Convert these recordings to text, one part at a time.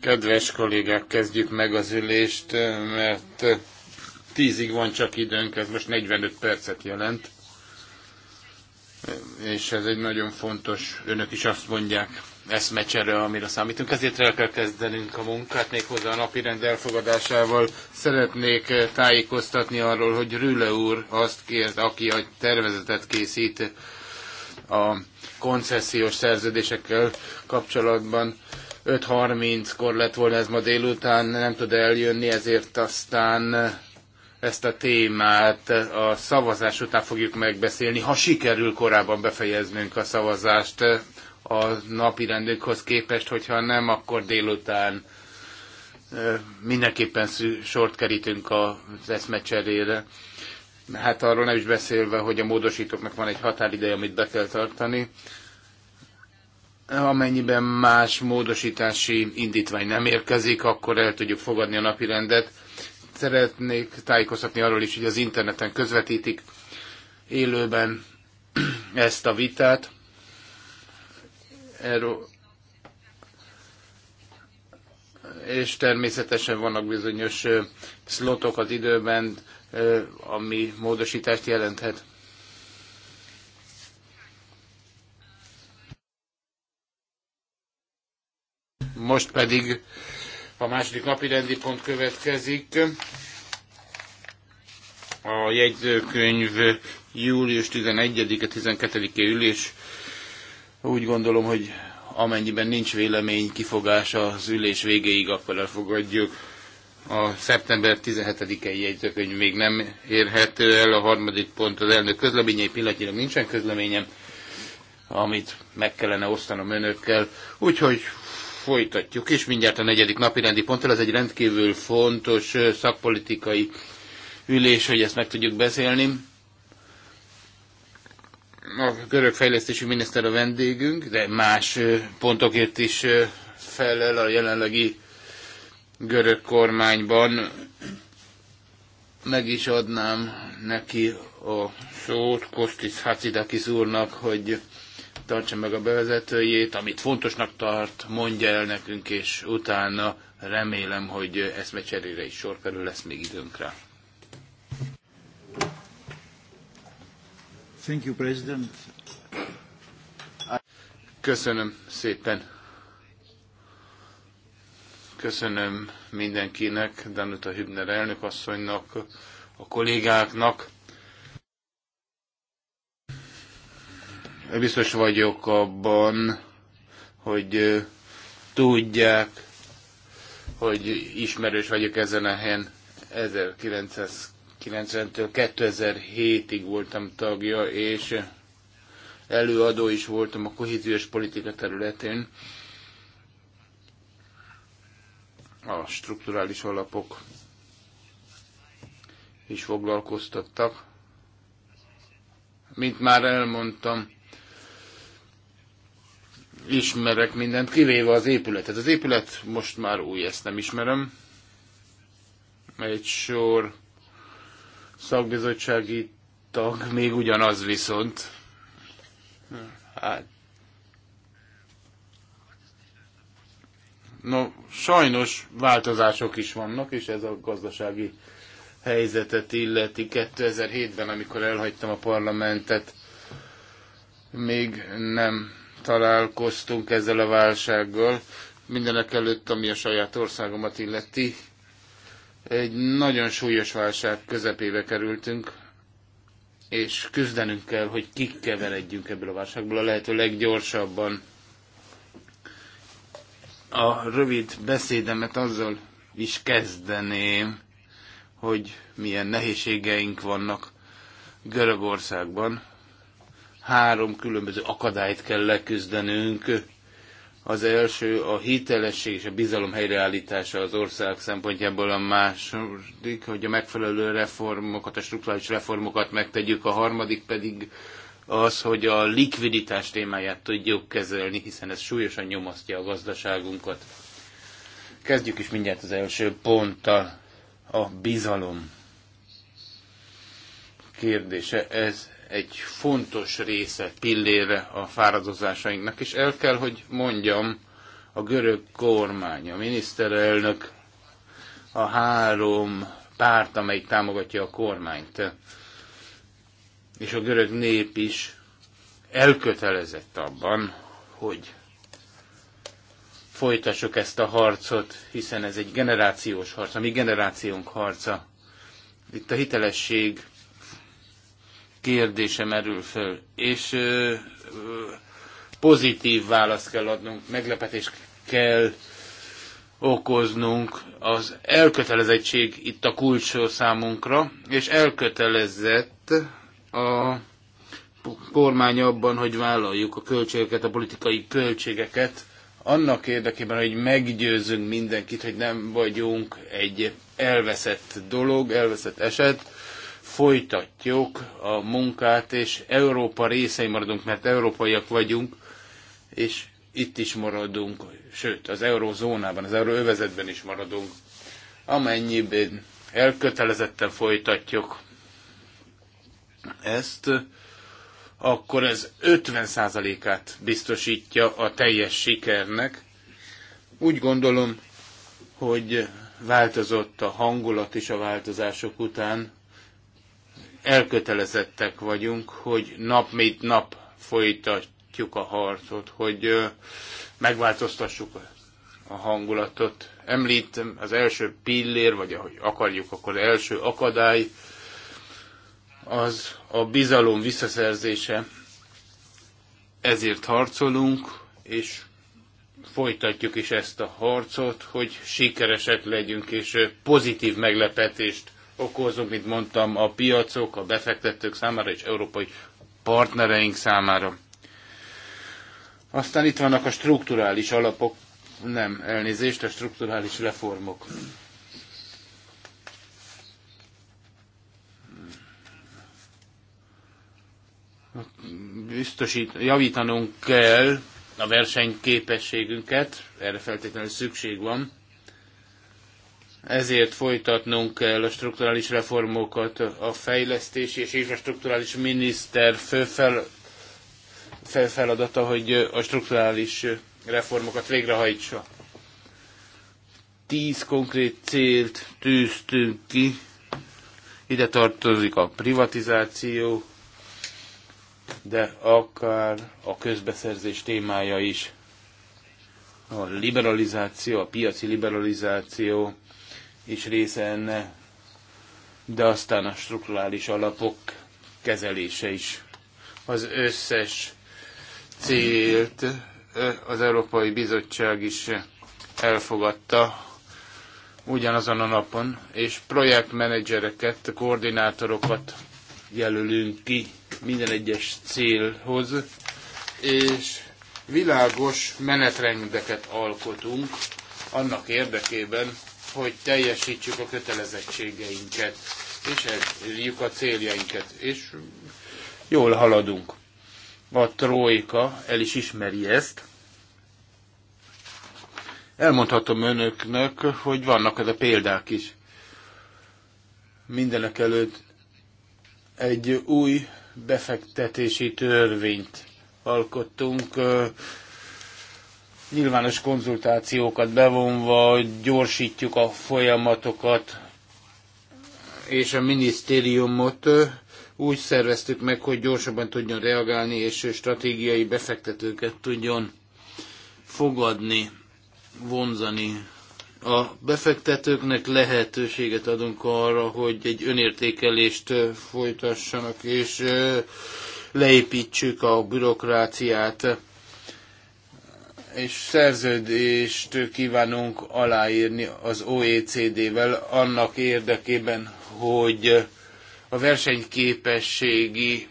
Kedves kollégák, kezdjük meg az ülést, mert tízig van csak időnk, ez most 45 percet jelent. És ez egy nagyon fontos, önök is azt mondják, eszmecsere, amire számítunk. Ezért el kell kezdenünk a munkát, méghozzá a napi rend elfogadásával. Szeretnék tájékoztatni arról, hogy Rüle úr azt kért, aki a tervezetet készít, a koncesziós szerződésekkel kapcsolatban. 5.30-kor lett volna ez ma délután, nem tud eljönni, ezért aztán ezt a témát a szavazás után fogjuk megbeszélni, ha sikerül korábban befejeznünk a szavazást a napi rendőkhöz képest, hogyha nem, akkor délután eh, mindenképpen sort kerítünk az eszmecserére. Hát arról nem is beszélve, hogy a módosítóknak van egy határideje, amit be kell tartani. Amennyiben más módosítási indítvány nem érkezik, akkor el tudjuk fogadni a napirendet. Szeretnék tájékoztatni arról is, hogy az interneten közvetítik élőben ezt a vitát. Erről és természetesen vannak bizonyos szlotok az időben, ami módosítást jelenthet. Most pedig a második napi rendi pont következik. A jegyzőkönyv július 11-e 12-e ülés. Úgy gondolom, hogy amennyiben nincs vélemény kifogás az ülés végéig, akkor elfogadjuk a szeptember 17-i jegyzőkönyv még nem érhető el, a harmadik pont az elnök közleményei, pillanatnyilag nincsen közleményem, amit meg kellene osztanom önökkel, úgyhogy folytatjuk, és mindjárt a negyedik napi rendi ponttal, ez egy rendkívül fontos szakpolitikai ülés, hogy ezt meg tudjuk beszélni. A görög fejlesztési miniszter a vendégünk, de más pontokért is felel a jelenlegi görög kormányban. Meg is adnám neki a szót Kostis Hacidakis úrnak, hogy tartsa meg a bevezetőjét, amit fontosnak tart, mondja el nekünk, és utána remélem, hogy eszmecserére is sor kerül, lesz még időnk rá. Thank you, President. Köszönöm szépen, Köszönöm mindenkinek, Danuta Hübner elnökasszonynak, a kollégáknak. Biztos vagyok abban, hogy tudják, hogy ismerős vagyok ezen a helyen 1990-től 2007-ig voltam tagja, és előadó is voltam a kohéziós politika területén a strukturális alapok is foglalkoztattak. Mint már elmondtam, ismerek mindent, kivéve az épületet. Az épület most már új, ezt nem ismerem. Egy sor szakbizottsági tag, még ugyanaz viszont. Hát No, sajnos változások is vannak, és ez a gazdasági helyzetet illeti. 2007-ben, amikor elhagytam a parlamentet, még nem találkoztunk ezzel a válsággal. Mindenek előtt, ami a saját országomat illeti, egy nagyon súlyos válság közepébe kerültünk, és küzdenünk kell, hogy kikeveredjünk ebből a válságból a lehető leggyorsabban. A rövid beszédemet azzal is kezdeném, hogy milyen nehézségeink vannak Görögországban. Három különböző akadályt kell leküzdenünk. Az első a hitelesség és a bizalom helyreállítása az ország szempontjából, a második, hogy a megfelelő reformokat, a struktúrális reformokat megtegyük, a harmadik pedig az, hogy a likviditás témáját tudjuk kezelni, hiszen ez súlyosan nyomasztja a gazdaságunkat. Kezdjük is mindjárt az első ponttal, a bizalom kérdése. Ez egy fontos része, pillére a fáradozásainknak, és el kell, hogy mondjam, a görög kormány, a miniszterelnök, a három párt, amelyik támogatja a kormányt, és a görög nép is elkötelezett abban, hogy folytassuk ezt a harcot, hiszen ez egy generációs harc, a mi generációnk harca. Itt a hitelesség kérdése merül föl, és ö, ö, pozitív választ kell adnunk, meglepetést kell okoznunk. Az elkötelezettség itt a kulcs számunkra, és elkötelezett a kormány abban, hogy vállaljuk a költségeket, a politikai költségeket, annak érdekében, hogy meggyőzünk mindenkit, hogy nem vagyunk egy elveszett dolog, elveszett eset, folytatjuk a munkát, és Európa részei maradunk, mert európaiak vagyunk, és itt is maradunk, sőt, az eurózónában, az euróövezetben is maradunk, amennyiben elkötelezetten folytatjuk ezt, akkor ez 50%-át biztosítja a teljes sikernek. Úgy gondolom, hogy változott a hangulat is a változások után. Elkötelezettek vagyunk, hogy nap mint nap folytatjuk a harcot, hogy megváltoztassuk a hangulatot. Említem, az első pillér, vagy ahogy akarjuk, akkor az első akadály, az a bizalom visszaszerzése. Ezért harcolunk, és folytatjuk is ezt a harcot, hogy sikeresek legyünk, és pozitív meglepetést okozunk, mint mondtam, a piacok, a befektetők számára és európai partnereink számára. Aztán itt vannak a strukturális alapok, nem elnézést, a strukturális reformok. biztosít, javítanunk kell a versenyképességünket, erre feltétlenül szükség van. Ezért folytatnunk kell a strukturális reformokat, a fejlesztési és infrastruktúrális miniszter főfel, felfeladata, hogy a strukturális reformokat végrehajtsa. Tíz konkrét célt tűztünk ki, ide tartozik a privatizáció, de akár a közbeszerzés témája is. A liberalizáció, a piaci liberalizáció is része enne, de aztán a strukturális alapok kezelése is. Az összes célt az Európai Bizottság is elfogadta ugyanazon a napon, és projektmenedzsereket, koordinátorokat jelölünk ki minden egyes célhoz, és világos menetrendeket alkotunk annak érdekében, hogy teljesítsük a kötelezettségeinket, és elérjük a céljainkat, és jól haladunk. A trójka el is ismeri ezt. Elmondhatom önöknek, hogy vannak ez a példák is. Mindenek előtt egy új befektetési törvényt alkottunk, nyilvános konzultációkat bevonva, gyorsítjuk a folyamatokat, és a minisztériumot úgy szerveztük meg, hogy gyorsabban tudjon reagálni, és stratégiai befektetőket tudjon fogadni, vonzani a befektetőknek lehetőséget adunk arra, hogy egy önértékelést folytassanak, és leépítsük a bürokráciát, és szerződést kívánunk aláírni az OECD-vel annak érdekében, hogy a versenyképességi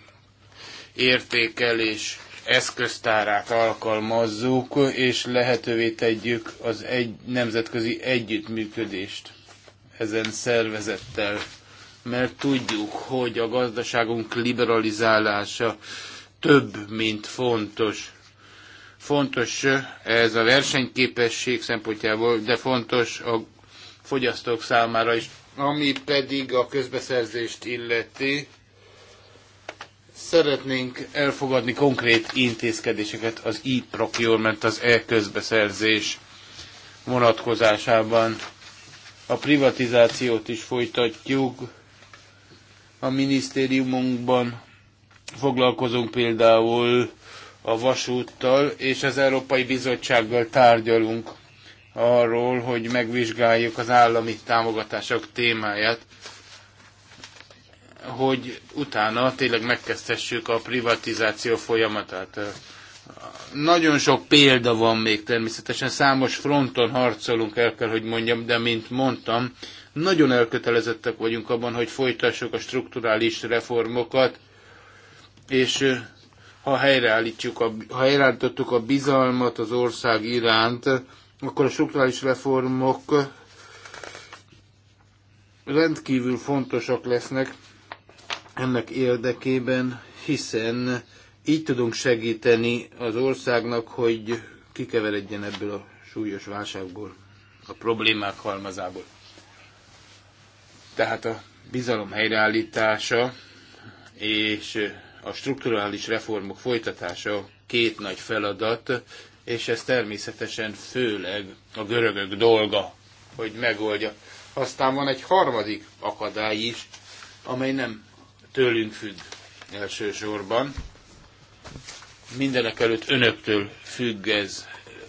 értékelés eszköztárát alkalmazzuk, és lehetővé tegyük az egy nemzetközi együttműködést ezen szervezettel. Mert tudjuk, hogy a gazdaságunk liberalizálása több, mint fontos. Fontos ez a versenyképesség szempontjából, de fontos a fogyasztók számára is. Ami pedig a közbeszerzést illeti, Szeretnénk elfogadni konkrét intézkedéseket az e-procurement, az e-közbeszerzés vonatkozásában. A privatizációt is folytatjuk. A minisztériumunkban foglalkozunk például a vasúttal, és az Európai Bizottsággal tárgyalunk arról, hogy megvizsgáljuk az állami támogatások témáját hogy utána tényleg megkezdhessük a privatizáció folyamatát. Nagyon sok példa van még természetesen, számos fronton harcolunk, el kell, hogy mondjam, de mint mondtam, nagyon elkötelezettek vagyunk abban, hogy folytassuk a strukturális reformokat, és ha helyreállítjuk, a, ha helyreállítottuk a bizalmat az ország iránt, akkor a strukturális reformok rendkívül fontosak lesznek, ennek érdekében, hiszen így tudunk segíteni az országnak, hogy kikeveredjen ebből a súlyos válságból, a problémák halmazából. Tehát a bizalom helyreállítása és a strukturális reformok folytatása két nagy feladat, és ez természetesen főleg a görögök dolga, hogy megoldja. Aztán van egy harmadik akadály is, amely nem tőlünk függ elsősorban. Mindenek előtt önöktől függ ez,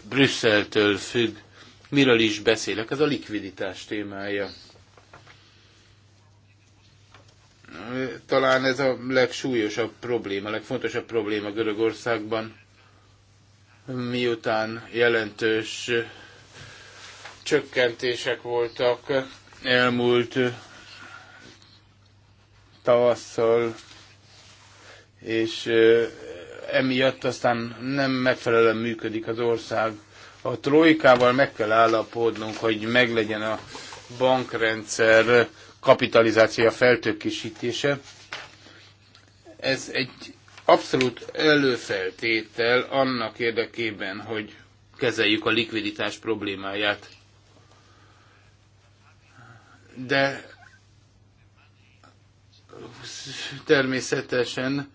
Brüsszeltől függ. Miről is beszélek? Ez a likviditás témája. Talán ez a legsúlyosabb probléma, a legfontosabb probléma Görögországban, miután jelentős csökkentések voltak elmúlt tavasszal, és emiatt aztán nem megfelelően működik az ország. A trojkával meg kell állapodnunk, hogy meglegyen a bankrendszer kapitalizációja feltökésítése. Ez egy abszolút előfeltétel annak érdekében, hogy kezeljük a likviditás problémáját. De természetesen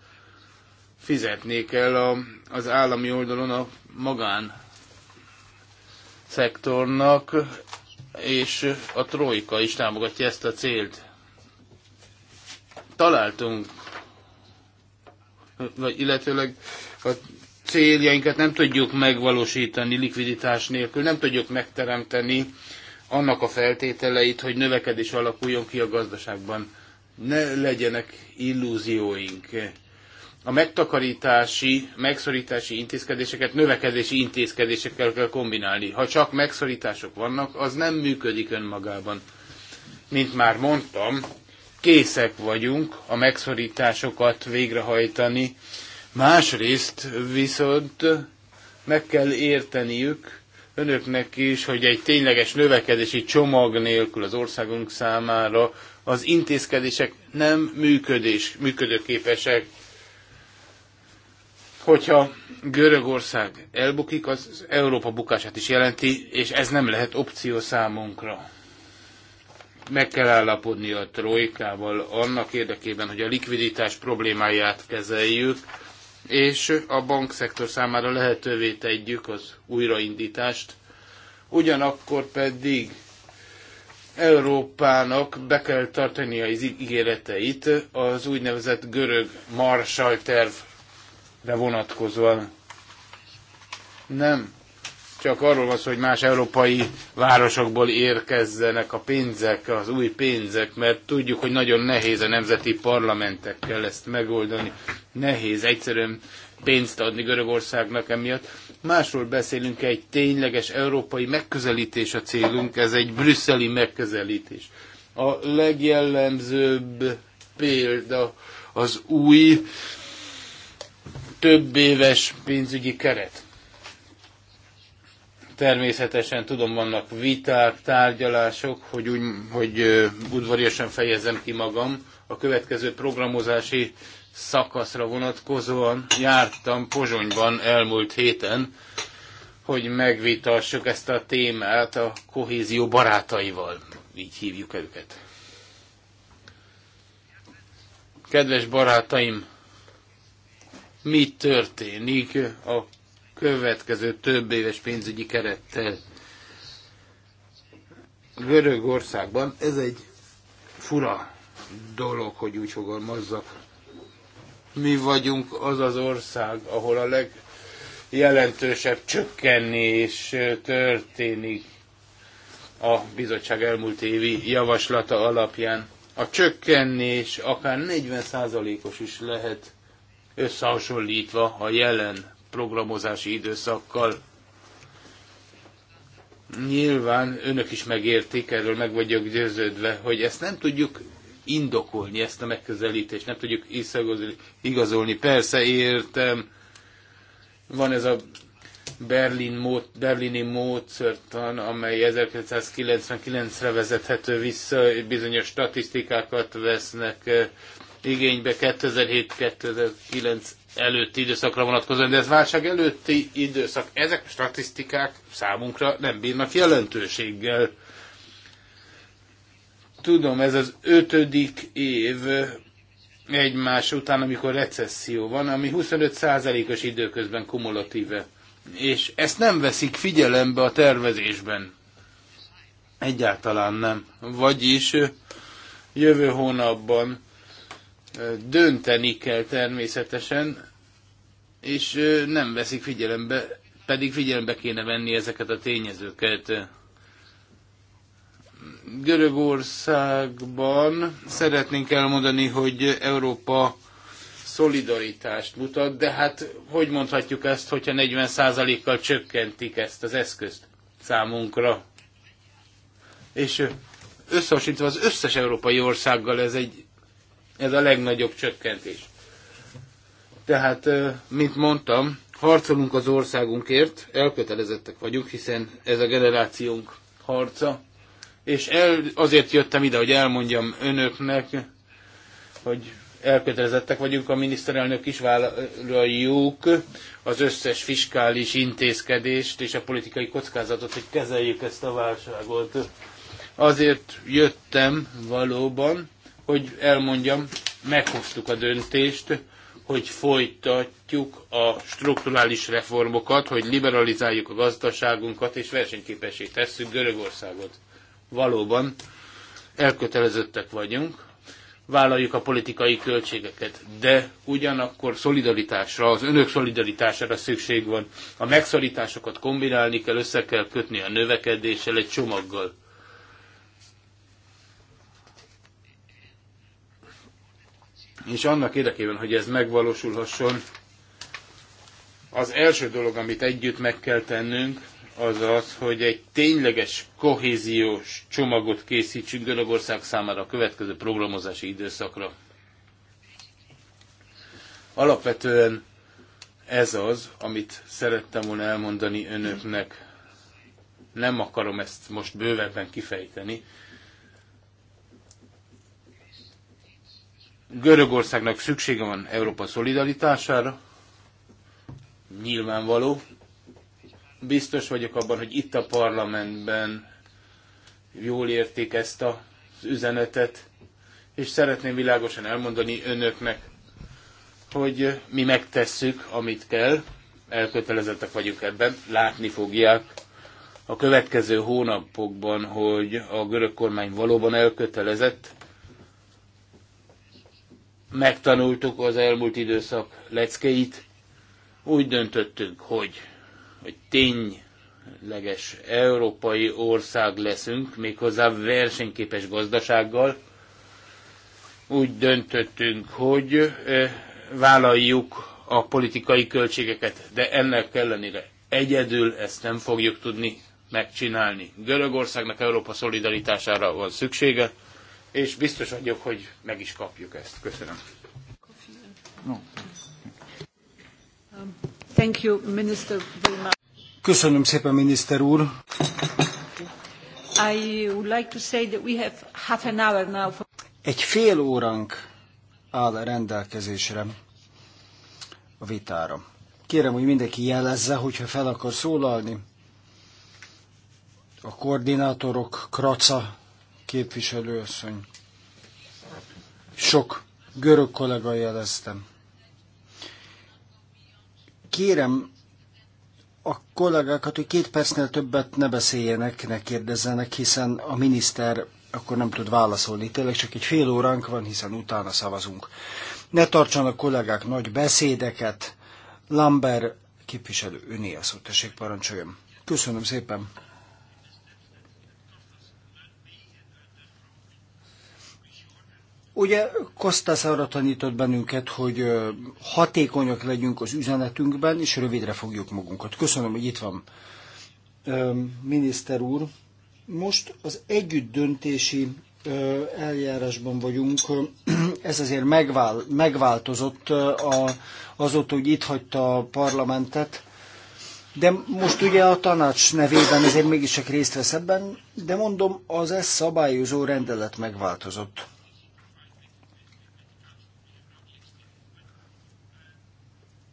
fizetni kell a, az állami oldalon a magán szektornak, és a trojka is támogatja ezt a célt. Találtunk, vagy illetőleg a céljainkat nem tudjuk megvalósítani likviditás nélkül, nem tudjuk megteremteni annak a feltételeit, hogy növekedés alakuljon ki a gazdaságban ne legyenek illúzióink. A megtakarítási, megszorítási intézkedéseket növekedési intézkedésekkel kell kombinálni. Ha csak megszorítások vannak, az nem működik önmagában. Mint már mondtam, készek vagyunk a megszorításokat végrehajtani. Másrészt viszont meg kell érteniük önöknek is, hogy egy tényleges növekedési csomag nélkül az országunk számára az intézkedések nem működés, működőképesek. Hogyha Görögország elbukik, az Európa bukását is jelenti, és ez nem lehet opció számunkra. Meg kell állapodni a trojkával annak érdekében, hogy a likviditás problémáját kezeljük, és a bankszektor számára lehetővé tegyük az újraindítást, ugyanakkor pedig Európának be kell tartania az ígéreteit az úgynevezett görög Marshall tervre vonatkozóan. Nem csak arról van szó, hogy más európai városokból érkezzenek a pénzek, az új pénzek, mert tudjuk, hogy nagyon nehéz a nemzeti parlamentekkel ezt megoldani. Nehéz egyszerűen pénzt adni Görögországnak emiatt. Másról beszélünk, egy tényleges európai megközelítés a célunk, ez egy brüsszeli megközelítés. A legjellemzőbb példa az új több éves pénzügyi keret. Természetesen tudom, vannak viták, tárgyalások, hogy, úgy, hogy udvariasan fejezem ki magam. A következő programozási szakaszra vonatkozóan jártam Pozsonyban elmúlt héten, hogy megvitassuk ezt a témát a kohézió barátaival. Így hívjuk őket. Kedves barátaim, mi történik a következő több éves pénzügyi kerettel? Görögországban ez egy fura dolog, hogy úgy fogalmazzak mi vagyunk az az ország, ahol a legjelentősebb csökkenés történik a bizottság elmúlt évi javaslata alapján. A csökkenés akár 40%-os is lehet összehasonlítva a jelen programozási időszakkal. Nyilván önök is megértik, erről meg vagyok győződve, hogy ezt nem tudjuk indokolni ezt a megközelítést, nem tudjuk igazolni. Persze értem, van ez a Berlin mód, berlini módszertan, amely 1999-re vezethető vissza, bizonyos statisztikákat vesznek igénybe 2007-2009 előtti időszakra vonatkozóan, de ez válság előtti időszak. Ezek a statisztikák számunkra nem bírnak jelentőséggel. Tudom, ez az ötödik év egymás után, amikor recesszió van, ami 25%-os időközben kumulatíve. És ezt nem veszik figyelembe a tervezésben. Egyáltalán nem. Vagyis jövő hónapban dönteni kell természetesen, és nem veszik figyelembe, pedig figyelembe kéne venni ezeket a tényezőket. Görögországban szeretnénk elmondani, hogy Európa szolidaritást mutat, de hát hogy mondhatjuk ezt, hogyha 40%-kal csökkentik ezt az eszközt számunkra? És összehasonlítva az összes európai országgal ez, egy, ez a legnagyobb csökkentés. Tehát, mint mondtam, harcolunk az országunkért, elkötelezettek vagyunk, hiszen ez a generációnk harca és el, azért jöttem ide, hogy elmondjam önöknek, hogy elkötelezettek vagyunk, a miniszterelnök is vállaljuk az összes fiskális intézkedést és a politikai kockázatot, hogy kezeljük ezt a válságot. Azért jöttem valóban, hogy elmondjam, meghoztuk a döntést, hogy folytatjuk a strukturális reformokat, hogy liberalizáljuk a gazdaságunkat és versenyképessé tesszük Görögországot valóban elkötelezettek vagyunk, vállaljuk a politikai költségeket, de ugyanakkor szolidaritásra, az önök szolidaritására szükség van. A megszorításokat kombinálni kell, össze kell kötni a növekedéssel egy csomaggal. És annak érdekében, hogy ez megvalósulhasson, az első dolog, amit együtt meg kell tennünk, az az, hogy egy tényleges kohéziós csomagot készítsünk Görögország számára a következő programozási időszakra. Alapvetően ez az, amit szerettem volna elmondani önöknek. Nem akarom ezt most bővebben kifejteni. Görögországnak szüksége van Európa szolidaritására, nyilvánvaló, Biztos vagyok abban, hogy itt a parlamentben jól értik ezt az üzenetet, és szeretném világosan elmondani önöknek, hogy mi megtesszük, amit kell, elkötelezettek vagyunk ebben, látni fogják a következő hónapokban, hogy a görög kormány valóban elkötelezett. Megtanultuk az elmúlt időszak leckeit, úgy döntöttünk, hogy hogy tényleges európai ország leszünk, méghozzá versenyképes gazdasággal. Úgy döntöttünk, hogy vállaljuk a politikai költségeket, de ennek ellenére egyedül ezt nem fogjuk tudni megcsinálni. Görögországnak Európa szolidaritására van szüksége, és biztos vagyok, hogy meg is kapjuk ezt. Köszönöm. No. Thank you, Minister Köszönöm szépen, miniszter úr. I would like to say that we have half an hour now for... Egy fél óránk áll rendelkezésre a vitára. Kérem, hogy mindenki jelezze, hogyha fel akar szólalni. A koordinátorok, Kraca képviselőasszony. Sok görög kollega jeleztem. Kérem a kollégákat, hogy két percnél többet ne beszéljenek, ne kérdezzenek, hiszen a miniszter akkor nem tud válaszolni. Tényleg csak egy fél óránk van, hiszen utána szavazunk. Ne tartsanak kollégák nagy beszédeket. Lambert képviselő öné a szót, tessék parancsoljon. Köszönöm szépen. Ugye Kostas arra tanított bennünket, hogy hatékonyak legyünk az üzenetünkben, és rövidre fogjuk magunkat. Köszönöm, hogy itt van, miniszter úr. Most az együtt döntési eljárásban vagyunk. Ez azért megvál, megváltozott a, azóta, hogy itt hagyta a parlamentet. De most ugye a tanács nevében ezért mégiscsak részt vesz ebben, de mondom, az ez szabályozó rendelet megváltozott.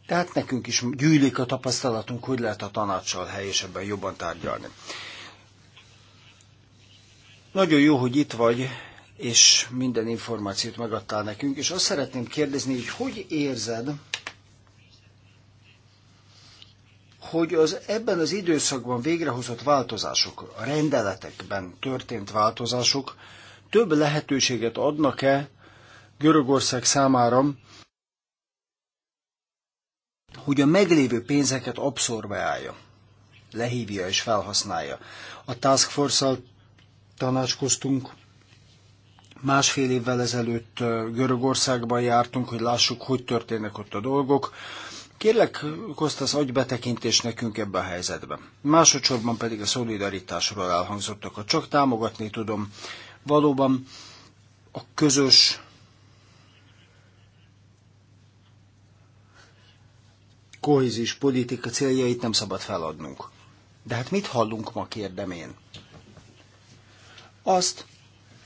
Tehát nekünk is gyűlik a tapasztalatunk, hogy lehet a tanácssal helyesebben jobban tárgyalni. Nagyon jó, hogy itt vagy, és minden információt megadtál nekünk, és azt szeretném kérdezni, hogy hogy érzed, hogy az ebben az időszakban végrehozott változások, a rendeletekben történt változások több lehetőséget adnak-e Görögország számára, hogy a meglévő pénzeket abszorbálja, lehívja és felhasználja. A Task Force-al tanácskoztunk, másfél évvel ezelőtt Görögországban jártunk, hogy lássuk, hogy történnek ott a dolgok. Kérlek, Kostas, adj betekintést nekünk ebbe a helyzetbe. Másodszorban pedig a szolidaritásról elhangzottak, ha csak támogatni tudom. Valóban a közös kohézis politika céljait nem szabad feladnunk. De hát mit hallunk ma, kérdem én? Azt,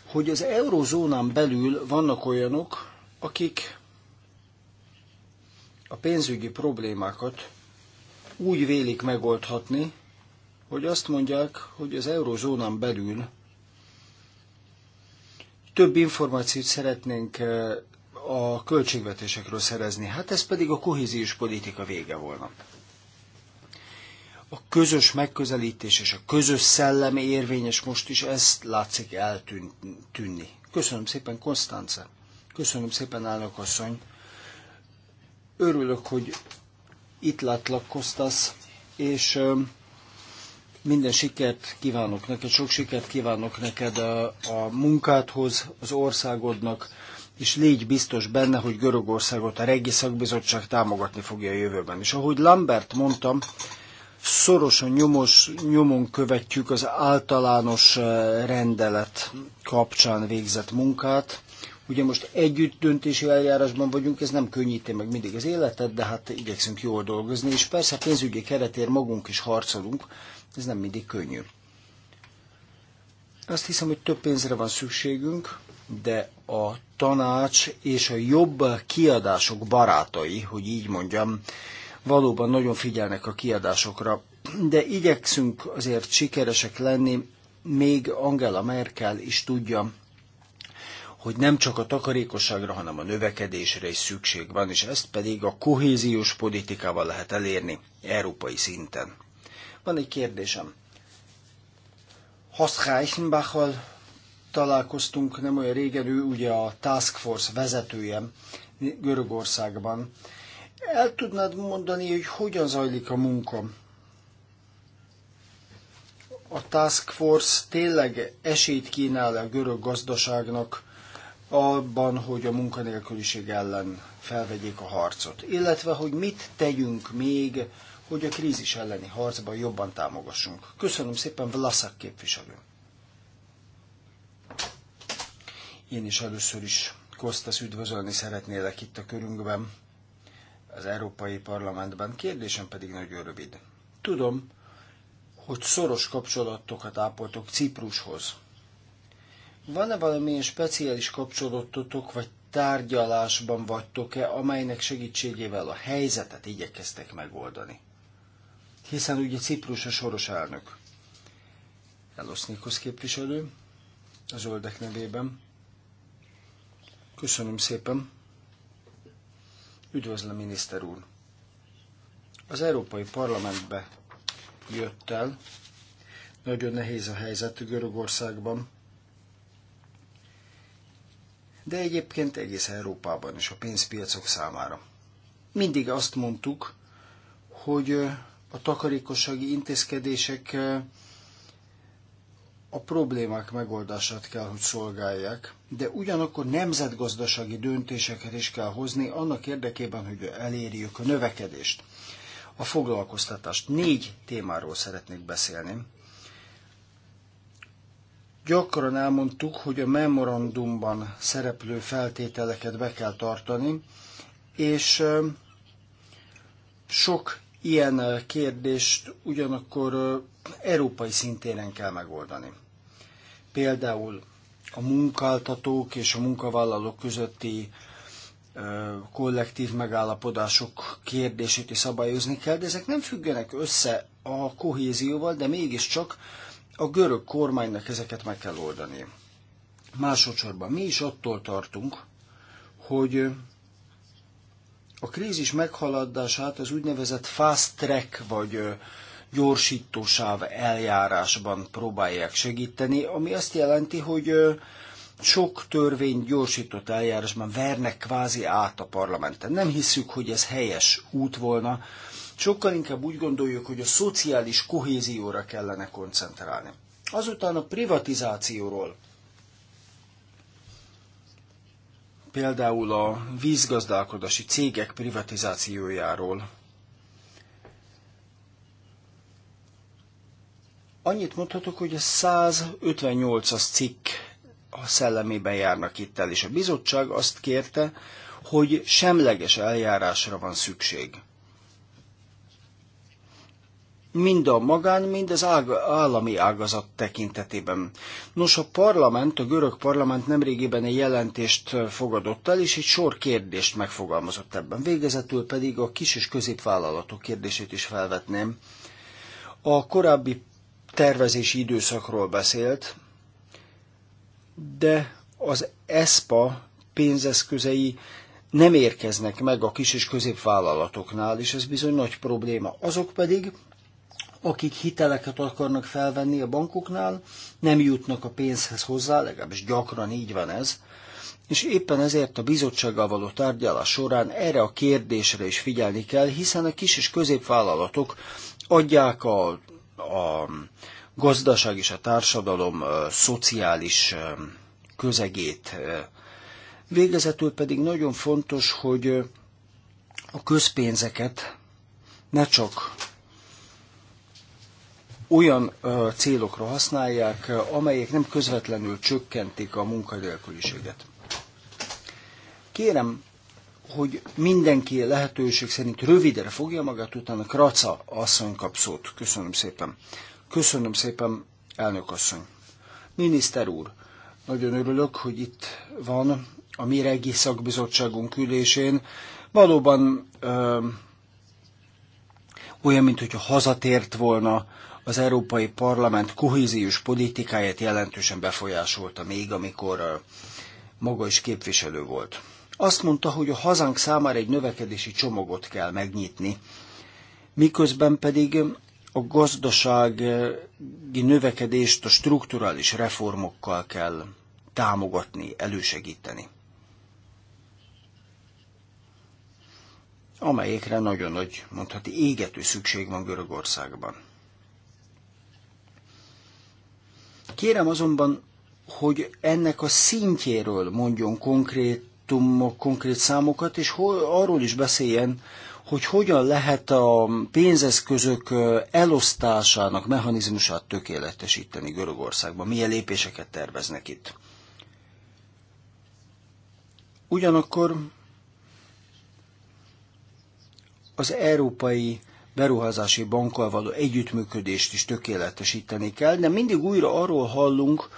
hogy az eurozónán belül vannak olyanok, akik a pénzügyi problémákat úgy vélik megoldhatni, hogy azt mondják, hogy az eurozónán belül több információt szeretnénk eh, a költségvetésekről szerezni. Hát ez pedig a kohéziós politika vége volna. A közös megközelítés és a közös szellem érvényes most is, ezt látszik eltűnni. Köszönöm szépen, Konstance. Köszönöm szépen, állok asszony. Örülök, hogy itt látlak, Kostasz, és minden sikert kívánok neked, sok sikert kívánok neked a, a munkádhoz, az országodnak és légy biztos benne, hogy Görögországot a reggi Szakbizottság támogatni fogja a jövőben. És ahogy Lambert mondtam, szorosan nyomos, nyomon követjük az általános eh, rendelet kapcsán végzett munkát. Ugye most együtt döntési eljárásban vagyunk, ez nem könnyíti meg mindig az életet, de hát igyekszünk jól dolgozni, és persze pénzügyi keretért magunk is harcolunk, ez nem mindig könnyű. Azt hiszem, hogy több pénzre van szükségünk, de a tanács és a jobb kiadások barátai, hogy így mondjam, valóban nagyon figyelnek a kiadásokra, de igyekszünk azért sikeresek lenni, még Angela Merkel is tudja, hogy nem csak a takarékosságra, hanem a növekedésre is szükség van, és ezt pedig a kohéziós politikával lehet elérni európai szinten. Van egy kérdésem. Hasz Reichenbachal találkoztunk nem olyan régen, ő ugye a Task Force vezetője Görögországban. El tudnád mondani, hogy hogyan zajlik a munka? A Task Force tényleg esélyt kínál a görög gazdaságnak abban, hogy a munkanélküliség ellen felvegyék a harcot, illetve hogy mit tegyünk még, hogy a krízis elleni harcban jobban támogassunk. Köszönöm szépen, Vlaszak képviselőm Én is először is Kostas üdvözölni szeretnélek itt a körünkben, az Európai Parlamentben. Kérdésem pedig nagyon rövid. Tudom, hogy szoros kapcsolatokat ápoltok Ciprushoz. Van-e valamilyen speciális kapcsolatotok, vagy tárgyalásban vagytok-e, amelynek segítségével a helyzetet igyekeztek megoldani? Hiszen ugye Ciprus a soros elnök. Elosznikos képviselő, a zöldek nevében. Köszönöm szépen. Üdvözlöm, miniszter úr. Az Európai Parlamentbe jött el. Nagyon nehéz a helyzet Görögországban. De egyébként egész Európában is a pénzpiacok számára. Mindig azt mondtuk, hogy a takarékossági intézkedések a problémák megoldását kell, hogy szolgálják, de ugyanakkor nemzetgazdasági döntéseket is kell hozni annak érdekében, hogy elérjük a növekedést. A foglalkoztatást négy témáról szeretnék beszélni. Gyakran elmondtuk, hogy a memorandumban szereplő feltételeket be kell tartani, és sok ilyen kérdést ugyanakkor európai szintéren kell megoldani. Például a munkáltatók és a munkavállalók közötti kollektív megállapodások kérdését is szabályozni kell, de ezek nem függenek össze a kohézióval, de mégiscsak a görög kormánynak ezeket meg kell oldani. Másodszorban mi is attól tartunk, hogy a krízis meghaladását az úgynevezett fast track vagy gyorsítósáv eljárásban próbálják segíteni, ami azt jelenti, hogy sok törvény gyorsított eljárásban vernek kvázi át a parlamenten. Nem hiszük, hogy ez helyes út volna, sokkal inkább úgy gondoljuk, hogy a szociális kohézióra kellene koncentrálni. Azután a privatizációról például a vízgazdálkodási cégek privatizációjáról. Annyit mondhatok, hogy a 158-as cikk a szellemében járnak itt el, és a bizottság azt kérte, hogy semleges eljárásra van szükség mind a magán, mind az ág- állami ágazat tekintetében. Nos, a parlament, a görög parlament nemrégiben egy jelentést fogadott el, és egy sor kérdést megfogalmazott ebben. Végezetül pedig a kis és középvállalatok kérdését is felvetném. A korábbi tervezési időszakról beszélt, de az ESPA pénzeszközei nem érkeznek meg a kis és középvállalatoknál, és ez bizony nagy probléma. Azok pedig, akik hiteleket akarnak felvenni a bankoknál, nem jutnak a pénzhez hozzá, legalábbis gyakran így van ez, és éppen ezért a bizottsággal való tárgyalás során erre a kérdésre is figyelni kell, hiszen a kis és középvállalatok adják a, a gazdaság és a társadalom a szociális közegét. Végezetül pedig nagyon fontos, hogy a közpénzeket ne csak olyan célokra használják, amelyek nem közvetlenül csökkentik a munkanélküliséget. Kérem, hogy mindenki lehetőség szerint rövidre fogja magát, utána Kraca asszony kap szót. Köszönöm szépen. Köszönöm szépen, elnök asszony. Miniszter úr, nagyon örülök, hogy itt van a mi regi szakbizottságunk ülésén. Valóban ö, olyan, mintha hazatért volna az Európai Parlament kohéziós politikáját jelentősen befolyásolta még, amikor maga is képviselő volt. Azt mondta, hogy a hazánk számára egy növekedési csomagot kell megnyitni, miközben pedig a gazdasági növekedést a strukturális reformokkal kell támogatni, elősegíteni. amelyekre nagyon nagy, mondhatni, égető szükség van Görögországban. Kérem azonban, hogy ennek a szintjéről mondjon konkrétumok, konkrét számokat, és hol, arról is beszéljen, hogy hogyan lehet a pénzeszközök elosztásának mechanizmusát tökéletesíteni Görögországban, milyen lépéseket terveznek itt. Ugyanakkor az európai beruházási bankkal való együttműködést is tökéletesíteni kell, de mindig újra arról hallunk,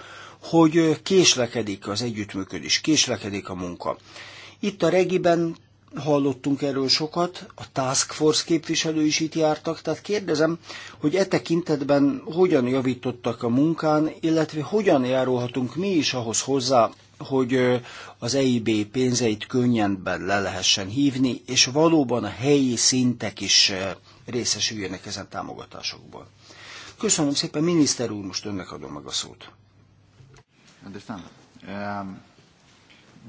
hogy késlekedik az együttműködés, késlekedik a munka. Itt a regiben hallottunk erről sokat, a Task Force képviselő is itt jártak, tehát kérdezem, hogy e tekintetben hogyan javítottak a munkán, illetve hogyan járulhatunk mi is ahhoz hozzá, hogy az EIB pénzeit könnyenben le lehessen hívni, és valóban a helyi szintek is részesüljenek ezen támogatásokból. Köszönöm szépen, miniszter úr, most önnek adom meg a szót. Understand. Um,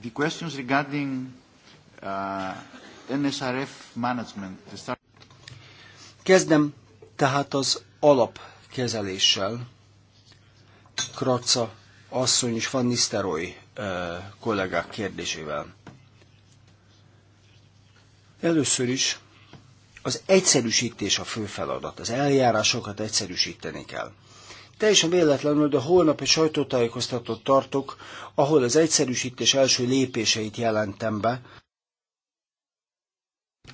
the questions regarding uh, NSRF management. The start... Kezdem tehát az alapkezeléssel. Kratza asszony és Van Nisteroy uh, kollégák kérdésével. Először is az egyszerűsítés a fő feladat, az eljárásokat egyszerűsíteni kell. Teljesen véletlenül, de holnap egy sajtótájékoztatót tartok, ahol az egyszerűsítés első lépéseit jelentem be,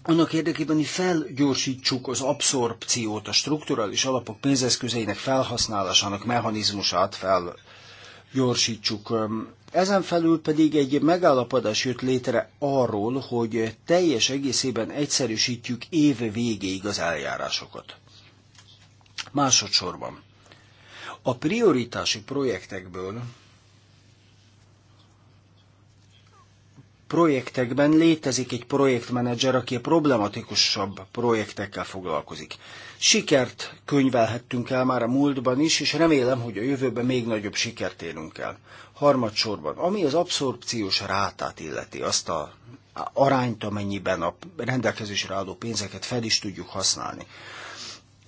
annak érdekében, hogy felgyorsítsuk az abszorpciót, a strukturális alapok pénzeszközeinek felhasználásának mechanizmusát felgyorsítsuk. Ezen felül pedig egy megállapodás jött létre arról, hogy teljes egészében egyszerűsítjük év végéig az eljárásokat. Másodszorban. A prioritási projektekből projektekben létezik egy projektmenedzser, aki a problematikusabb projektekkel foglalkozik. Sikert könyvelhettünk el már a múltban is, és remélem, hogy a jövőben még nagyobb sikert érünk el. Harmadsorban, ami az abszorpciós rátát illeti, azt a arányt, amennyiben a rendelkezésre álló pénzeket fel is tudjuk használni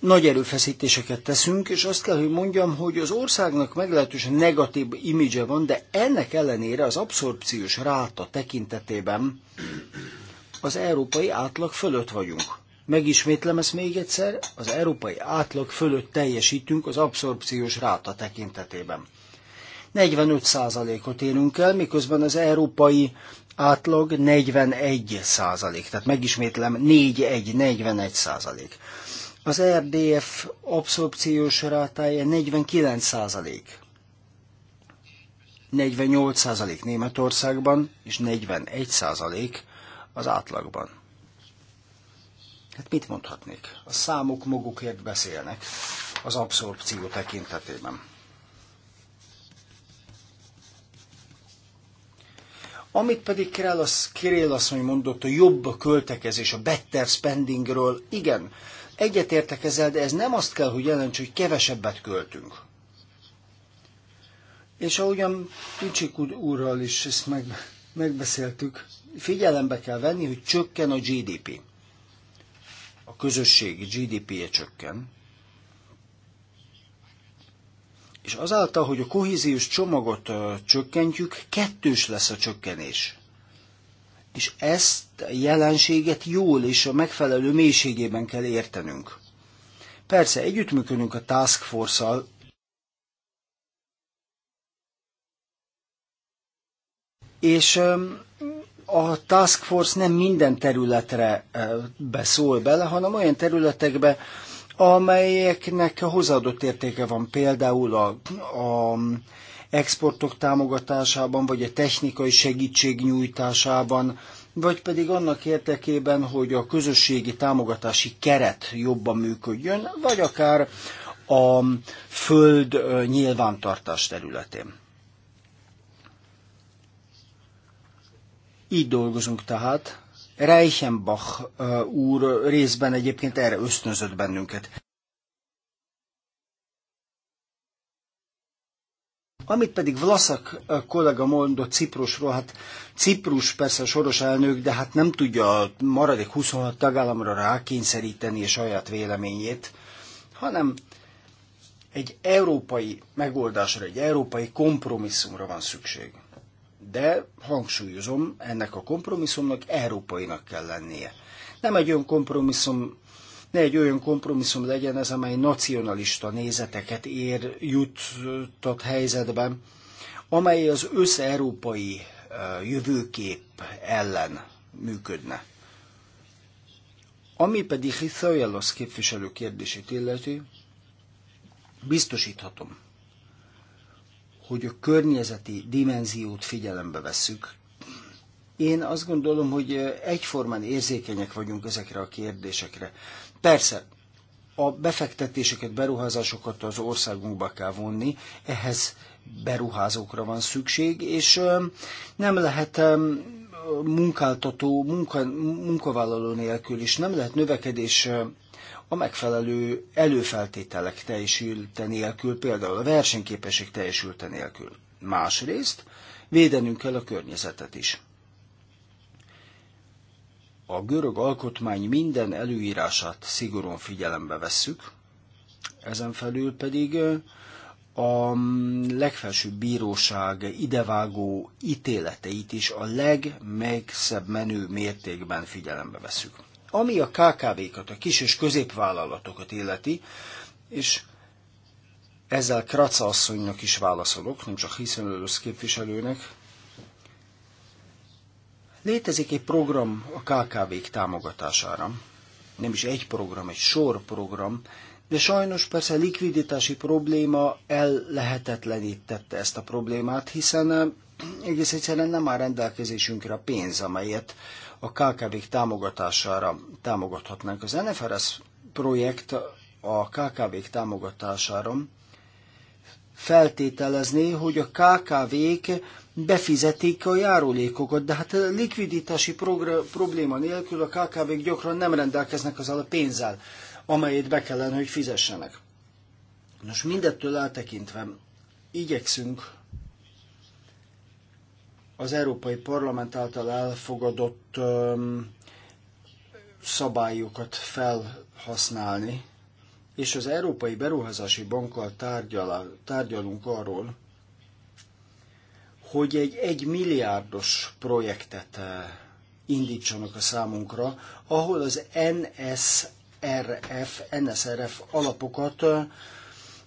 nagy erőfeszítéseket teszünk, és azt kell, hogy mondjam, hogy az országnak meglehetősen negatív imidzse van, de ennek ellenére az abszorpciós ráta tekintetében az európai átlag fölött vagyunk. Megismétlem ezt még egyszer, az európai átlag fölött teljesítünk az abszorpciós ráta tekintetében. 45%-ot érünk el, miközben az európai átlag 41%, tehát megismétlem 4-1-41%. Az RDF abszorpciós rátája 49 százalék. 48 százalék Németországban, és 41 százalék az átlagban. Hát mit mondhatnék? A számok magukért beszélnek az abszorpció tekintetében. Amit pedig Kirill asszony mondott a jobb költekezés, a better spendingről, igen, Egyetértek ezzel, de ez nem azt kell, hogy jelents, hogy kevesebbet költünk. És ahogyan Picsik úrral is ezt meg, megbeszéltük, figyelembe kell venni, hogy csökken a GDP. A közösségi GDP-je csökken. És azáltal, hogy a kohéziós csomagot csökkentjük, kettős lesz a csökkenés. És ezt a jelenséget jól és a megfelelő mélységében kell értenünk. Persze, együttműködünk a Task Force-al, és a Task Force nem minden területre beszól bele, hanem olyan területekbe, amelyeknek hozzáadott értéke van, például a, a exportok támogatásában, vagy a technikai segítség nyújtásában, vagy pedig annak érdekében, hogy a közösségi támogatási keret jobban működjön, vagy akár a föld nyilvántartás területén. Így dolgozunk tehát. Reichenbach úr részben egyébként erre ösztönzött bennünket. Amit pedig Vlaszak kollega mondott Ciprusról, hát Ciprus persze a soros elnök, de hát nem tudja a maradék 26 tagállamra rákényszeríteni a saját véleményét, hanem egy európai megoldásra, egy európai kompromisszumra van szükség. De hangsúlyozom, ennek a kompromisszumnak európainak kell lennie. Nem egy olyan kompromisszum ne egy olyan kompromisszum legyen ez, amely nacionalista nézeteket ér, juttat helyzetben, amely az összeurópai jövőkép ellen működne. Ami pedig Hithajalos képviselő kérdését illeti, biztosíthatom, hogy a környezeti dimenziót figyelembe vesszük. Én azt gondolom, hogy egyformán érzékenyek vagyunk ezekre a kérdésekre. Persze, a befektetéseket, beruházásokat az országunkba kell vonni, ehhez beruházókra van szükség, és nem lehet munkáltató, munka, munkavállaló nélkül is nem lehet növekedés a megfelelő előfeltételek teljesülte nélkül, például a versenyképesség teljesülte nélkül. Másrészt védenünk kell a környezetet is a görög alkotmány minden előírását szigorúan figyelembe vesszük, ezen felül pedig a mm, legfelsőbb bíróság idevágó ítéleteit is a legmegszebb menő mértékben figyelembe veszük. Ami a KKV-kat, a kis és középvállalatokat illeti, és ezzel Kraca asszonynak is válaszolok, nem csak hiszen képviselőnek, Létezik egy program a KKV-k támogatására. Nem is egy program, egy sor program, de sajnos persze likviditási probléma ellehetetlenítette ezt a problémát, hiszen eh, egész egyszerűen nem áll rendelkezésünkre a pénz, amelyet a KKV-k támogatására támogathatnánk. Az NFRS projekt a KKV-k támogatására feltételezni, hogy a KKV-k befizetik a járulékokat, de hát a likviditási probléma nélkül a KKV-k gyakran nem rendelkeznek azzal a pénzzel, amelyet be kellene, hogy fizessenek. Nos, mindettől eltekintve igyekszünk az Európai Parlament által elfogadott öm, szabályokat felhasználni, és az Európai Beruházási Bankkal tárgyal, tárgyalunk arról, hogy egy egy milliárdos projektet eh, indítsanak a számunkra, ahol az NSRF, NSRF alapokat eh,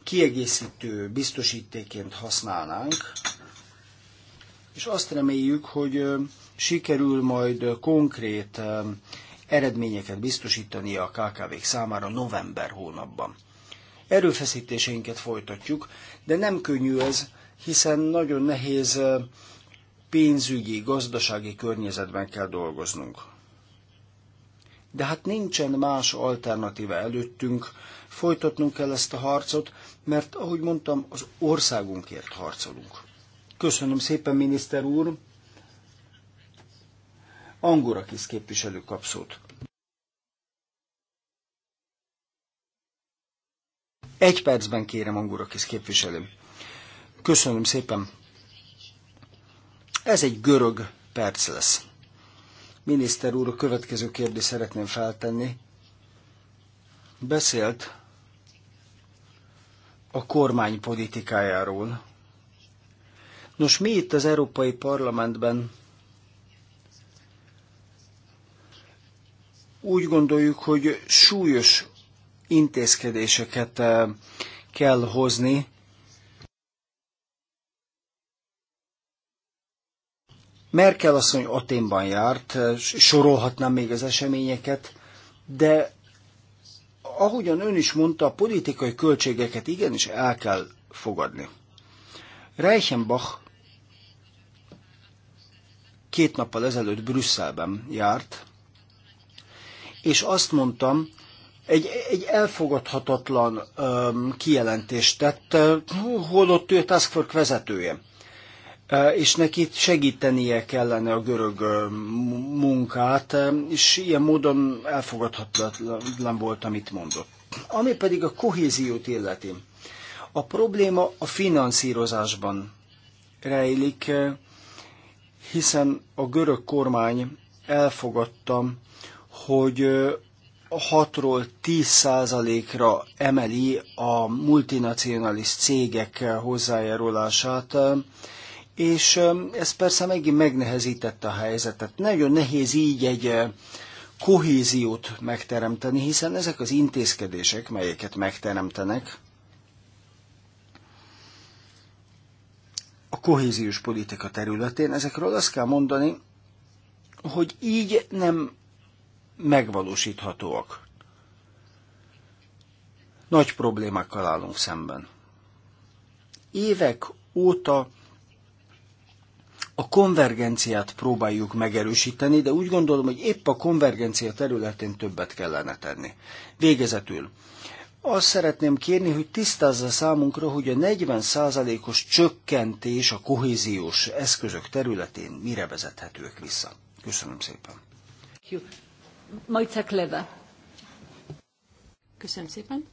kiegészítő biztosítéként használnánk, és azt reméljük, hogy eh, sikerül majd konkrét eredményeket biztosítania a KKV-k számára november hónapban. Erőfeszítéseinket folytatjuk, de nem könnyű ez, hiszen nagyon nehéz pénzügyi, gazdasági környezetben kell dolgoznunk. De hát nincsen más alternatíva előttünk, folytatnunk kell ezt a harcot, mert ahogy mondtam, az országunkért harcolunk. Köszönöm szépen, miniszter úr! Angorakis képviselő kap szót. Egy percben kérem Angorakis képviselő. Köszönöm szépen. Ez egy görög perc lesz. Miniszter úr, a következő kérdést szeretném feltenni. Beszélt a kormány politikájáról. Nos, mi itt az Európai Parlamentben Úgy gondoljuk, hogy súlyos intézkedéseket eh, kell hozni, Merkel asszony Aténban járt, eh, sorolhatnám még az eseményeket, de ahogyan ön is mondta, a politikai költségeket igenis el kell fogadni. Reichenbach két nappal ezelőtt Brüsszelben járt, és azt mondtam, egy, egy elfogadhatatlan um, kijelentést tett, uh, holott ő Task Force vezetője, uh, és neki segítenie kellene a görög uh, munkát, uh, és ilyen módon elfogadhatatlan volt, amit mondott. Ami pedig a kohéziót illeti. A probléma a finanszírozásban rejlik, uh, hiszen a görög kormány elfogadta, hogy 6-ról 10%-ra emeli a multinacionalis cégek hozzájárulását, és ez persze megint megnehezítette a helyzetet. Nagyon nehéz így egy kohéziót megteremteni, hiszen ezek az intézkedések, melyeket megteremtenek, a kohéziós politika területén, ezekről azt kell mondani, hogy így nem megvalósíthatóak. Nagy problémákkal állunk szemben. Évek óta a konvergenciát próbáljuk megerősíteni, de úgy gondolom, hogy épp a konvergencia területén többet kellene tenni. Végezetül, azt szeretném kérni, hogy tisztázza számunkra, hogy a 40%-os csökkentés a kohéziós eszközök területén mire vezethetőek vissza. Köszönöm szépen. Majca Kleva. Köszönöm szépen.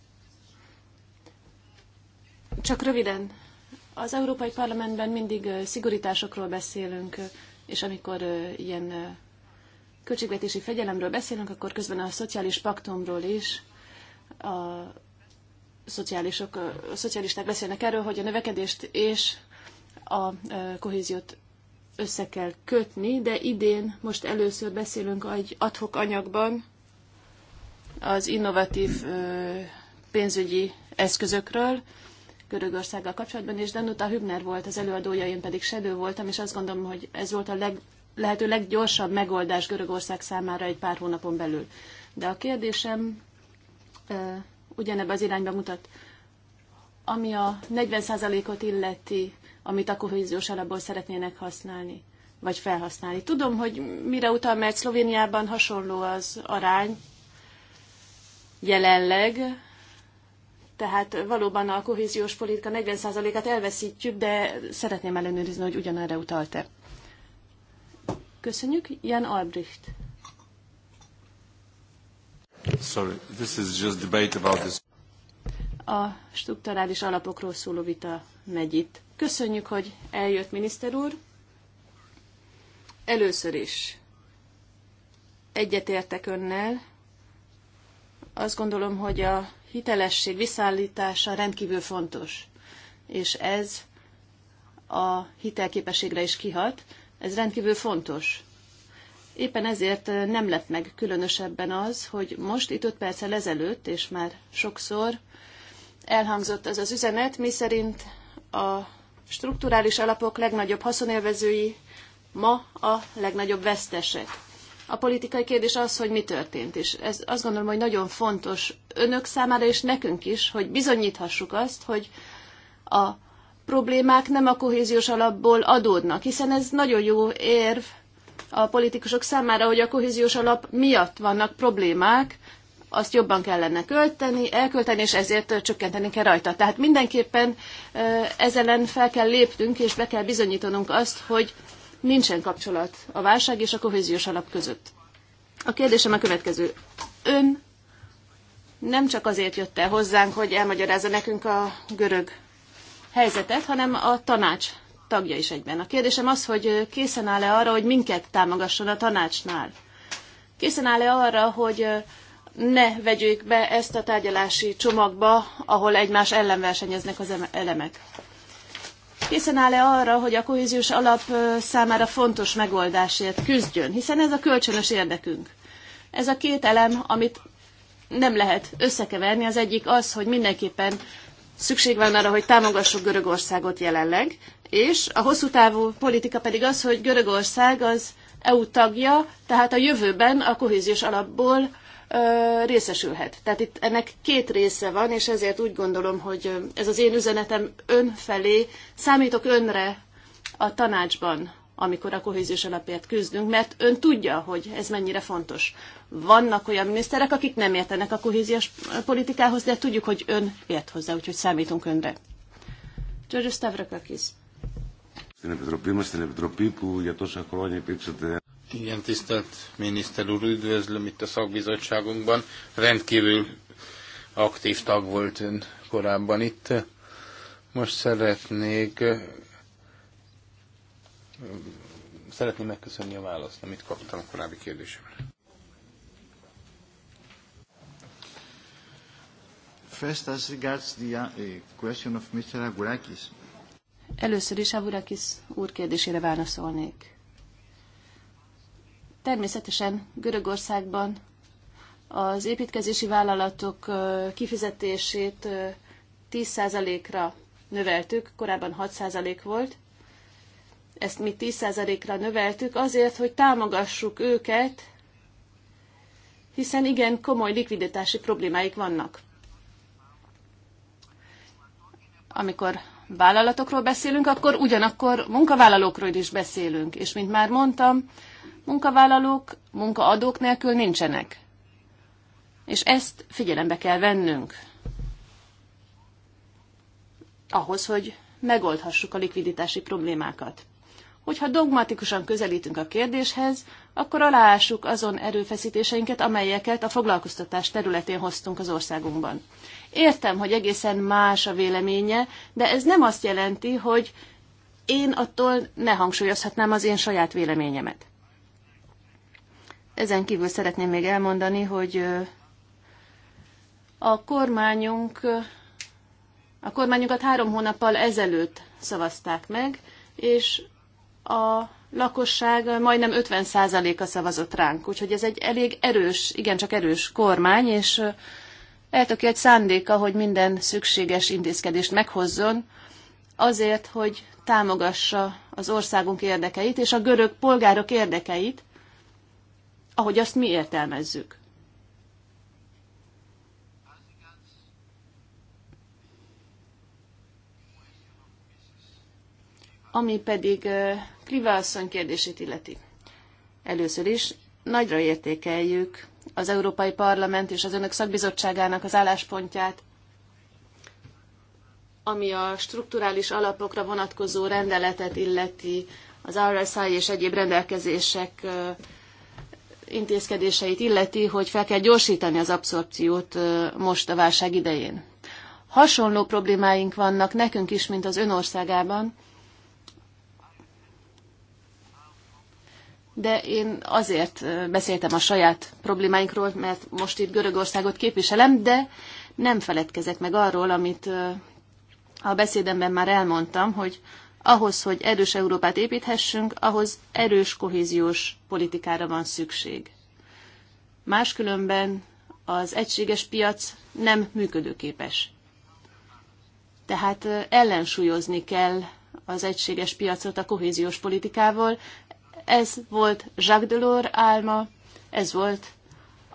Csak röviden. Az Európai Parlamentben mindig szigorításokról beszélünk, és amikor ilyen költségvetési fegyelemről beszélünk, akkor közben a szociális paktumról is a szociálisok, a szocialisták beszélnek erről, hogy a növekedést és a kohéziót össze kell kötni, de idén most először beszélünk egy adhok anyagban az innovatív pénzügyi eszközökről Görögországgal kapcsolatban, és Danuta Hübner volt az előadója, én pedig Sedő voltam, és azt gondolom, hogy ez volt a leg, lehető leggyorsabb megoldás Görögország számára egy pár hónapon belül. De a kérdésem ugyanebb az irányba mutat. Ami a 40%-ot illeti amit a kohéziós alapból szeretnének használni, vagy felhasználni. Tudom, hogy mire utal, mert Szlovéniában hasonló az arány jelenleg, tehát valóban a kohéziós politika 40%-át elveszítjük, de szeretném ellenőrizni, hogy ugyanerre utalt-e. Köszönjük. Jan Albrecht. Sorry, this is just debate about this. A strukturális alapokról szóló vita megy itt. Köszönjük, hogy eljött miniszter úr. Először is egyetértek önnel. Azt gondolom, hogy a hitelesség visszaállítása rendkívül fontos, és ez a hitelképességre is kihat. Ez rendkívül fontos. Éppen ezért nem lett meg különösebben az, hogy most itt öt perccel ezelőtt, és már sokszor elhangzott az az üzenet, miszerint a strukturális alapok legnagyobb haszonélvezői ma a legnagyobb vesztesek. A politikai kérdés az, hogy mi történt, és ez azt gondolom, hogy nagyon fontos önök számára és nekünk is, hogy bizonyíthassuk azt, hogy a problémák nem a kohéziós alapból adódnak, hiszen ez nagyon jó érv a politikusok számára, hogy a kohéziós alap miatt vannak problémák, azt jobban kellene költeni, elkölteni, és ezért csökkenteni kell rajta. Tehát mindenképpen ezen ellen fel kell lépnünk, és be kell bizonyítanunk azt, hogy nincsen kapcsolat a válság és a kohéziós alap között. A kérdésem a következő. Ön nem csak azért jött el hozzánk, hogy elmagyarázza nekünk a görög helyzetet, hanem a tanács tagja is egyben. A kérdésem az, hogy készen áll-e arra, hogy minket támogasson a tanácsnál? Készen áll-e arra, hogy ne vegyék be ezt a tárgyalási csomagba, ahol egymás ellen versenyeznek az elemek. Készen áll-e arra, hogy a kohéziós alap számára fontos megoldásért küzdjön, hiszen ez a kölcsönös érdekünk. Ez a két elem, amit nem lehet összekeverni, az egyik az, hogy mindenképpen szükség van arra, hogy támogassuk Görögországot jelenleg, és a hosszú távú politika pedig az, hogy Görögország az EU tagja, tehát a jövőben a kohéziós alapból részesülhet. Tehát itt ennek két része van, és ezért úgy gondolom, hogy ez az én üzenetem ön felé, számítok önre a tanácsban, amikor a kohéziós alapért küzdünk, mert ön tudja, hogy ez mennyire fontos. Vannak olyan miniszterek, akik nem értenek a kohéziós politikához, de tudjuk, hogy ön ért hozzá, úgyhogy számítunk önre. George Stavrakakis. Στην Επιτροπή μας, στην Επιτροπή που για τόσα χρόνια υπήρξατε igen, tisztelt miniszter úr, üdvözlöm itt a szakbizottságunkban. Rendkívül aktív tag volt ön korábban itt. Most szeretnék szeretném megköszönni a választ, amit kaptam a korábbi kérdésemre. First, as regards the uh, question of Mr. Agurakis. Először is Agurakis úr kérdésére válaszolnék. Természetesen Görögországban az építkezési vállalatok kifizetését 10%-ra növeltük, korábban 6% volt. Ezt mi 10%-ra növeltük azért, hogy támogassuk őket, hiszen igen komoly likviditási problémáik vannak amikor vállalatokról beszélünk, akkor ugyanakkor munkavállalókról is beszélünk. És mint már mondtam, munkavállalók munkaadók nélkül nincsenek. És ezt figyelembe kell vennünk ahhoz, hogy megoldhassuk a likviditási problémákat hogyha dogmatikusan közelítünk a kérdéshez, akkor aláássuk azon erőfeszítéseinket, amelyeket a foglalkoztatás területén hoztunk az országunkban. Értem, hogy egészen más a véleménye, de ez nem azt jelenti, hogy én attól ne hangsúlyozhatnám az én saját véleményemet. Ezen kívül szeretném még elmondani, hogy a kormányunk, a kormányunkat három hónappal ezelőtt szavazták meg, és a lakosság majdnem 50%-a szavazott ránk, úgyhogy ez egy elég erős, igencsak erős kormány, és egy szándéka, hogy minden szükséges intézkedést meghozzon, azért, hogy támogassa az országunk érdekeit és a görög polgárok érdekeit, ahogy azt mi értelmezzük. Ami pedig asszony kérdését illeti. Először is nagyra értékeljük az Európai Parlament és az Önök szakbizottságának az álláspontját, ami a strukturális alapokra vonatkozó rendeletet illeti, az RSI és egyéb rendelkezések intézkedéseit illeti, hogy fel kell gyorsítani az abszorpciót most a válság idején. Hasonló problémáink vannak nekünk is, mint az önországában, de én azért beszéltem a saját problémáinkról, mert most itt Görögországot képviselem, de nem feledkezek meg arról, amit a beszédemben már elmondtam, hogy ahhoz, hogy erős Európát építhessünk, ahhoz erős kohéziós politikára van szükség. Máskülönben az egységes piac nem működőképes. Tehát ellensúlyozni kell az egységes piacot a kohéziós politikával, ez volt Jacques Delors álma, ez volt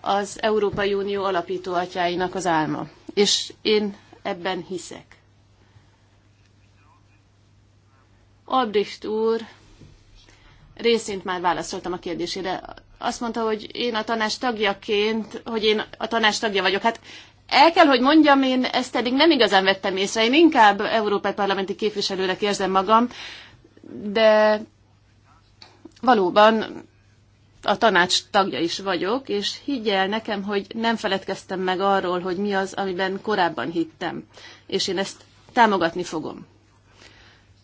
az Európai Unió alapító atyáinak az álma. És én ebben hiszek. Albrecht úr részint már válaszoltam a kérdésére. Azt mondta, hogy én a tanács tagjaként, hogy én a tanács tagja vagyok. Hát el kell, hogy mondjam, én ezt eddig nem igazán vettem észre. Én inkább európai parlamenti képviselőnek érzem magam, de valóban a tanács tagja is vagyok, és higgyel nekem, hogy nem feledkeztem meg arról, hogy mi az, amiben korábban hittem, és én ezt támogatni fogom.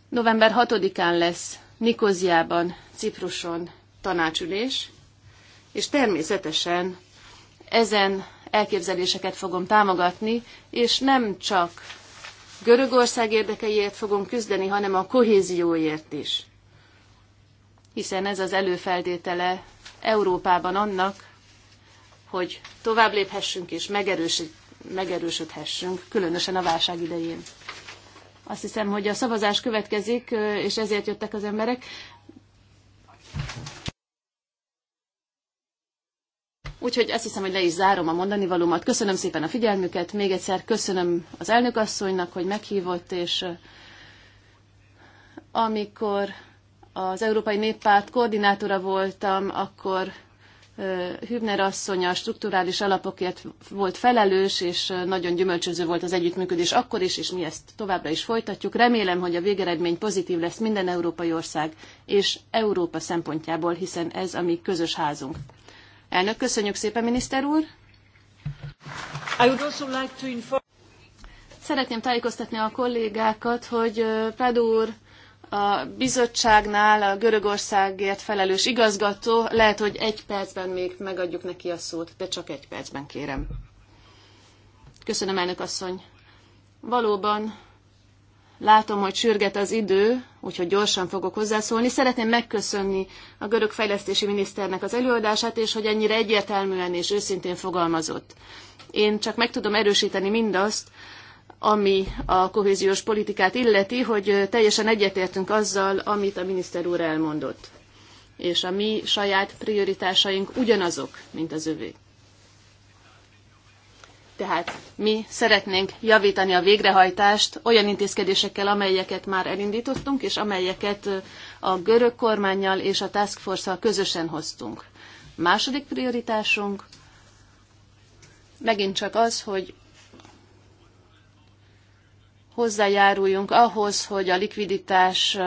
November 6-án lesz Nikoziában, Cipruson tanácsülés, és természetesen ezen elképzeléseket fogom támogatni, és nem csak Görögország érdekeiért fogom küzdeni, hanem a kohézióért is hiszen ez az előfeltétele Európában annak, hogy tovább léphessünk és megerősödhessünk, különösen a válság idején. Azt hiszem, hogy a szavazás következik, és ezért jöttek az emberek. Úgyhogy azt hiszem, hogy le is zárom a mondani valómat. Köszönöm szépen a figyelmüket, még egyszer köszönöm az elnökasszonynak, hogy meghívott, és amikor az Európai Néppárt koordinátora voltam, akkor Hübner asszony a strukturális alapokért volt felelős, és nagyon gyümölcsöző volt az együttműködés akkor is, és mi ezt továbbra is folytatjuk. Remélem, hogy a végeredmény pozitív lesz minden európai ország és Európa szempontjából, hiszen ez a mi közös házunk. Elnök, köszönjük szépen, miniszter úr! I would also like to inform... Szeretném tájékoztatni a kollégákat, hogy Prado úr a bizottságnál a Görögországért felelős igazgató, lehet, hogy egy percben még megadjuk neki a szót, de csak egy percben kérem. Köszönöm, elnök asszony. Valóban látom, hogy sürget az idő, úgyhogy gyorsan fogok hozzászólni. Szeretném megköszönni a görög fejlesztési miniszternek az előadását, és hogy ennyire egyértelműen és őszintén fogalmazott. Én csak meg tudom erősíteni mindazt, ami a kohéziós politikát illeti, hogy teljesen egyetértünk azzal, amit a miniszter úr elmondott. És a mi saját prioritásaink ugyanazok, mint az övé. Tehát mi szeretnénk javítani a végrehajtást olyan intézkedésekkel, amelyeket már elindítottunk, és amelyeket a görög kormányjal és a Task Force-szal közösen hoztunk. Második prioritásunk megint csak az, hogy hozzájáruljunk ahhoz, hogy a likviditás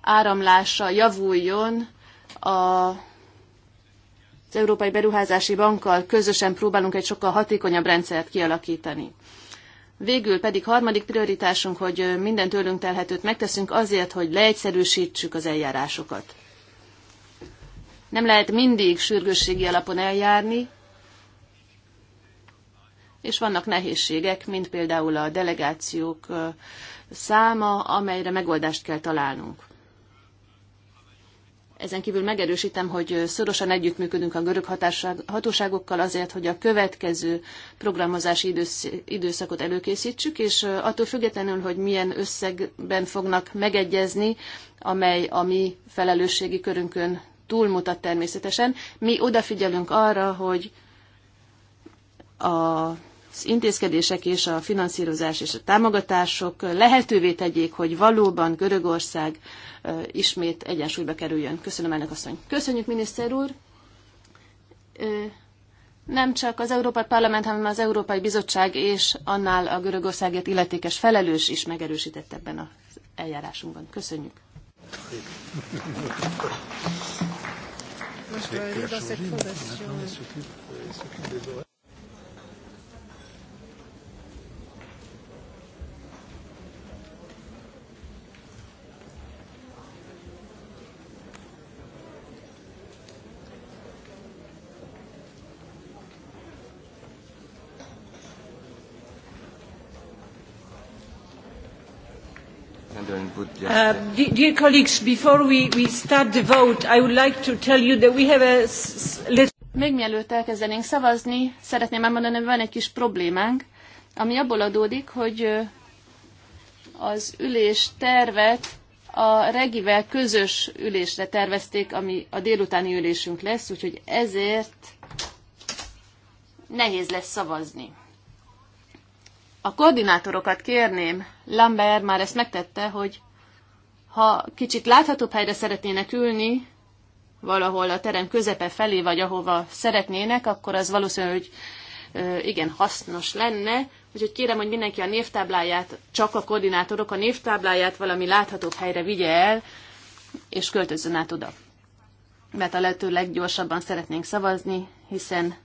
áramlása javuljon, az Európai Beruházási Bankkal közösen próbálunk egy sokkal hatékonyabb rendszert kialakítani. Végül pedig harmadik prioritásunk, hogy minden tőlünk telhetőt megteszünk azért, hogy leegyszerűsítsük az eljárásokat. Nem lehet mindig sürgősségi alapon eljárni, és vannak nehézségek, mint például a delegációk száma, amelyre megoldást kell találnunk. Ezen kívül megerősítem, hogy szorosan együttműködünk a görög hatóságokkal azért, hogy a következő programozási időszakot előkészítsük, és attól függetlenül, hogy milyen összegben fognak megegyezni, amely a mi felelősségi körünkön túlmutat természetesen, mi odafigyelünk arra, hogy a az intézkedések és a finanszírozás és a támogatások lehetővé tegyék, hogy valóban Görögország ismét egyensúlyba kerüljön. Köszönöm elnök asszony. Köszönjük, miniszter úr! Nem csak az Európai Parlament, hanem az Európai Bizottság és annál a Görögországért illetékes felelős is megerősített ebben az eljárásunkban. Köszönjük! Moi, would just... Uh, dear colleagues, before we, we start the vote, I would like to tell you that we have a little... Még mielőtt elkezdenénk szavazni, szeretném elmondani, hogy van egy kis problémánk, ami abból adódik, hogy az ülés tervet a regivel közös ülésre tervezték, ami a délutáni ülésünk lesz, úgyhogy ezért nehéz lesz szavazni. A koordinátorokat kérném, Lambert már ezt megtette, hogy ha kicsit láthatóbb helyre szeretnének ülni, valahol a terem közepe felé, vagy ahova szeretnének, akkor az valószínű, hogy igen, hasznos lenne. Úgyhogy kérem, hogy mindenki a névtábláját, csak a koordinátorok a névtábláját valami láthatóbb helyre vigye el, és költözön át oda. Mert a lehető leggyorsabban szeretnénk szavazni, hiszen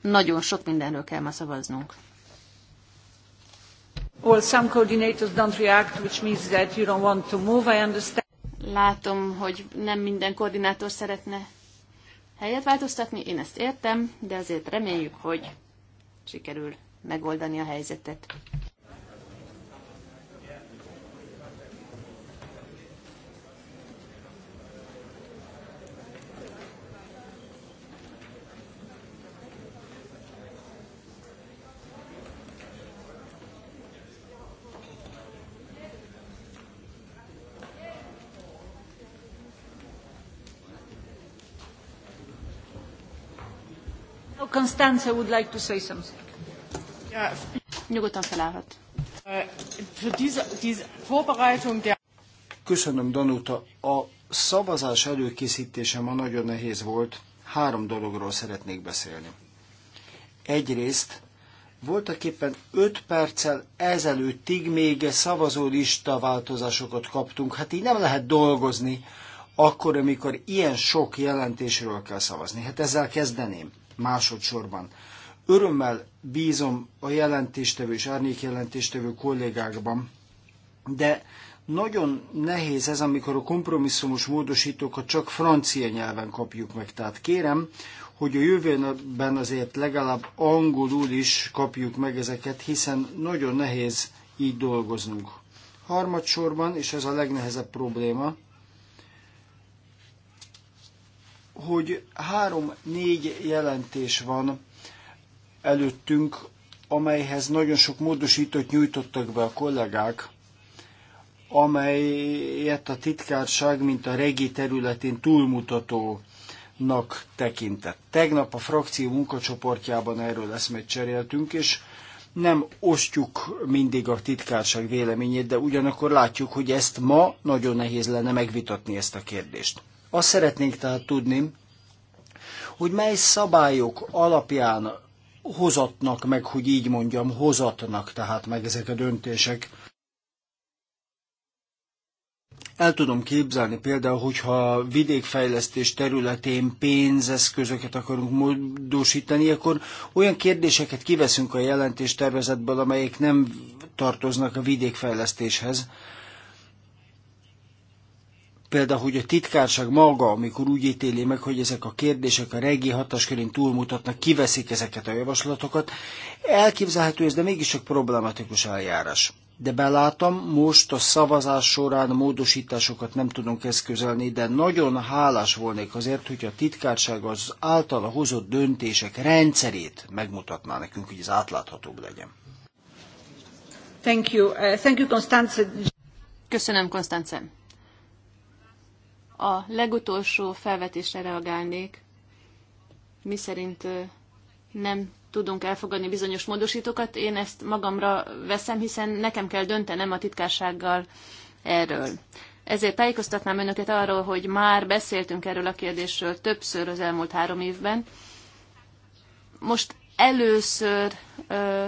nagyon sok mindenről kell ma szavaznunk. Well, some coordinators don't react, which means that you don't want to move, I understand. Látom, hogy nem minden koordinátor szeretne helyet változtatni, én ezt értem, de azért reméljük, hogy sikerül megoldani a helyzetet. Constanze would like to say something. Ja. Nyugodtan felállhat. Uh, Köszönöm, Danuta. A szavazás előkészítése ma nagyon nehéz volt. Három dologról szeretnék beszélni. Egyrészt voltak éppen öt perccel ezelőttig még szavazólista változásokat kaptunk. Hát így nem lehet dolgozni, akkor, amikor ilyen sok jelentésről kell szavazni. Hát ezzel kezdeném másodsorban. Örömmel bízom a jelentéstevő és árnyék jelentéstevő kollégákban, de nagyon nehéz ez, amikor a kompromisszumos módosítókat csak francia nyelven kapjuk meg. Tehát kérem, hogy a jövőben azért legalább angolul is kapjuk meg ezeket, hiszen nagyon nehéz így dolgoznunk. Harmadsorban, és ez a legnehezebb probléma, hogy három-négy jelentés van előttünk, amelyhez nagyon sok módosítót nyújtottak be a kollégák, amelyet a titkárság, mint a regi területén túlmutatónak tekintett. Tegnap a frakció munkacsoportjában erről eszmét cseréltünk, és nem osztjuk mindig a titkárság véleményét, de ugyanakkor látjuk, hogy ezt ma nagyon nehéz lenne megvitatni ezt a kérdést. Azt szeretnénk tehát tudni, hogy mely szabályok alapján hozatnak meg, hogy így mondjam, hozatnak tehát meg ezek a döntések. El tudom képzelni például, hogyha vidékfejlesztés területén pénzeszközöket akarunk módosítani, akkor olyan kérdéseket kiveszünk a jelentéstervezetből, amelyek nem tartoznak a vidékfejlesztéshez például, hogy a titkárság maga, amikor úgy ítéli meg, hogy ezek a kérdések a regi hatáskörén túlmutatnak, kiveszik ezeket a javaslatokat, elképzelhető ez, de mégiscsak problematikus eljárás. De belátom, most a szavazás során módosításokat nem tudunk eszközölni, de nagyon hálás volnék azért, hogy a titkárság az általa hozott döntések rendszerét megmutatná nekünk, hogy ez átláthatóbb legyen. Thank you. Uh, thank you, Constance. Köszönöm, Konstance. A legutolsó felvetésre reagálnék, mi szerint nem tudunk elfogadni bizonyos módosítókat. Én ezt magamra veszem, hiszen nekem kell döntenem a titkársággal erről. Ezért tájékoztatnám önöket arról, hogy már beszéltünk erről a kérdésről többször az elmúlt három évben. Most először ö,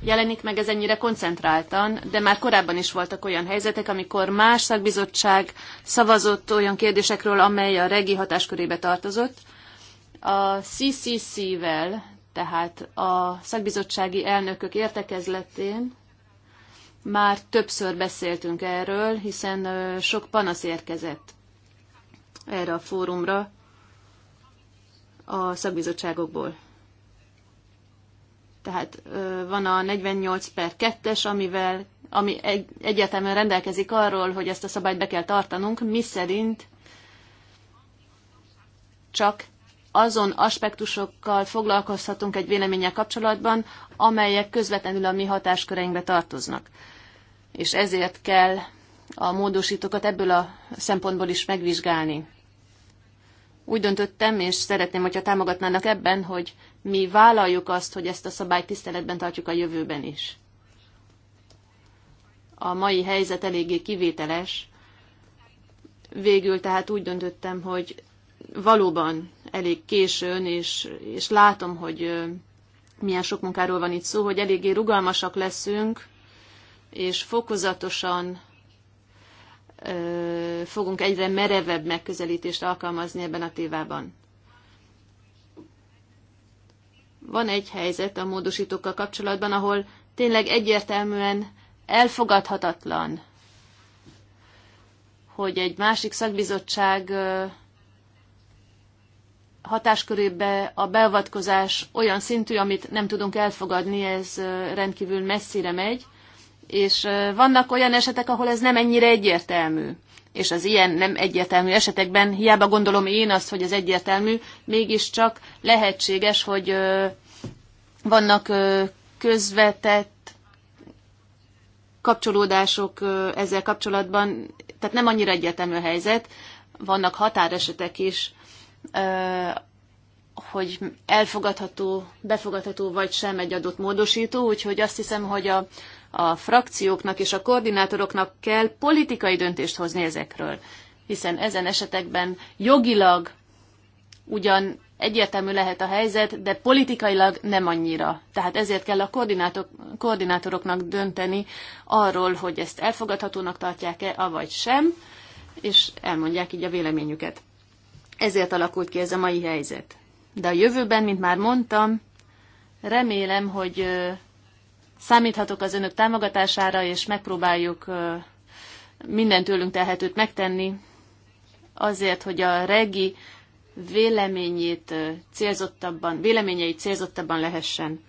jelenik meg ez ennyire koncentráltan, de már korábban is voltak olyan helyzetek, amikor más szakbizottság szavazott olyan kérdésekről, amely a regi hatáskörébe tartozott. A CCC-vel, tehát a szakbizottsági elnökök értekezletén már többször beszéltünk erről, hiszen sok panasz érkezett erre a fórumra a szakbizottságokból. Tehát van a 48 per 2-es, amivel ami egy, egyértelműen rendelkezik arról, hogy ezt a szabályt be kell tartanunk, mi szerint csak azon aspektusokkal foglalkozhatunk egy véleménnyel kapcsolatban, amelyek közvetlenül a mi hatásköreinkbe tartoznak. És ezért kell a módosítókat ebből a szempontból is megvizsgálni úgy döntöttem, és szeretném, hogyha támogatnának ebben, hogy mi vállaljuk azt, hogy ezt a szabályt tiszteletben tartjuk a jövőben is. A mai helyzet eléggé kivételes. Végül tehát úgy döntöttem, hogy valóban elég későn, és, és látom, hogy milyen sok munkáról van itt szó, hogy eléggé rugalmasak leszünk, és fokozatosan fogunk egyre merevebb megközelítést alkalmazni ebben a tévában. Van egy helyzet a módosítókkal kapcsolatban, ahol tényleg egyértelműen elfogadhatatlan, hogy egy másik szakbizottság hatáskörébe a beavatkozás olyan szintű, amit nem tudunk elfogadni, ez rendkívül messzire megy, és vannak olyan esetek, ahol ez nem ennyire egyértelmű. És az ilyen nem egyértelmű esetekben, hiába gondolom én azt, hogy ez egyértelmű, mégiscsak lehetséges, hogy vannak közvetett kapcsolódások ezzel kapcsolatban, tehát nem annyira egyértelmű a helyzet, vannak határesetek is, hogy elfogadható, befogadható vagy sem egy adott módosító, úgyhogy azt hiszem, hogy a a frakcióknak és a koordinátoroknak kell politikai döntést hozni ezekről, hiszen ezen esetekben jogilag ugyan egyértelmű lehet a helyzet, de politikailag nem annyira. Tehát ezért kell a koordinátoroknak dönteni arról, hogy ezt elfogadhatónak tartják-e, avagy sem, és elmondják így a véleményüket. Ezért alakult ki ez a mai helyzet. De a jövőben, mint már mondtam, remélem, hogy Számíthatok az önök támogatására, és megpróbáljuk minden tőlünk telhetőt megtenni, azért, hogy a regi véleményét célzottabban, véleményeit célzottabban lehessen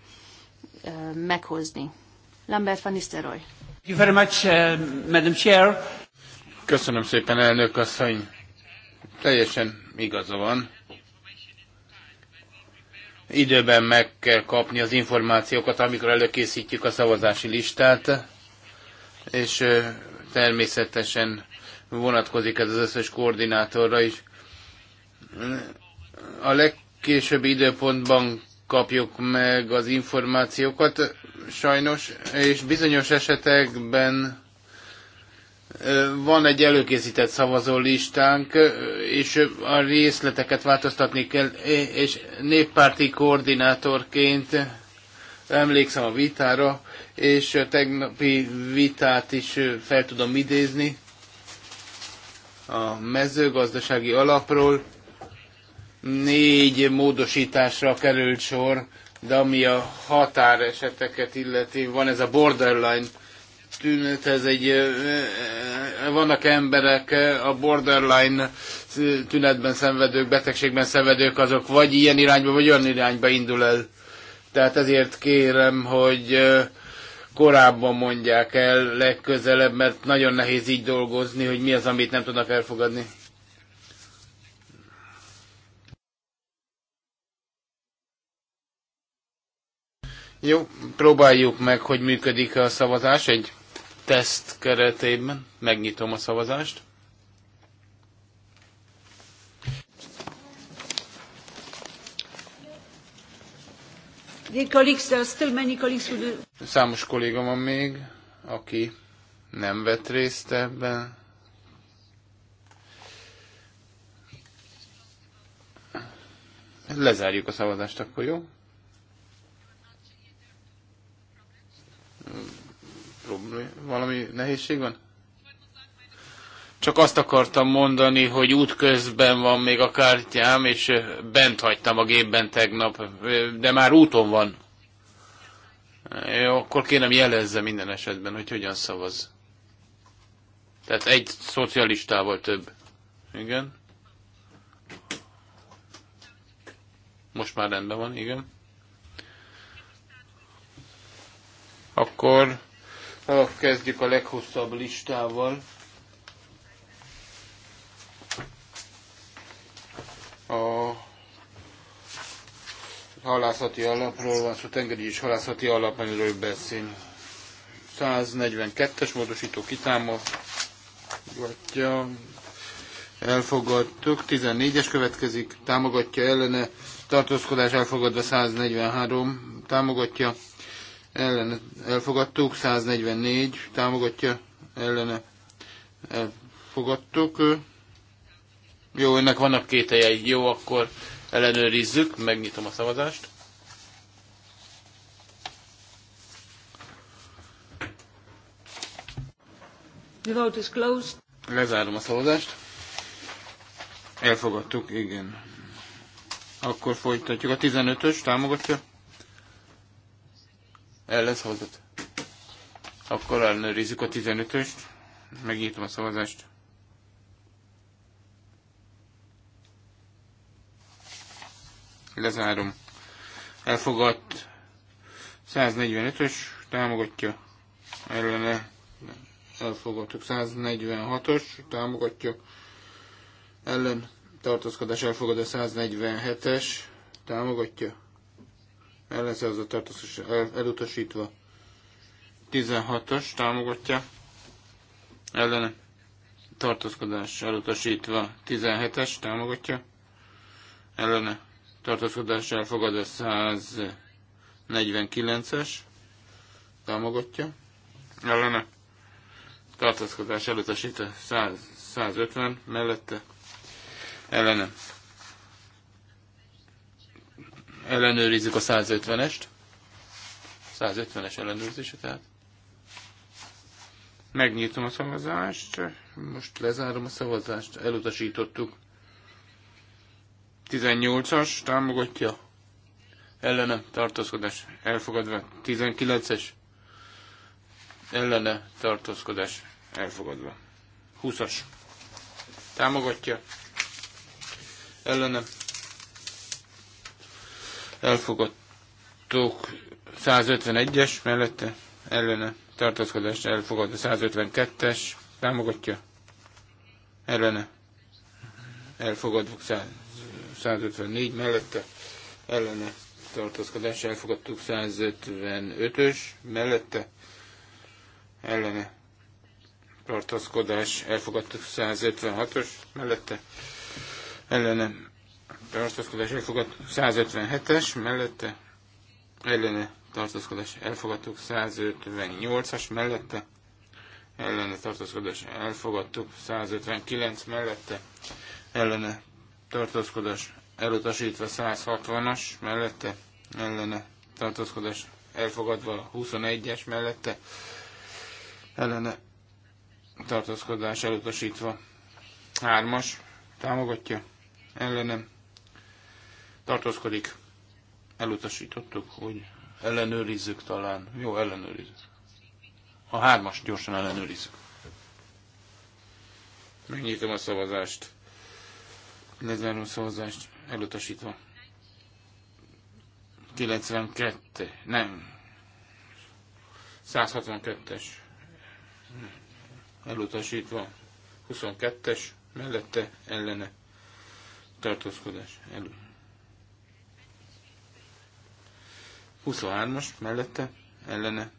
meghozni. Lambert van Nistelrooy. Uh, Köszönöm szépen, elnök asszony. Teljesen igaza van időben meg kell kapni az információkat, amikor előkészítjük a szavazási listát, és természetesen vonatkozik ez az összes koordinátorra is. A legkésőbbi időpontban kapjuk meg az információkat, sajnos, és bizonyos esetekben van egy előkészített szavazólistánk, és a részleteket változtatni kell, és néppárti koordinátorként emlékszem a vitára, és a tegnapi vitát is fel tudom idézni a mezőgazdasági alapról. Négy módosításra került sor, de ami a határeseteket illeti, van ez a borderline ez egy, vannak emberek a borderline tünetben szenvedők, betegségben szenvedők, azok vagy ilyen irányba, vagy olyan irányba indul el. Tehát ezért kérem, hogy korábban mondják el legközelebb, mert nagyon nehéz így dolgozni, hogy mi az, amit nem tudnak elfogadni. Jó, próbáljuk meg, hogy működik a szavazás egy teszt keretében. Megnyitom a szavazást. Számos kolléga van még, aki nem vett részt ebben. Lezárjuk a szavazást akkor, jó? valami nehézség van? Csak azt akartam mondani, hogy útközben van még a kártyám, és bent hagytam a gépben tegnap, de már úton van. Jó, akkor kérem jelezze minden esetben, hogy hogyan szavaz. Tehát egy szocialistával több. Igen. Most már rendben van, igen. Akkor akkor kezdjük a leghosszabb listával. A halászati alapról van szó, tengeri és halászati amiről beszél. 142-es módosító kitámogatja, elfogadtuk, 14-es következik, támogatja ellene, tartózkodás elfogadva 143, támogatja, ellene elfogadtuk, 144 támogatja ellene elfogadtuk. Jó, ennek vannak kételjei, jó, akkor ellenőrizzük, megnyitom a szavazást. The vote is closed. Lezárom a szavazást. Elfogadtuk, igen. Akkor folytatjuk. A 15-ös támogatja ellenszavazott. Akkor ellenőrizzük a 15-öst. Megnyitom a szavazást. Lezárom. Elfogadt 145-ös támogatja ellene elfogadtuk. 146-os támogatja ellen tartózkodás elfogadó 147-es támogatja ellenszavazat elutasítva. 16 as támogatja ellene tartózkodás elutasítva. 17-es támogatja ellene tartózkodás elfogadva. 149-es támogatja ellene tartózkodás elutasítva. 100, 150 mellette ellene Ellenőrizzük a 150-est. 150-es ellenőrzése tehát. Megnyitom a szavazást, most lezárom a szavazást, elutasítottuk. 18-as támogatja, ellene tartózkodás elfogadva. 19-es ellene tartózkodás elfogadva. 20-as támogatja, ellene elfogadtuk 151-es mellette ellene tartózkodás elfogadta 152-es támogatja ellene elfogadtuk 154 mellette ellene tartózkodás elfogadtuk 155-ös mellette ellene tartózkodás elfogadtuk 156-os mellette ellene tartózkodás elfogad 157-es, mellette ellene tartózkodás elfogadtuk 158-as, mellette ellene tartózkodás elfogadtuk 159 mellette ellene tartózkodás elutasítva 160-as mellette ellene tartózkodás elfogadva 21-es mellette ellene tartózkodás elutasítva 3-as támogatja ellenem tartózkodik, elutasítottuk, hogy ellenőrizzük talán. Jó, ellenőrizzük. A hármas gyorsan ellenőrizzük. Megnyitom a szavazást. Lezárom a szavazást, elutasítva. 92, nem. 162-es. Elutasítva. 22-es, mellette ellene tartózkodás. Elő. 23-as mellette ellene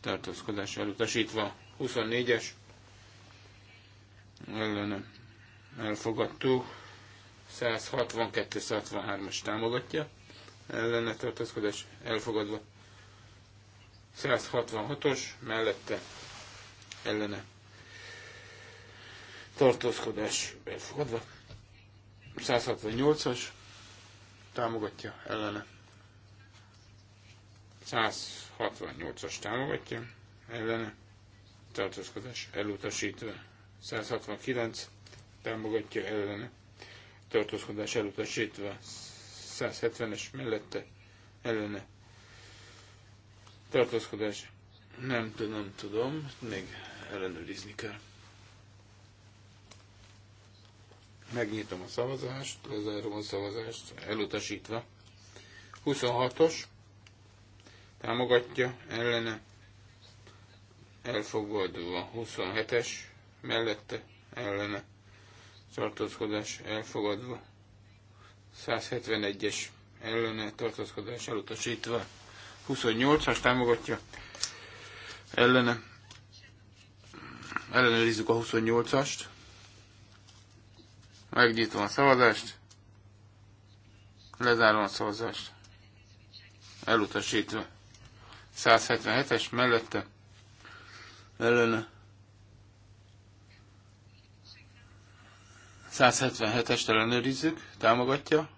tartózkodás elutasítva. 24-es ellene elfogadtuk. 162-163-as támogatja ellene tartózkodás elfogadva. 166-os mellette ellene tartózkodás elfogadva. 168-as támogatja ellene 168-as támogatja, ellene tartózkodás elutasítva. 169 támogatja ellene tartózkodás elutasítva. 170-es mellette ellene tartózkodás. Nem tudom, tudom, még ellenőrizni kell. Megnyitom a szavazást, lezárom a szavazást, elutasítva. 26-os támogatja, ellene elfogadva 27-es, mellette ellene tartózkodás elfogadva 171-es ellene tartózkodás elutasítva 28-as támogatja ellene ellenőrizzük a 28-ast megnyitom a szavazást lezárom a szavazást elutasítva 177-es mellette ellene. 177-est ellenőrizzük, támogatja.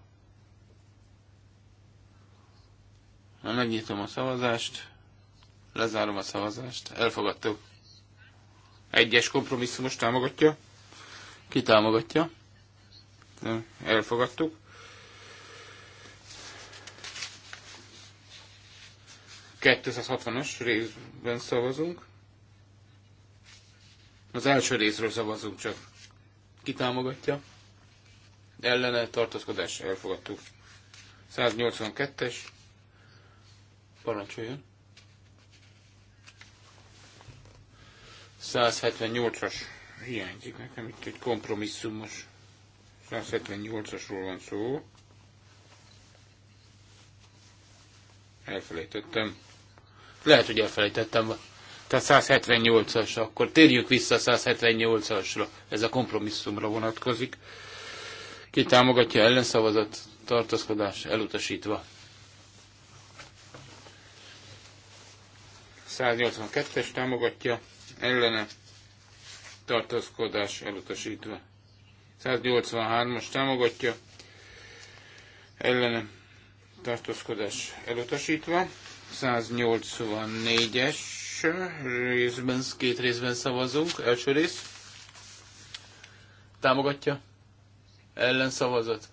Na, megnyitom a szavazást, lezárom a szavazást, elfogadtuk. Egyes kompromisszumos támogatja, ki támogatja, elfogadtuk. 260-as részben szavazunk. Az első részről szavazunk csak. Ki támogatja? Ellene tartózkodás elfogadtuk. 182-es. Parancsoljon. 178-as hiányzik nekem, itt egy kompromisszumos. 178-asról van szó. Elfelejtettem. Lehet, hogy elfelejtettem. Tehát 178-as, akkor térjük vissza 178-asra. Ez a kompromisszumra vonatkozik. Ki támogatja ellenszavazat, tartózkodás elutasítva. 182-es támogatja, ellene tartózkodás elutasítva. 183-as támogatja, ellene tartózkodás elutasítva. 184-es részben, két részben szavazunk. Első rész. Támogatja. Ellen szavazat.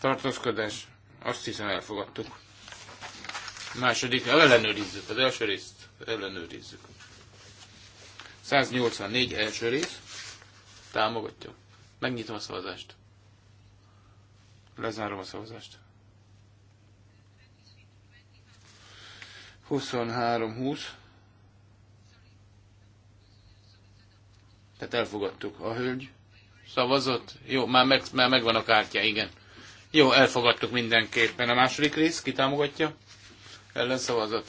Tartózkodás. Azt hiszem elfogadtuk. Második, ellenőrizzük. Az első részt ellenőrizzük. 184 első rész. Támogatja. Megnyitom a szavazást. Lezárom a szavazást. 23-20. Tehát elfogadtuk. A hölgy szavazott? Jó, már, meg, már megvan a kártya, igen. Jó, elfogadtuk mindenképpen. A második rész kitámogatja? szavazott.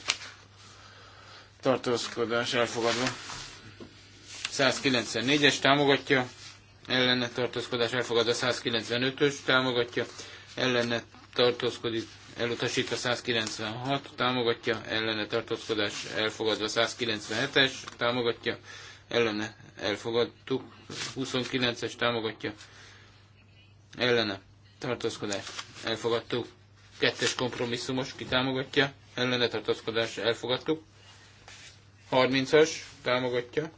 Tartózkodás elfogadva. 194-es támogatja, ellene tartózkodás elfogadva 195-ös támogatja, ellene tartózkodik elutasítva 196, támogatja, ellene tartózkodás elfogadva 197-es, támogatja, ellene elfogadtuk, 29-es támogatja, ellene tartózkodás elfogadtuk, kettes kompromisszumos, ki támogatja, ellene tartózkodás elfogadtuk, 30-as támogatja,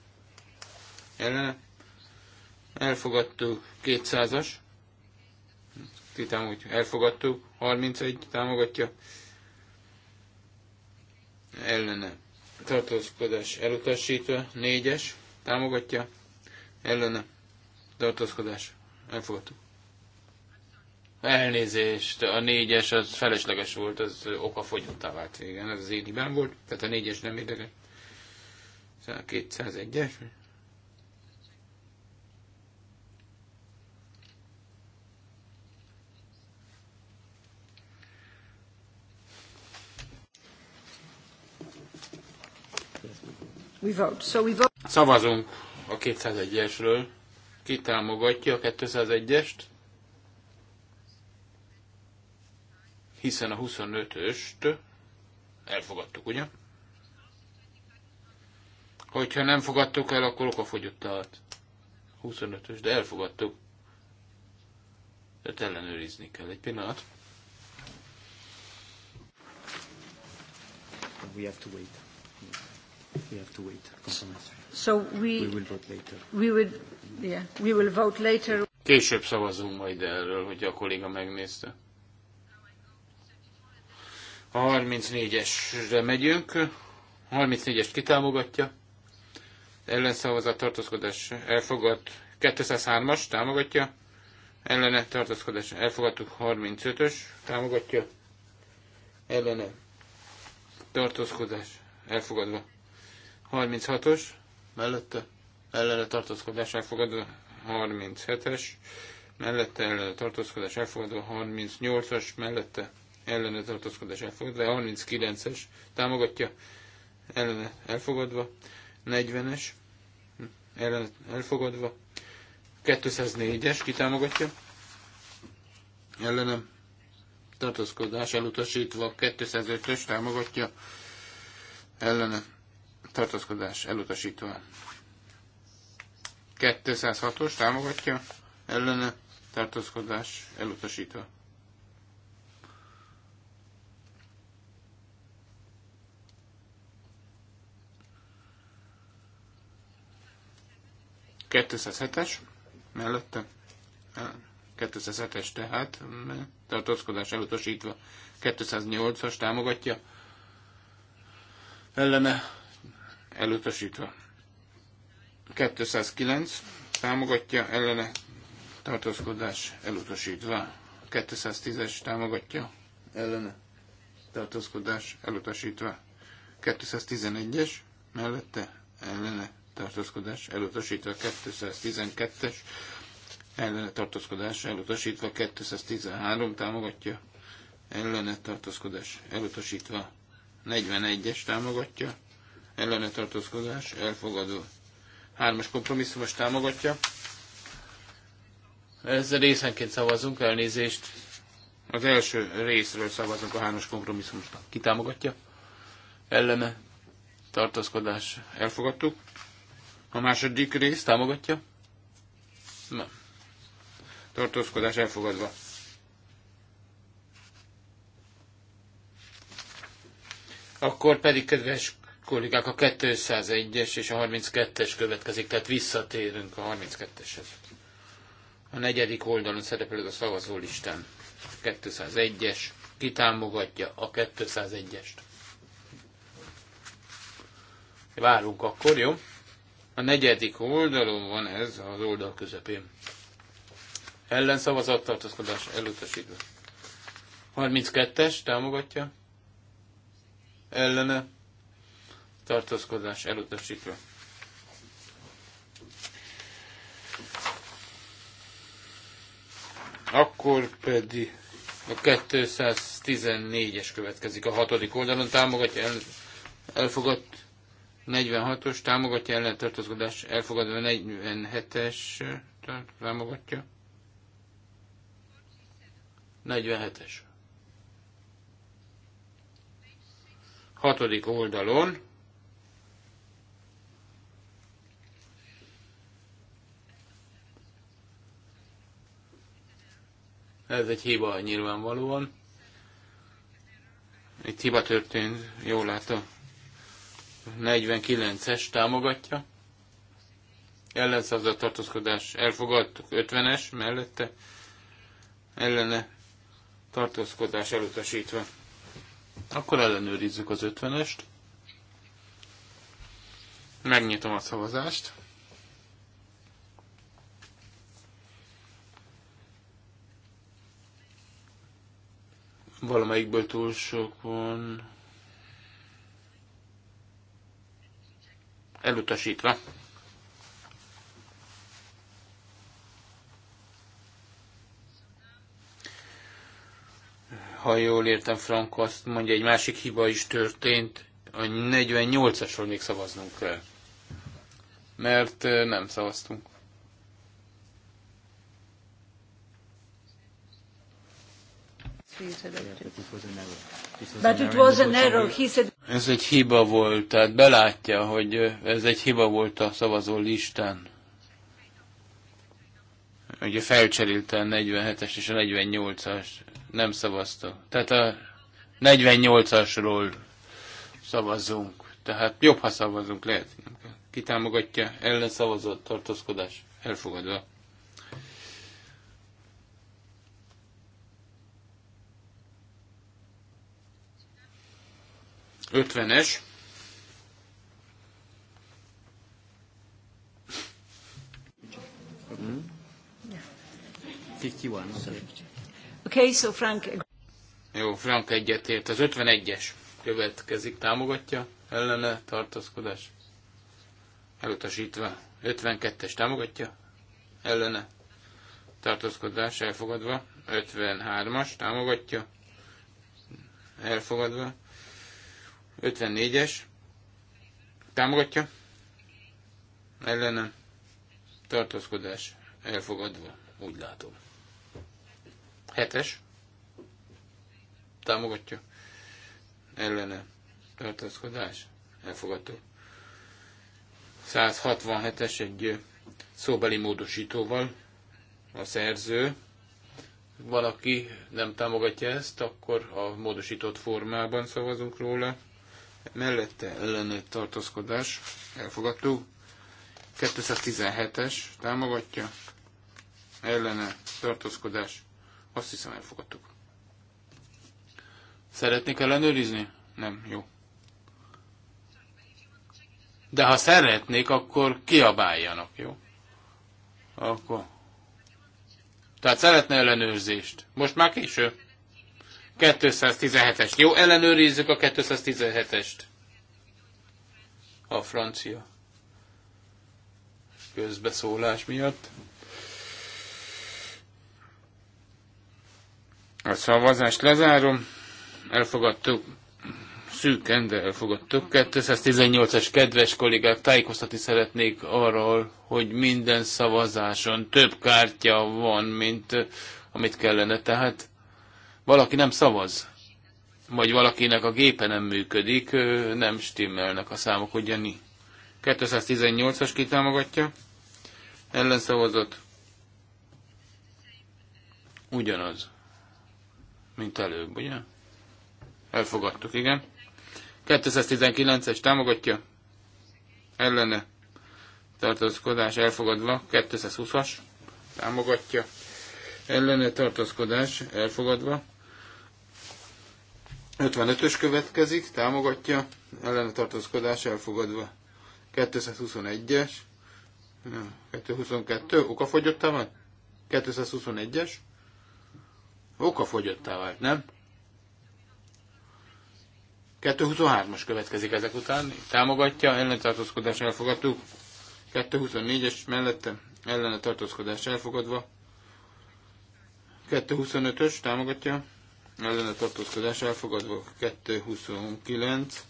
ellene elfogadtuk, 200-as ti támogatja, elfogadtuk, 31 támogatja, ellene tartózkodás elutasítva, 4-es támogatja, ellene tartózkodás elfogadtuk. Elnézést, a négyes az felesleges volt, az oka fogyottá vált, igen, ez az én hibám volt, tehát a négyes nem érdekel. 201-es, We vote. So we vote. Szavazunk a 201-esről. Ki támogatja a 201-est? Hiszen a 25-öst elfogadtuk, ugye? Hogyha nem fogadtuk el, akkor fogyott a 25-ös, de elfogadtuk. Tehát ellenőrizni kell egy pillanat. We have to wait. We have to wait. So we, we will vote later. We will, yeah, we will vote later. Később szavazunk majd erről, hogy a kolléga megnézte. A 34-esre megyünk. 34-est kitámogatja. Ellenszavazat tartózkodás elfogad. 203-as támogatja. Ellene tartózkodás elfogadtuk. 35-ös támogatja. Ellene tartózkodás elfogadva. 36-os, mellette ellene tartózkodás elfogadó 37-es, mellette ellene tartózkodás elfogadó 38-as, mellette ellene tartózkodás elfogadva, 39-es támogatja ellene elfogadva, 40-es ellene elfogadva, 204-es kitámogatja, ellenem tartózkodás elutasítva, 205-ös támogatja, ellene tartózkodás elutasítva. 206-os támogatja, ellene tartózkodás elutasítva. es mellette, 207-es tehát, mm, tartózkodás elutasítva, 208-as támogatja, ellene elutasítva. 209 támogatja, ellene tartózkodás elutasítva. 210-es támogatja, ellene tartózkodás elutasítva. 211-es mellette ellene tartózkodás elutasítva. 212-es ellene tartózkodás elutasítva. 213 támogatja, ellene tartózkodás elutasítva. 41-es támogatja, ellene tartózkodás elfogadó. Hármas kompromisszumos támogatja. Ezzel részenként szavazunk, elnézést. Az első részről szavazunk a hármas kompromisszumosnak. Ki támogatja? Ellene tartózkodás elfogadtuk. A második rész támogatja? Nem. Tartózkodás elfogadva. Akkor pedig, kedves kollégák, a 201-es és a 32-es következik, tehát visszatérünk a 32-eshez. A negyedik oldalon szerepel ez a szavazólistán. 201-es. Ki támogatja a 201-est? Várunk akkor, jó? A negyedik oldalon van ez, az oldal közepén. Ellenszavazat tartozkodás, elutasítva. 32-es támogatja. Ellene tartózkodás elutasítva. Akkor pedig a 214-es következik a hatodik oldalon, támogatja el, elfogadt 46-os, támogatja ellen tartózkodás, elfogadva 47-es, támogatja. 47-es. Hatodik oldalon, Ez egy hiba nyilvánvalóan. Itt hiba történt, jól látom. 49-es támogatja. Ellenszavazat tartózkodás elfogadtuk. 50-es mellette. Ellene tartózkodás elutasítva. Akkor ellenőrizzük az 50-est. Megnyitom a szavazást. Valamelyikből túl sok van. Elutasítva. Ha jól értem, Frank azt mondja, egy másik hiba is történt. A 48-asról még szavaznunk kell. Mert nem szavaztunk. But it was an error. He said... Ez egy hiba volt, tehát belátja, hogy ez egy hiba volt a szavazó listán. Ugye felcserélte a 47-es és a 48-as, nem szavazta. Tehát a 48-asról szavazunk. Tehát jobb, ha szavazunk, lehet. Ki támogatja? Ellen szavazott tartózkodás. Elfogadva. 50-es. Okay, so Frank... Jó, Frank egyetért. Az 51-es következik, támogatja, ellene tartózkodás. Elutasítva. 52-es támogatja, ellene tartózkodás elfogadva. 53-as támogatja, elfogadva. 54-es támogatja, ellenem tartózkodás elfogadva, úgy látom. 7-es támogatja, ellene tartózkodás elfogadó. 167-es egy szóbeli módosítóval a szerző. Valaki nem támogatja ezt, akkor a módosított formában szavazunk róla mellette ellene tartózkodás, elfogadtuk. 217-es támogatja, ellene tartózkodás, azt hiszem elfogadtuk. Szeretnék ellenőrizni? Nem, jó. De ha szeretnék, akkor kiabáljanak, jó? Akkor. Tehát szeretne ellenőrzést. Most már késő. 217-est. Jó, ellenőrizzük a 217-est. A francia közbeszólás miatt. A szavazást lezárom. Elfogadtuk szűken, de elfogadtuk. 218 es kedves kollégák, tájékoztatni szeretnék arról, hogy minden szavazáson több kártya van, mint amit kellene. Tehát valaki nem szavaz, vagy valakinek a gépe nem működik, nem stimmelnek a számok ugyanígy. 218-as kitámogatja, ellenszavazott, ugyanaz, mint előbb, ugye? Elfogadtuk, igen. 219-es támogatja, ellene tartózkodás elfogadva, 220-as támogatja, ellene tartózkodás elfogadva, 55-ös következik, támogatja, ellene tartózkodás elfogadva. 221-es, 222, okafogyottá vált? 221-es, okafogyottá vált, nem? 223-as következik ezek után, támogatja, ellene tartózkodás elfogadtuk. 224-es mellette ellene tartózkodás elfogadva. 225-ös támogatja, ellene tartózkodás elfogadva 229,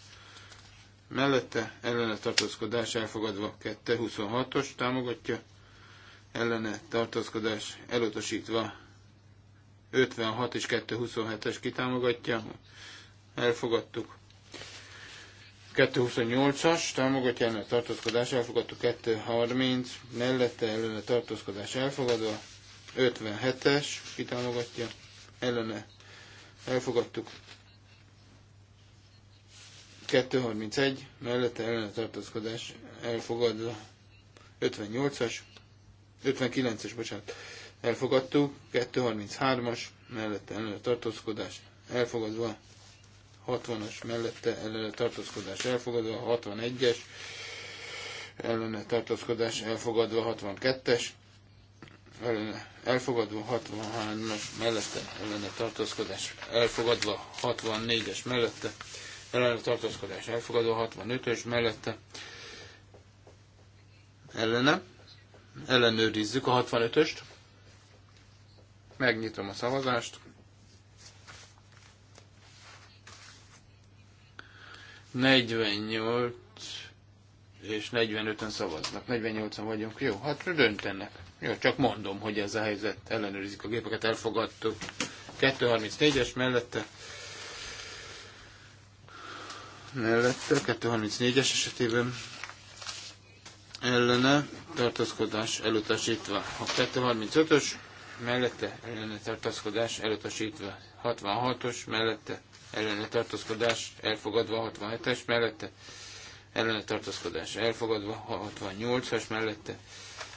mellette ellene tartózkodás elfogadva 226-os támogatja, ellene tartózkodás elutasítva 56 és 227-es kitámogatja, elfogadtuk. 228-as, támogatja ellene tartózkodás, elfogadtuk 230, mellette ellene tartózkodás elfogadva, 57-es, kitámogatja, ellene elfogadtuk. 231 mellette ellen a tartózkodás elfogadva. 58-as, 59-es, bocsánat, elfogadtuk. 233-as mellette ellen a tartózkodás elfogadva. 60-as mellette ellen a tartózkodás elfogadva. 61-es ellen a tartózkodás elfogadva. 62-es elfogadva 63-as mellette ellene tartózkodás, elfogadva 64-es mellette ellene tartózkodás, elfogadva 65-ös mellette ellene, ellenőrizzük a 65-öst, megnyitom a szavazást, ...48 és 45-en szavaznak. 48-an vagyunk. Jó, hát döntenek. Jó, csak mondom, hogy ez a helyzet. Ellenőrizik a gépeket, elfogadtuk. 234-es mellette. Mellette, 234-es esetében ellene tartózkodás elutasítva. A 235-ös mellette ellene tartózkodás elutasítva. 66-os mellette ellene tartózkodás elfogadva. 67-es mellette ellene tartózkodás elfogadva. 68-as mellette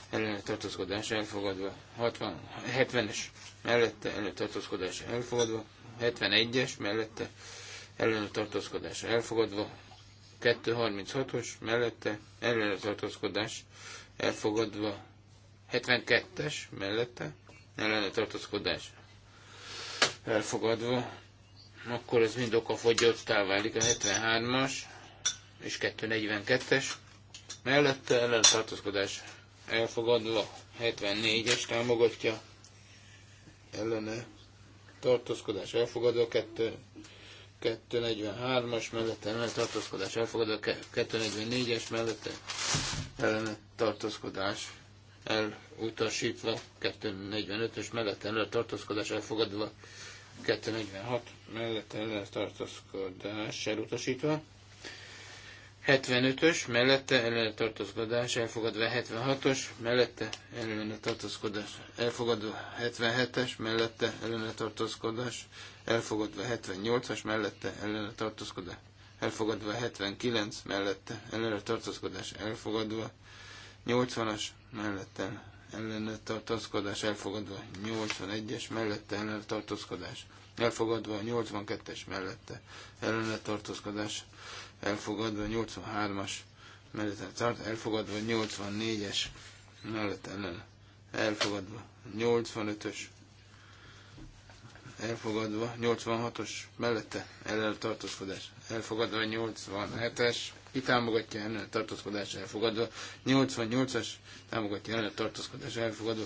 ellene tartózkodás elfogadva, 70-es mellette ellene tartózkodás elfogadva, 71-es mellette ellene tartózkodás elfogadva, 236-os mellette ellene tartózkodás elfogadva, 72-es mellette ellene tartózkodás elfogadva, akkor ez mind okafogyottá válik a 73-as és 242-es mellette ellene tartózkodás elfogadva 74-es támogatja ellene tartózkodás elfogadva 2 243-as mellette ellene tartózkodás elfogadva 244-es mellette ellene tartózkodás elutasítva 245-ös mellette ellene tartózkodás elfogadva 246 mellette ellene tartózkodás elutasítva 75-ös, mellette ellene tartózkodás elfogadva 76-os, mellette ellene tartózkodás elfogadva 77-es, mellette ellene tartózkodás elfogadva 78-as, mellette ellene tartózkodás elfogadva 79, mellette ellene tartózkodás elfogadva 80-as, mellette ellene tartózkodás elfogadva 81-es, mellette ellene tartózkodás elfogadva 82-es, mellette ellene tartózkodás elfogadva elfogadva, 83-as mellette tart, elfogadva, 84-es mellett ellen elfogadva, 85-ös elfogadva, 86-os mellette ellen tartózkodás elfogadva, 87-es ki támogatja ellen tartózkodás elfogadva, 88-as támogatja ellen tartózkodás elfogadva,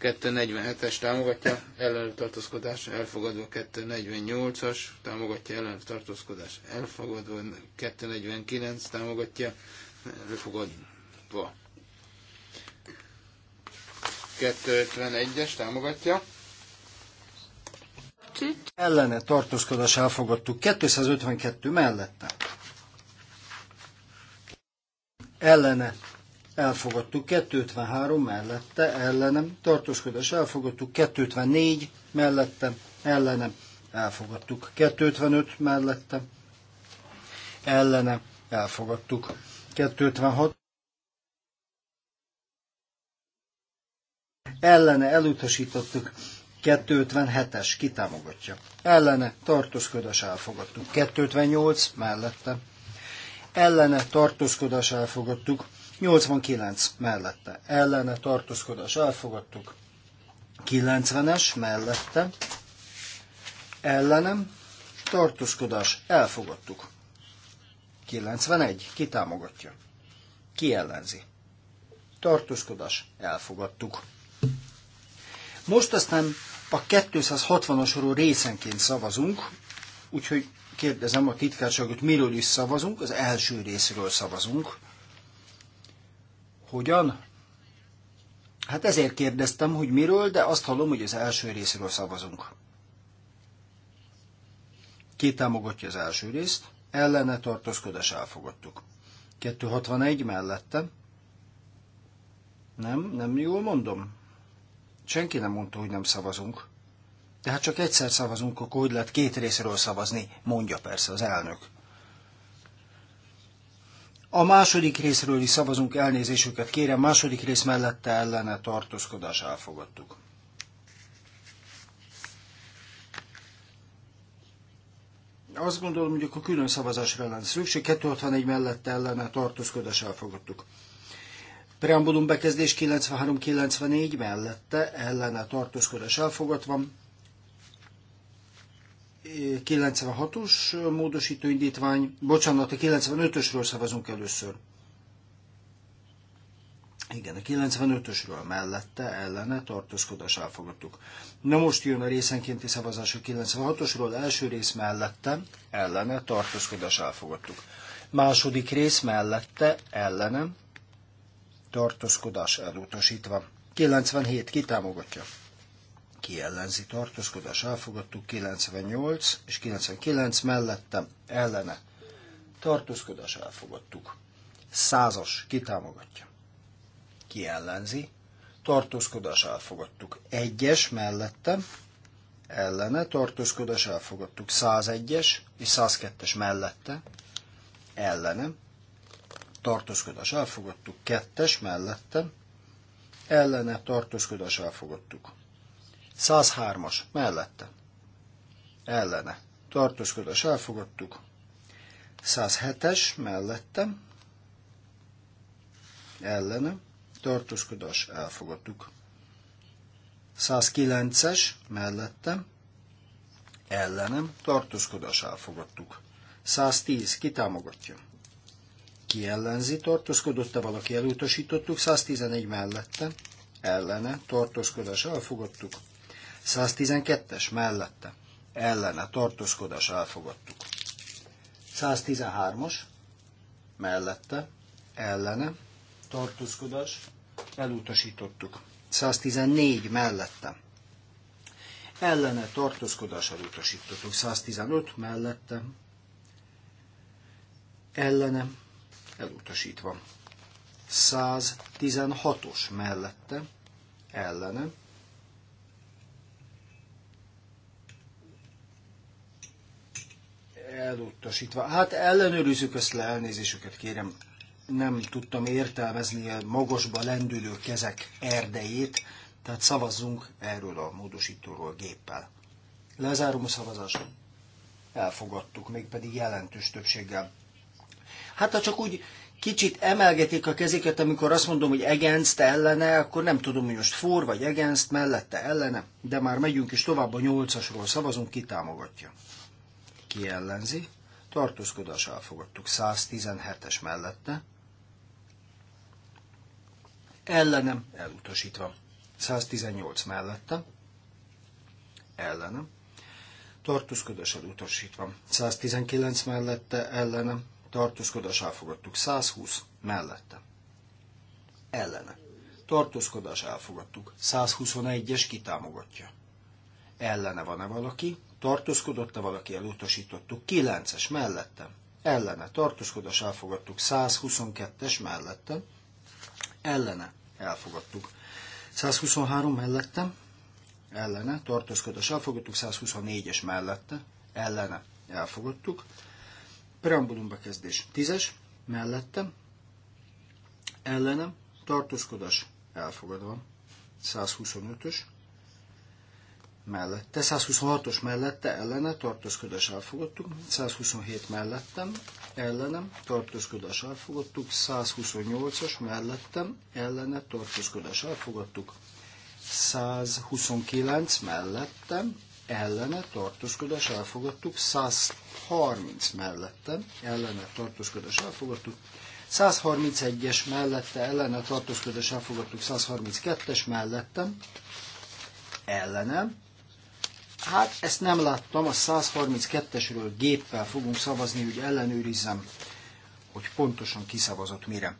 247-es támogatja, ellenőr tartózkodás elfogadva, 248-as támogatja, ellenőr tartózkodás elfogadva, 249 támogatja, elfogadva. 251-es támogatja. Ellene tartózkodás elfogadtuk, 252 mellette. Ellene elfogadtuk 253 mellette, ellenem, tartózkodás elfogadtuk 254 mellette, ellenem, elfogadtuk 255 mellette, ellene, elfogadtuk 256 ellene elutasítottuk 257-es kitámogatja. Ellene tartózkodás elfogadtuk. 258 mellette. Ellene tartózkodás elfogadtuk. 89 mellette ellene tartózkodás elfogadtuk. 90-es mellette ellenem tartózkodás elfogadtuk. 91. Ki támogatja? Ki ellenzi? Tartózkodás elfogadtuk. Most aztán a 260-asról részenként szavazunk, úgyhogy kérdezem a titkárságot, miről is szavazunk. Az első részről szavazunk hogyan? Hát ezért kérdeztem, hogy miről, de azt hallom, hogy az első részről szavazunk. Két támogatja az első részt? Ellene tartózkodás elfogadtuk. 261 mellette. Nem, nem jól mondom. Senki nem mondta, hogy nem szavazunk. De hát csak egyszer szavazunk, akkor hogy lehet két részről szavazni, mondja persze az elnök. A második részről is szavazunk, elnézésüket kérem, második rész mellette ellene tartózkodás elfogadtuk. Azt gondolom, hogy akkor külön szavazásra lenne szükség, 261 mellette ellene tartózkodás elfogadtuk. Preambulum bekezdés 93-94 mellette ellene tartózkodás elfogadva, 96-os módosító indítvány, bocsánat, a 95-ösről szavazunk először. Igen, a 95-ösről mellette, ellene tartózkodás elfogadtuk. Na most jön a részenkénti szavazás a 96-osról, első rész mellette, ellene tartózkodás elfogadtuk. Második rész mellette, ellene tartózkodás elutasítva. 97, ki támogatja? ki ellenzi tartózkodás elfogadtuk, 98 és 99 mellette ellene tartózkodás elfogadtuk. Százas kitámogatja. Ki ellenzi? Tartózkodás elfogadtuk. Egyes mellette ellene tartózkodás elfogadtuk. 101-es és 102-es mellette ellene tartózkodás elfogadtuk. Kettes mellette ellene tartózkodás elfogadtuk. 103-as mellette. Ellene. Tartózkodás elfogadtuk. 107-es mellette. Ellene. Tartózkodás elfogadtuk. 109-es mellette. Ellenem. Tartózkodás elfogadtuk. 110. Ki támogatja? Ki ellenzi? Tartózkodott-e valaki? Elutasítottuk. 111 mellette. Ellene. Tartózkodás elfogadtuk. 112-es mellette ellene tartózkodás elfogadtuk. 113-as mellette ellene tartózkodás elutasítottuk. 114 mellette ellene tartózkodás elutasítottuk. 115 mellette ellene elutasítva. 116-os mellette ellene elutasítva. Hát ellenőrizzük ezt le, elnézésüket kérem. Nem tudtam értelmezni a magasba lendülő kezek erdejét, tehát szavazzunk erről a módosítóról géppel. Lezárom a szavazást. Elfogadtuk, mégpedig jelentős többséggel. Hát ha csak úgy kicsit emelgetik a kezéket, amikor azt mondom, hogy against ellene, akkor nem tudom, hogy most for vagy against, mellette ellene, de már megyünk is tovább, a nyolcasról szavazunk, ki támogatja kiellenzi, tartózkodás elfogadtuk 117-es mellette, ellenem elutasítva 118 mellette, ellenem, tartózkodás elutasítva 119 mellette, ellenem, tartózkodás elfogadtuk 120 mellette, ellene, tartózkodás elfogadtuk 121-es kitámogatja. Ellene van-e valaki? tartózkodott-e valaki, elutasítottuk. 9-es mellettem, ellene, tartózkodás elfogadtuk. 122-es mellettem, ellene, elfogadtuk. 123 mellettem, ellene, tartózkodás elfogadtuk. 124-es mellette, ellene, elfogadtuk. Preambulum bekezdés 10-es, mellettem, ellenem, tartózkodás elfogadva. 125-ös, mellette, 126-os mellette ellene tartózkodás elfogadtuk, 127 mellettem ellenem tartózkodás elfogadtuk, 128-as mellettem ellene tartózkodás elfogadtuk, 129 mellettem ellene tartózkodás elfogadtuk, 130 mellettem ellene tartózkodás elfogadtuk, 131-es mellette ellene tartózkodás elfogadtuk, 132-es mellettem ellenem Hát ezt nem láttam, a 132-esről géppel fogunk szavazni, hogy ellenőrizzem, hogy pontosan kiszavazott mire.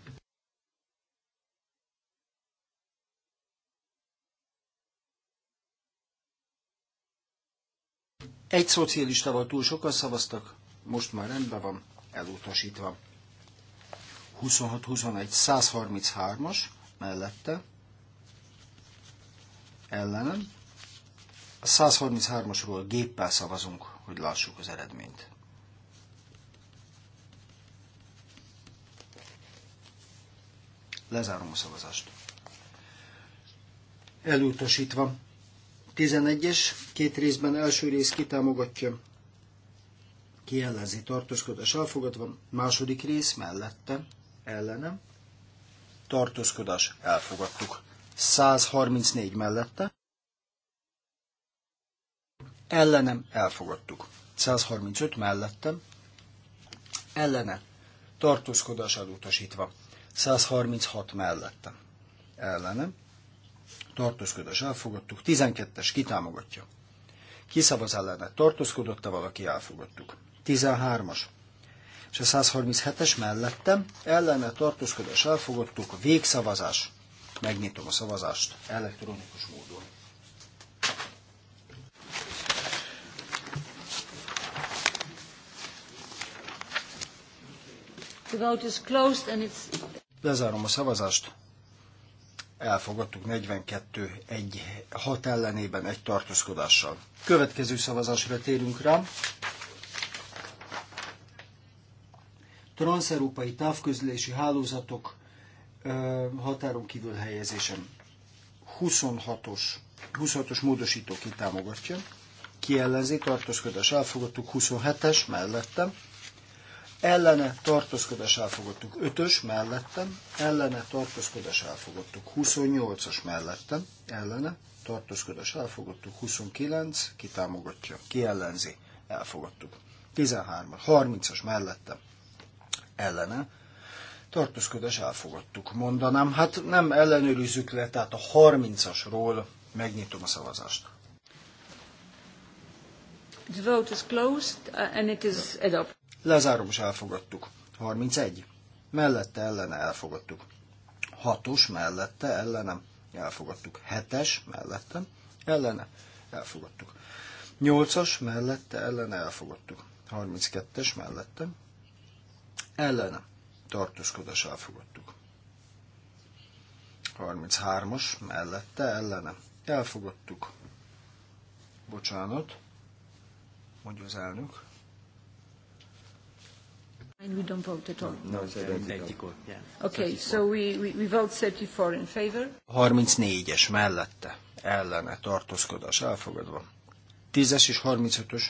Egy szocialistával túl sokan szavaztak, most már rendben van, elutasítva. 26-21, 133-as mellette, ellenem, 133-asról géppel szavazunk, hogy lássuk az eredményt. Lezárom a szavazást. Elutasítva. 11-es, két részben első rész kitámogatja, kiellenzi tartózkodás elfogadva, második rész mellette, ellenem, tartózkodás elfogadtuk. 134 mellette, ellenem elfogadtuk. 135 mellettem, ellene tartózkodás elutasítva. 136 mellettem, ellenem tartózkodás elfogadtuk. 12-es kitámogatja. Kiszavaz ellene tartózkodott-e valaki, elfogadtuk. 13-as és a 137-es mellettem ellene tartózkodás elfogadtuk, végszavazás. Megnyitom a szavazást elektronikus módon. The vote is closed and it's... Lezárom a szavazást. Elfogadtuk 42 egy hat ellenében egy tartózkodással. Következő szavazásra térünk rá. Transzeurópai távközlési hálózatok határon kívül helyezésem. 26-os 26-os módosító kitámogatja. Ki ellenzi, tartózkodás elfogadtuk, 27-es mellettem ellene tartózkodás elfogadtuk. 5-ös mellettem, ellene tartózkodás elfogadtuk. 28-as mellettem, ellene tartózkodás elfogadtuk. 29, ki támogatja, ki ellenzi, elfogadtuk. 13-as, 30-as mellettem, ellene tartózkodás elfogadtuk. Mondanám, hát nem ellenőrizzük le, tehát a 30-asról megnyitom a szavazást. The vote is closed uh, and it is adopted. Lezárom, és elfogadtuk. 31. Mellette ellene elfogadtuk. 6-os mellette ellenem elfogadtuk. 7-es mellettem ellene elfogadtuk. 8-as mellette ellene elfogadtuk. 32-es mellettem ellene tartózkodás elfogadtuk. 33-as mellette ellene elfogadtuk. Bocsánat, mondja az elnök. And we don't vote at all. No, it's identical. Yeah. Okay, so we, we, we vote 34 in favor. 34-es mellette ellene tartózkodás elfogadva. 10-es és 35-ös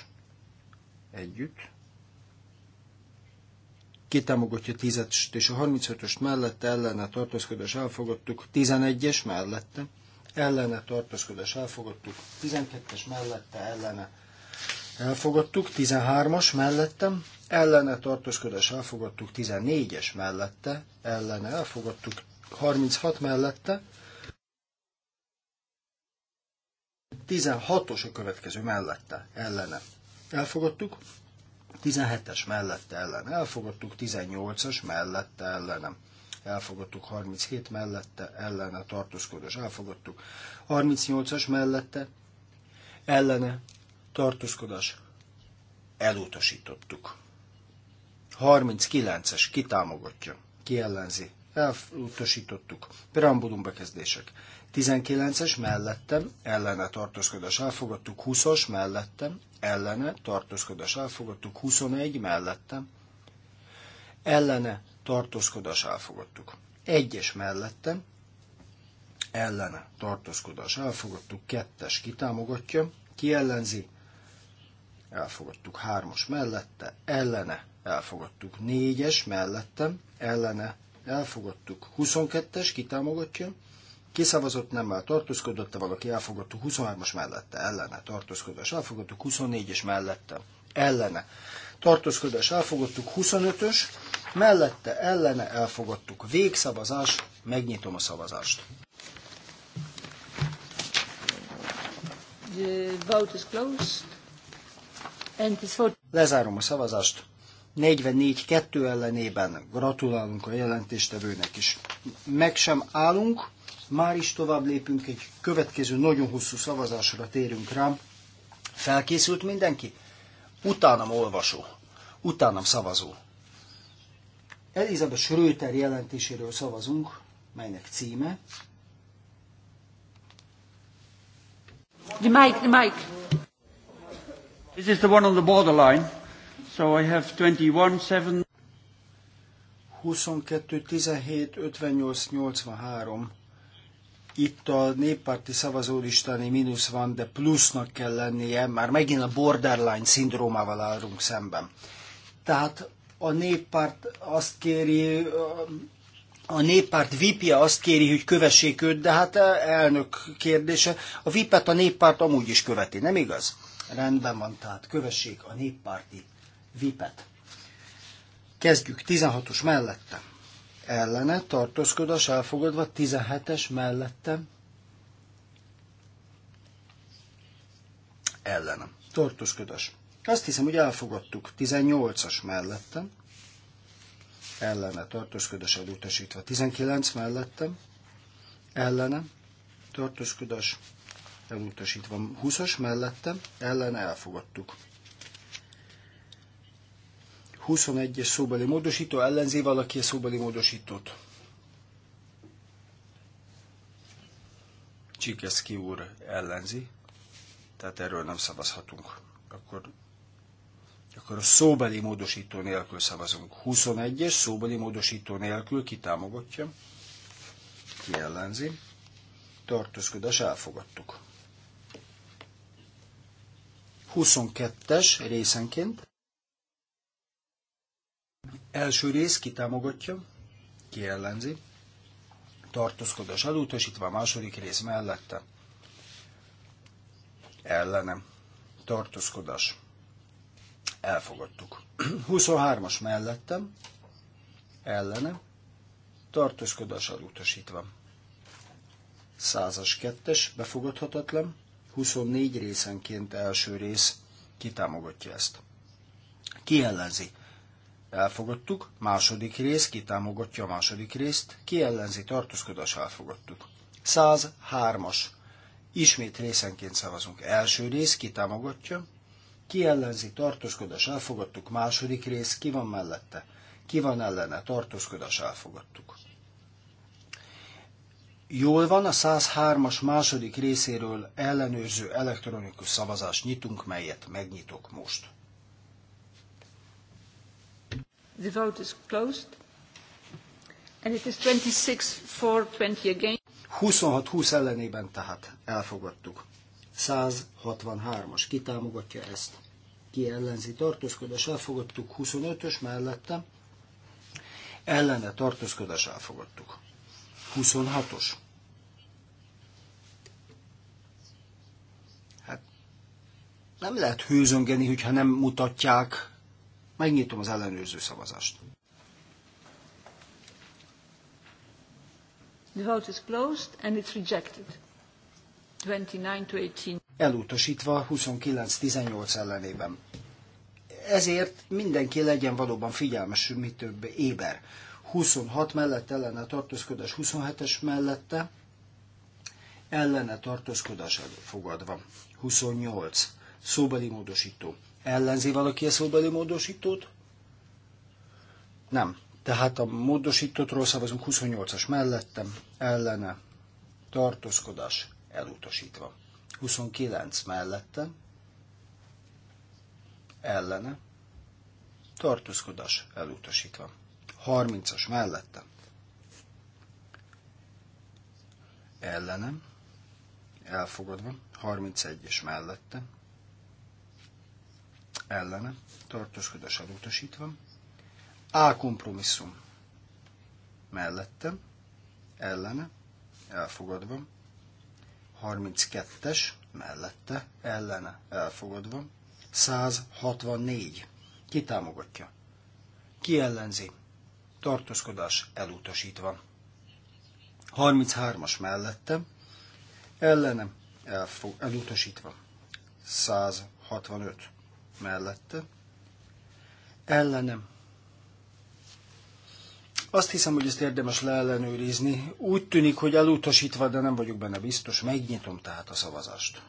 együtt. Ki támogatja 10-est és a 35 ös mellette ellene tartózkodás elfogadtuk. 11-es mellette ellene tartózkodás elfogadtuk. 12-es mellette ellene elfogadtuk. 13-as mellettem ellene tartózkodás elfogadtuk 14-es mellette, ellene elfogadtuk 36 mellette, 16-os a következő mellette, ellene elfogadtuk, 17-es mellette ellen elfogadtuk, 18-as mellette ellenem elfogadtuk, 37 mellette ellene tartózkodás elfogadtuk, 38-as mellette ellene tartózkodás elutasítottuk. 39-es, ki támogatja, ki ellenzi, elutasítottuk. Preambulum bekezdések. 19-es mellettem, ellene tartózkodás elfogadtuk, 20-as mellettem, ellene tartózkodás elfogadtuk, 21 mellettem, ellene tartózkodás elfogadtuk. 1-es mellettem, ellene tartózkodás elfogadtuk, 2-es kitámogatja, ki ellenzi, elfogadtuk 3 os mellette, ellene elfogadtuk. Négyes mellettem, ellene, elfogadtuk. 22-es, kitámogatja, kiszavazott nemmel tartózkodott, -e valaki elfogadta 23-as mellette, ellene, tartózkodás elfogadtuk. 24-es mellette, ellene, tartózkodás elfogadtuk. 25-ös, mellette, ellene, elfogadtuk. Végszavazás, megnyitom a szavazást. The vote is closed. And for... Lezárom a szavazást. 44-2 ellenében gratulálunk a jelentéstevőnek is. Meg sem állunk, már is tovább lépünk, egy következő nagyon hosszú szavazásra térünk rá. Felkészült mindenki? Utánam olvasó, utánam szavazó. Elizabeth Schröter jelentéséről szavazunk, melynek címe. The mic, the mic. This is the one on the borderline. So I have 21, 7... 22, 17, 58, 83. Itt a néppárti szavazólistáni mínusz van, de plusznak kell lennie, már megint a borderline szindrómával állunk szemben. Tehát a néppárt azt kéri, a néppárt vipje azt kéri, hogy kövessék őt, de hát elnök kérdése, a VIP-et a néppárt amúgy is követi, nem igaz? Rendben van, tehát kövessék a néppárti vipet. Kezdjük 16-os mellette. Ellene tartózkodás elfogadva 17-es mellette. ellene. Tartózkodás. Azt hiszem, hogy elfogadtuk 18-as mellette. Ellene tartózkodás elutasítva. 19 mellette. Ellene tartózkodás elutasítva. 20-as mellette. Ellene elfogadtuk. 21-es szóbeli módosító, ellenzi valaki a szóbeli módosítót. Csikeszki úr ellenzi, tehát erről nem szavazhatunk. Akkor, akkor a szóbeli módosító nélkül szavazunk. 21-es szóbeli módosító nélkül ki támogatja, ki ellenzi. Tartózkodás elfogadtuk. 22-es részenként Első rész kitámogatja, kiellenzi, ellenzi, tartózkodás elutasítva, a második rész mellette, ellenem, tartózkodás, elfogadtuk. 23-as mellettem, ellenem, tartózkodás elutasítva. 100-as kettes, es befogadhatatlan, 24 részenként első rész kitámogatja ezt. kiellenzi. Elfogadtuk. Második rész, ki támogatja a második részt, ki ellenzi tartózkodás, elfogadtuk. 103-as. Ismét részenként szavazunk. Első rész, ki támogatja, ki ellenzi tartózkodás, elfogadtuk. Második rész, ki van mellette, ki van ellene, tartózkodás, elfogadtuk. Jól van, a 103-as második részéről ellenőrző elektronikus szavazást nyitunk, melyet megnyitok most. The vote is closed. And it is 26 for 20 again. 26-20 ellenében tehát elfogadtuk. 163-as kitámogatja ezt. Ki ellenzi tartózkodás elfogadtuk 25-ös mellette. Ellene tartózkodás elfogadtuk. 26-os. Hát, nem lehet hőzöngeni, hogyha nem mutatják Megnyitom az ellenőrző szavazást. The vote is closed and it's rejected. 29 to 18. Elutasítva 29-18 ellenében. Ezért mindenki legyen valóban figyelmes, mi több éber. 26 mellett ellene tartózkodás, 27-es mellette ellene tartózkodás fogadva. 28. Szóbeli módosító. Ellenzi valaki a szóbeli módosítót? Nem. Tehát a módosítottról szavazunk 28-as mellettem, ellene, tartózkodás elutasítva. 29 mellettem, ellene, tartózkodás elutasítva. 30-as mellettem, ellenem, elfogadva, 31-es mellettem, ellene, tartózkodás elutasítva. A kompromisszum mellette, ellene, elfogadva. 32-es mellette, ellene, elfogadva. 164. Ki támogatja? Ki ellenzi? Tartózkodás elutasítva. 33-as mellette, ellenem elfog, elutasítva. 165 mellette. Ellenem. Azt hiszem, hogy ezt érdemes leellenőrizni. Úgy tűnik, hogy elutasítva, de nem vagyok benne biztos. Megnyitom tehát a szavazást.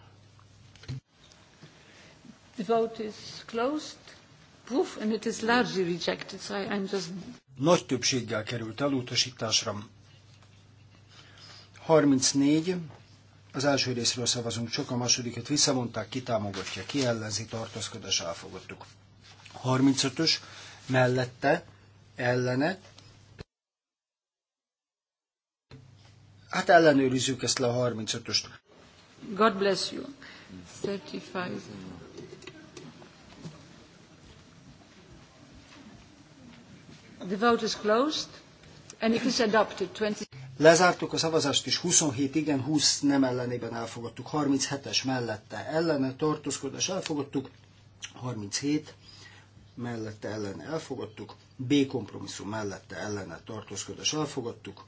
The vote is closed. Proof, and it is largely rejected, so I'm just... Nagy többséggel került elutasításra. 34 az első részről szavazunk csak, a másodikat visszavonták, kitámogatja, kiellenzi, ellenzi, tartózkodás elfogadtuk. 35-ös mellette, ellene, Hát ellenőrizzük ezt le a 35-öst. God bless you. 35. The vote is closed and it is adopted. 20... Lezártuk a szavazást, és 27 igen, 20 nem ellenében elfogadtuk, 37-es mellette ellene tartózkodás elfogadtuk, 37 mellette ellene elfogadtuk, B kompromisszum mellette ellene tartózkodás elfogadtuk,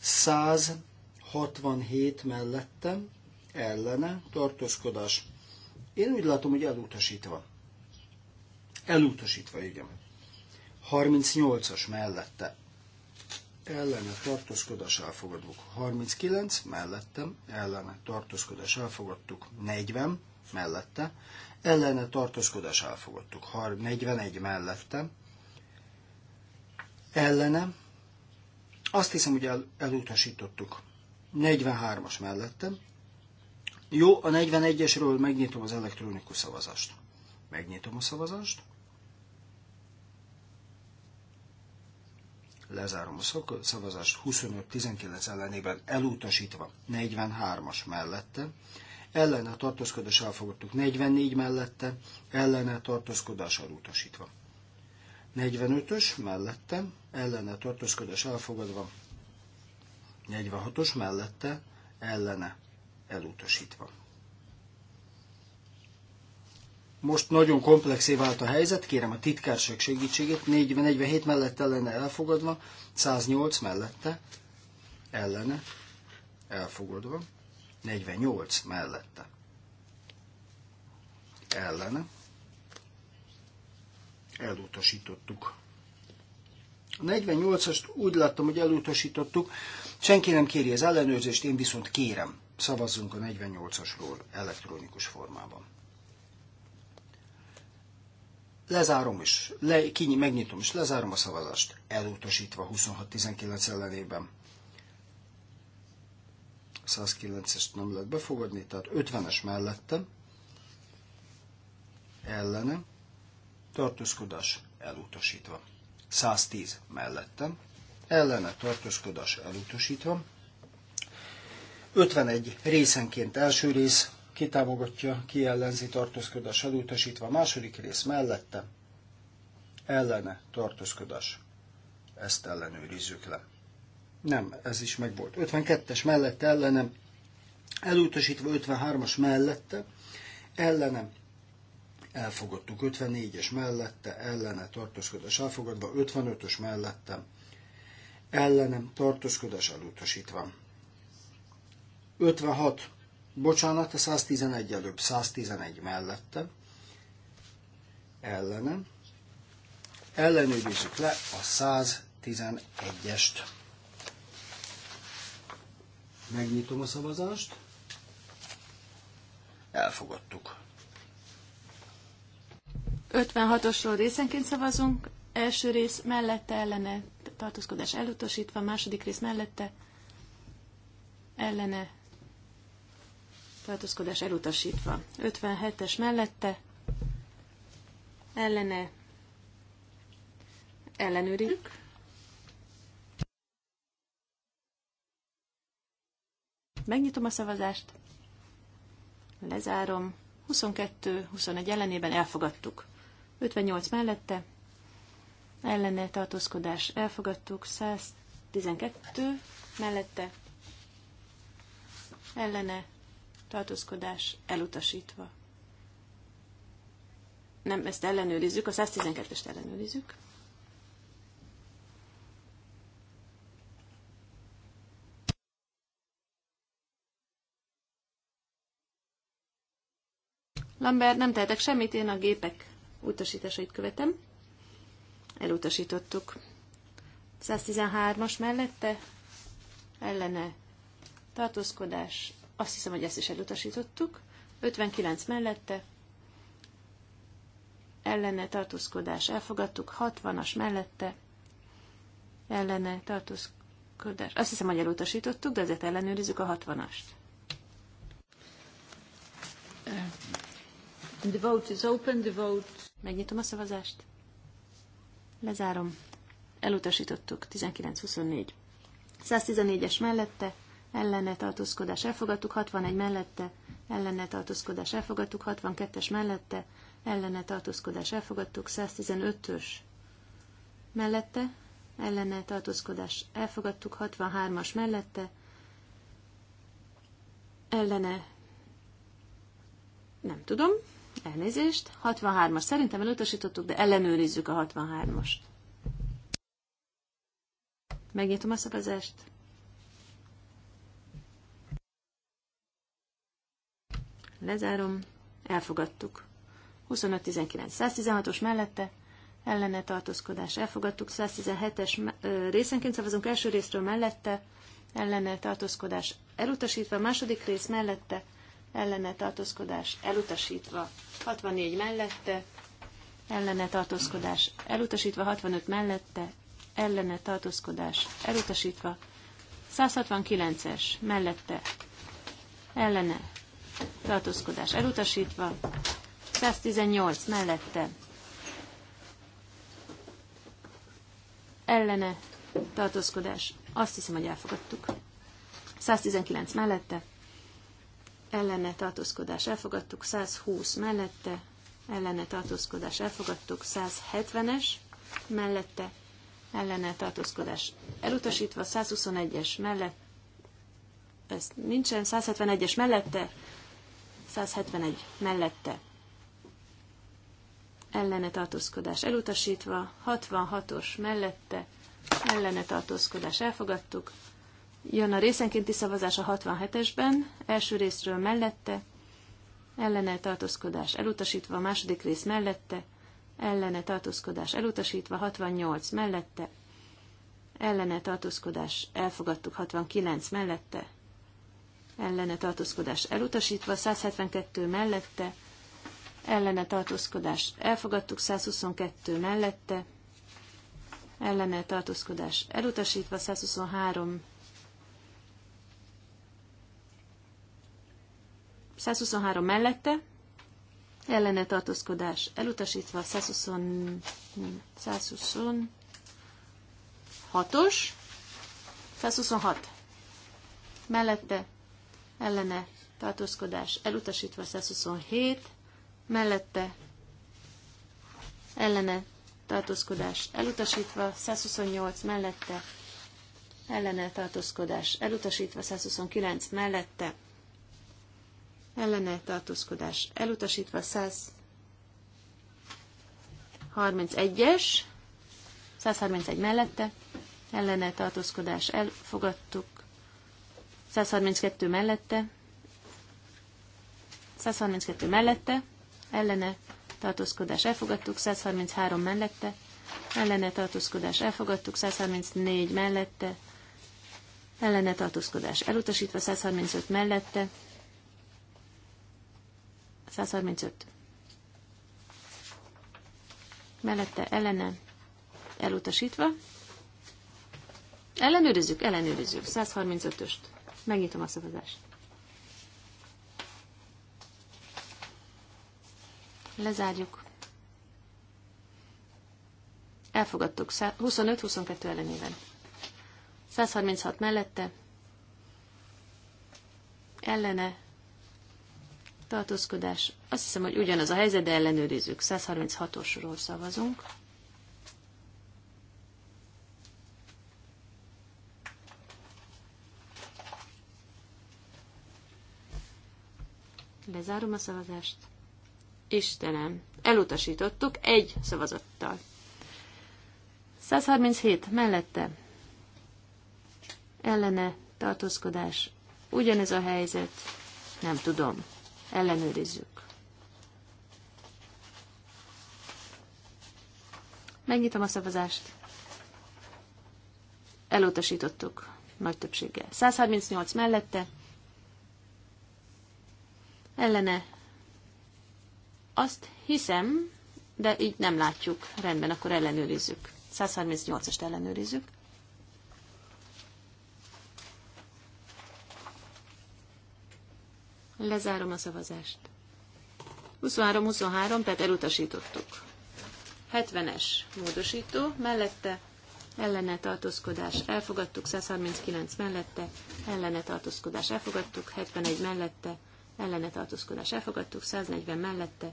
167 mellette ellene tartózkodás. Én úgy látom, hogy elutasítva. Elutasítva, igen. 38-as mellette ellene tartózkodás elfogadók. 39 mellettem, ellene tartózkodás elfogadtuk. 40 mellette, ellene tartózkodás elfogadtuk. 41 mellettem, ellene, azt hiszem, hogy el, elutasítottuk. 43-as mellettem. Jó, a 41-esről megnyitom az elektronikus szavazást. Megnyitom a szavazást. lezárom a szavazást, 25-19 ellenében elutasítva, 43-as mellette, ellene tartózkodás elfogadtuk, 44 mellette, ellene tartózkodás elutasítva. 45-ös mellette, ellene tartózkodás elfogadva, 46-os mellette, ellene elutasítva. Most nagyon komplexé vált a helyzet, kérem a titkárság segítségét, 47 mellette ellene elfogadva, 108 mellette ellene elfogadva, 48 mellette ellene elutasítottuk. A 48-ast úgy láttam, hogy elutasítottuk, senki nem kéri az ellenőrzést, én viszont kérem, szavazzunk a 48-asról elektronikus formában lezárom és le, kinyi, megnyitom és lezárom a szavazást, elutasítva 26-19 ellenében. 109-est nem lehet befogadni, tehát 50-es mellettem, ellenem, tartózkodás elutasítva. 110 mellettem, ellene tartózkodás elutasítva. 51 részenként első rész ki támogatja, ki ellenzi tartózkodás elutasítva, a második rész mellette ellene tartózkodás. Ezt ellenőrizzük le. Nem, ez is megvolt. 52-es mellette ellenem, elutasítva 53-as mellette ellenem, elfogadtuk 54-es mellette, ellene tartózkodás elfogadva, 55-ös mellette, ellenem tartózkodás elutasítva. 56 Bocsánat, a 111 előbb, 111 mellette. Ellenem. Ellenőrizzük le a 111-est. Megnyitom a szavazást. Elfogadtuk. 56-osról részenként szavazunk. Első rész mellette ellene tartózkodás elutasítva, második rész mellette ellene tartózkodás elutasítva. 57-es mellette ellene Ellenőrik. Megnyitom a szavazást, lezárom. 22-21 ellenében elfogadtuk. 58 mellette ellene tartózkodás elfogadtuk, 112 mellette ellene tartózkodás elutasítva. Nem, ezt ellenőrizzük, a 112-est ellenőrizzük. Lambert, nem tehetek semmit, én a gépek utasításait követem. Elutasítottuk. 113-as mellette ellene tartózkodás azt hiszem, hogy ezt is elutasítottuk. 59 mellette ellene tartózkodás elfogadtuk, 60-as mellette ellene tartózkodás. Azt hiszem, hogy elutasítottuk, de ezért ellenőrizzük a 60-ast. The vote is open, the vote... Megnyitom a szavazást. Lezárom. Elutasítottuk. 19-24. 114-es mellette ellene tartózkodás elfogadtuk, 61 mellette ellene tartózkodás elfogadtuk, 62-es mellette ellene tartózkodás elfogadtuk, 115-ös mellette ellene tartózkodás elfogadtuk, 63-as mellette ellene nem tudom, elnézést, 63-as szerintem elutasítottuk, de ellenőrizzük a 63-ast. Megnyitom a szavazást. Lezárom. Elfogadtuk. 25-19. 116-os mellette ellene tartózkodás. Elfogadtuk. 117-es részenként szavazunk első részről mellette ellene tartózkodás. Elutasítva. Második rész mellette ellene tartózkodás. Elutasítva. 64 mellette ellene tartózkodás. Elutasítva. 65 mellette ellene tartózkodás. Elutasítva. 169-es mellette ellene tartózkodás elutasítva, 118 mellette ellene tartózkodás, azt hiszem, hogy elfogadtuk. 119 mellette ellene tartózkodás elfogadtuk, 120 mellette ellene tartózkodás elfogadtuk, 170-es mellette ellene tartózkodás elutasítva, 121-es mellett, ez nincsen, 171-es mellette 171 mellette ellene tartózkodás elutasítva, 66-os mellette ellene tartózkodás elfogadtuk. Jön a részenkénti szavazás a 67-esben, első részről mellette, ellene tartózkodás elutasítva, a második rész mellette, ellene tartózkodás elutasítva, 68 mellette, ellene tartózkodás elfogadtuk, 69 mellette, ellene tartózkodás elutasítva, 172 mellette, ellene tartózkodás elfogadtuk, 122 mellette, ellene tartózkodás elutasítva, 123 123 mellette, ellene tartózkodás elutasítva, 120, 126-os, 126 mellette, ellene tartózkodás elutasítva 127, mellette ellene tartózkodás elutasítva 128, mellette ellene tartózkodás elutasítva 129, mellette ellene tartózkodás elutasítva 131-es, 131 mellette ellene tartózkodás elfogadtuk, 132 mellette, 132 mellette, ellene tartózkodás elfogadtuk, 133 mellette, ellene tartózkodás elfogadtuk, 134 mellette, ellene tartózkodás elutasítva, 135 mellette, 135 mellette, ellene elutasítva, ellenőrizzük, ellenőrizzük, 135-öst. Megnyitom a szavazást. Lezárjuk. Elfogadtuk 25-22 ellenében. 136 mellette. Ellene. Tartózkodás. Azt hiszem, hogy ugyanaz a helyzet, de ellenőrizzük. 136-osról szavazunk. Lezárom a szavazást. Istenem, elutasítottuk egy szavazattal. 137 mellette ellene tartózkodás. Ugyanez a helyzet, nem tudom. Ellenőrizzük. Megnyitom a szavazást. Elutasítottuk nagy többséggel. 138 mellette, ellene. Azt hiszem, de így nem látjuk. Rendben, akkor ellenőrizzük. 138-est ellenőrizzük. Lezárom a szavazást. 23-23, tehát elutasítottuk. 70-es módosító, mellette ellene tartózkodás elfogadtuk, 139 mellette ellene tartózkodás elfogadtuk, 71 mellette ellene tartózkodás elfogadtuk, 140 mellette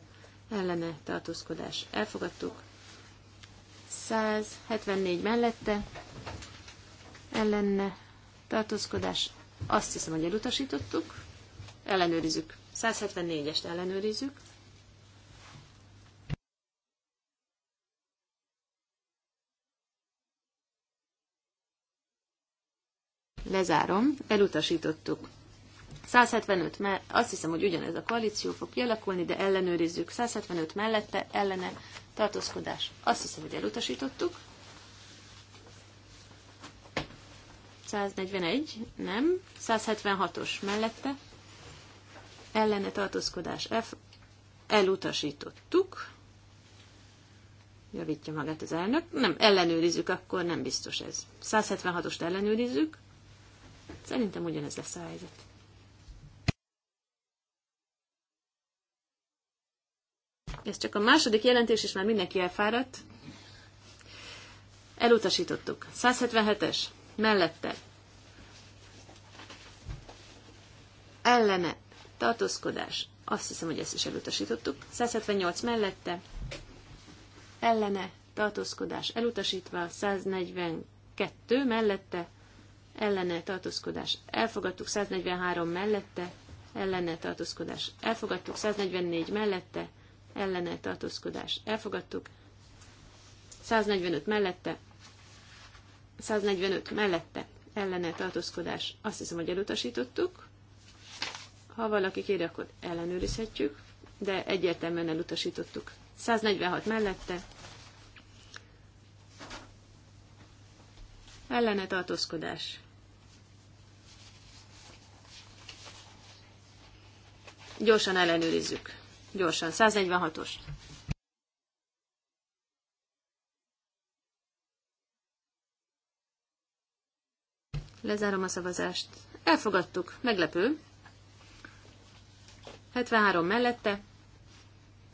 ellene tartózkodás elfogadtuk, 174 mellette ellene tartózkodás, azt hiszem, hogy elutasítottuk, ellenőrizzük, 174-est ellenőrizzük, lezárom, elutasítottuk. 175, mert azt hiszem, hogy ugyanez a koalíció fog kialakulni, de ellenőrizzük. 175 mellette, ellene, tartózkodás. Azt hiszem, hogy elutasítottuk. 141, nem. 176-os mellette, ellene tartózkodás F, elutasítottuk. Javítja magát az elnök. Nem, ellenőrizzük, akkor nem biztos ez. 176-ost ellenőrizzük. Szerintem ugyanez lesz a helyzet. Ez csak a második jelentés, és már mindenki elfáradt. Elutasítottuk. 177-es. Mellette. Ellene. Tartózkodás. Azt hiszem, hogy ezt is elutasítottuk. 178 mellette. Ellene. Tartózkodás. Elutasítva. 142 mellette. Ellene. Tartózkodás. Elfogadtuk. 143 mellette. Ellene. Tartózkodás. Elfogadtuk. 144 mellette ellene tartózkodás elfogadtuk, 145 mellette, 145 mellette ellene tartózkodás, azt hiszem, hogy elutasítottuk. Ha valaki kéri, akkor ellenőrizhetjük, de egyértelműen elutasítottuk. 146 mellette ellene tartózkodás. Gyorsan ellenőrizzük. Gyorsan, 146-os. Lezárom a szavazást. Elfogadtuk. Meglepő. 73 mellette.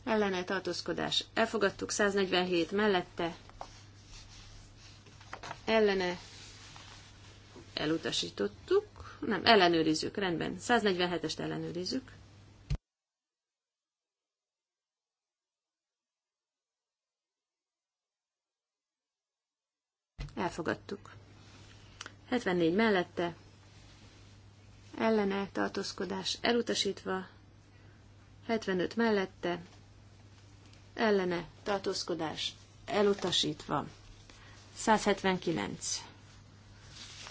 Ellene tartózkodás. Elfogadtuk. 147 mellette. Ellene. Elutasítottuk. Nem, ellenőrizzük. Rendben. 147-est ellenőrizzük. elfogadtuk. 74 mellette, ellene tartózkodás elutasítva, 75 mellette, ellene tartózkodás elutasítva, 179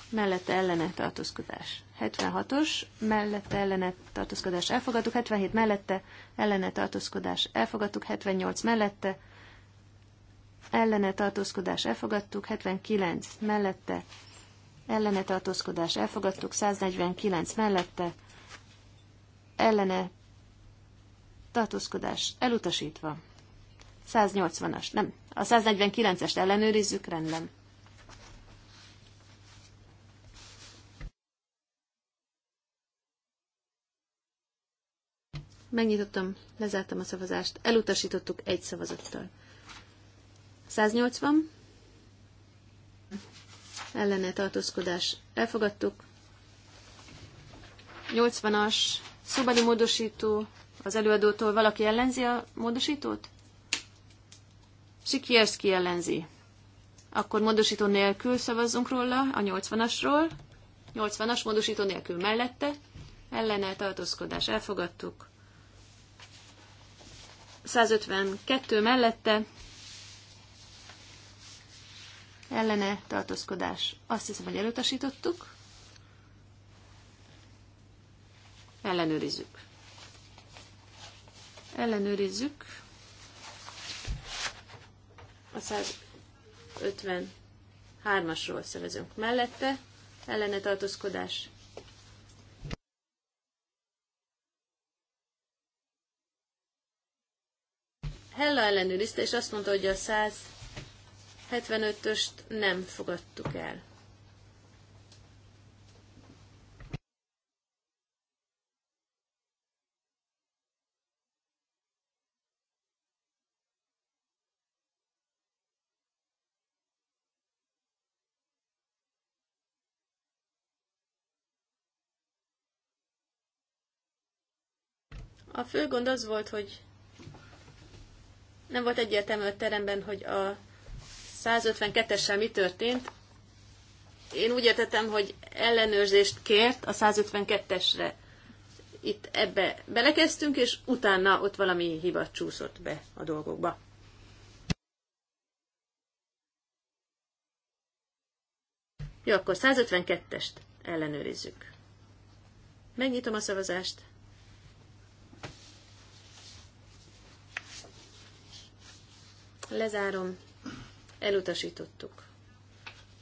mellette ellene tartózkodás. 76-os, mellette ellene tartózkodás elfogadtuk, 77 mellette ellene tartózkodás elfogadtuk, 78 mellette ellene tartózkodás elfogadtuk, 79 mellette, ellene tartózkodás elfogadtuk, 149 mellette, ellene tartózkodás elutasítva. 180-as, nem, a 149-est ellenőrizzük, rendben. Megnyitottam, lezártam a szavazást, elutasítottuk egy szavazattal. 180 ellene tartózkodás elfogadtuk. 80-as szobali módosító az előadótól valaki ellenzi a módosítót? Sikierski ellenzi. Akkor módosító nélkül szavazzunk róla, a 80-asról. 80-as módosító nélkül mellette. Ellene tartózkodás elfogadtuk. 152 mellette ellene tartózkodás. Azt hiszem, hogy elutasítottuk. Ellenőrizzük. Ellenőrizzük. A 153-asról szervezünk mellette. Ellene tartózkodás. Hella ellenőrizte, és azt mondta, hogy a 100 75-öst nem fogadtuk el. A fő gond az volt, hogy nem volt egyértelmű a teremben, hogy a 152-essel mi történt? Én úgy értettem, hogy ellenőrzést kért a 152-esre. Itt ebbe belekezdtünk, és utána ott valami hiba csúszott be a dolgokba. Jó, akkor 152-est ellenőrizzük. Megnyitom a szavazást. Lezárom elutasítottuk.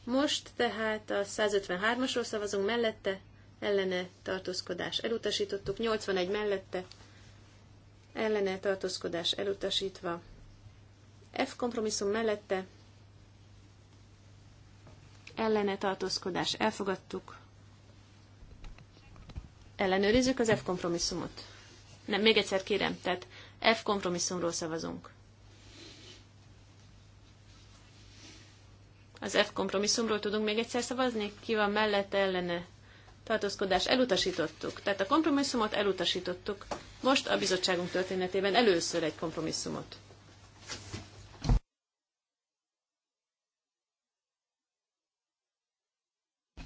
Most tehát a 153-asról szavazunk mellette, ellene tartózkodás elutasítottuk, 81 mellette, ellene tartózkodás elutasítva, F kompromisszum mellette, ellene tartózkodás elfogadtuk, ellenőrizzük az F kompromisszumot. Nem, még egyszer kérem, tehát F kompromisszumról szavazunk. Az F kompromisszumról tudunk még egyszer szavazni? Ki van mellette, ellene? Tartózkodás elutasítottuk. Tehát a kompromisszumot elutasítottuk. Most a bizottságunk történetében először egy kompromisszumot.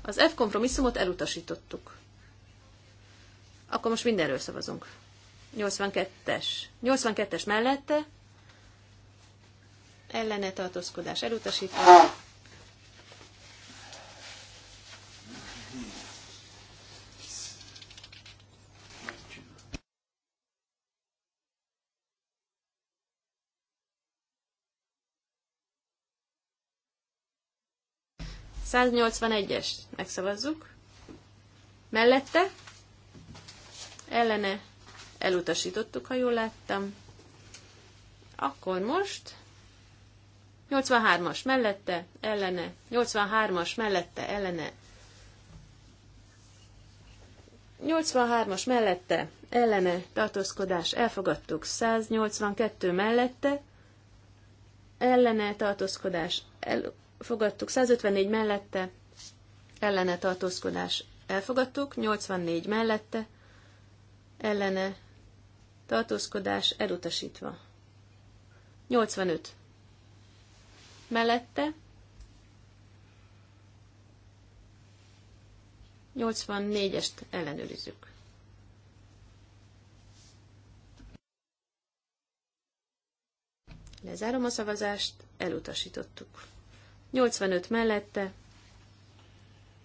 Az F kompromisszumot elutasítottuk. Akkor most mindenről szavazunk. 82-es. 82-es mellette ellene tartózkodás elutasítottuk. 181-es, megszavazzuk. Mellette, ellene elutasítottuk, ha jól láttam. Akkor most 83-as mellette, ellene, 83-as mellette, ellene, 83-as mellette, ellene, tartózkodás, elfogadtuk, 182 mellette, ellene, tartózkodás, el, elfogadtuk, 154 mellette, ellene tartózkodás elfogadtuk, 84 mellette, ellene tartózkodás elutasítva. 85 mellette, 84-est ellenőrizzük. Lezárom a szavazást, elutasítottuk. 85 mellette,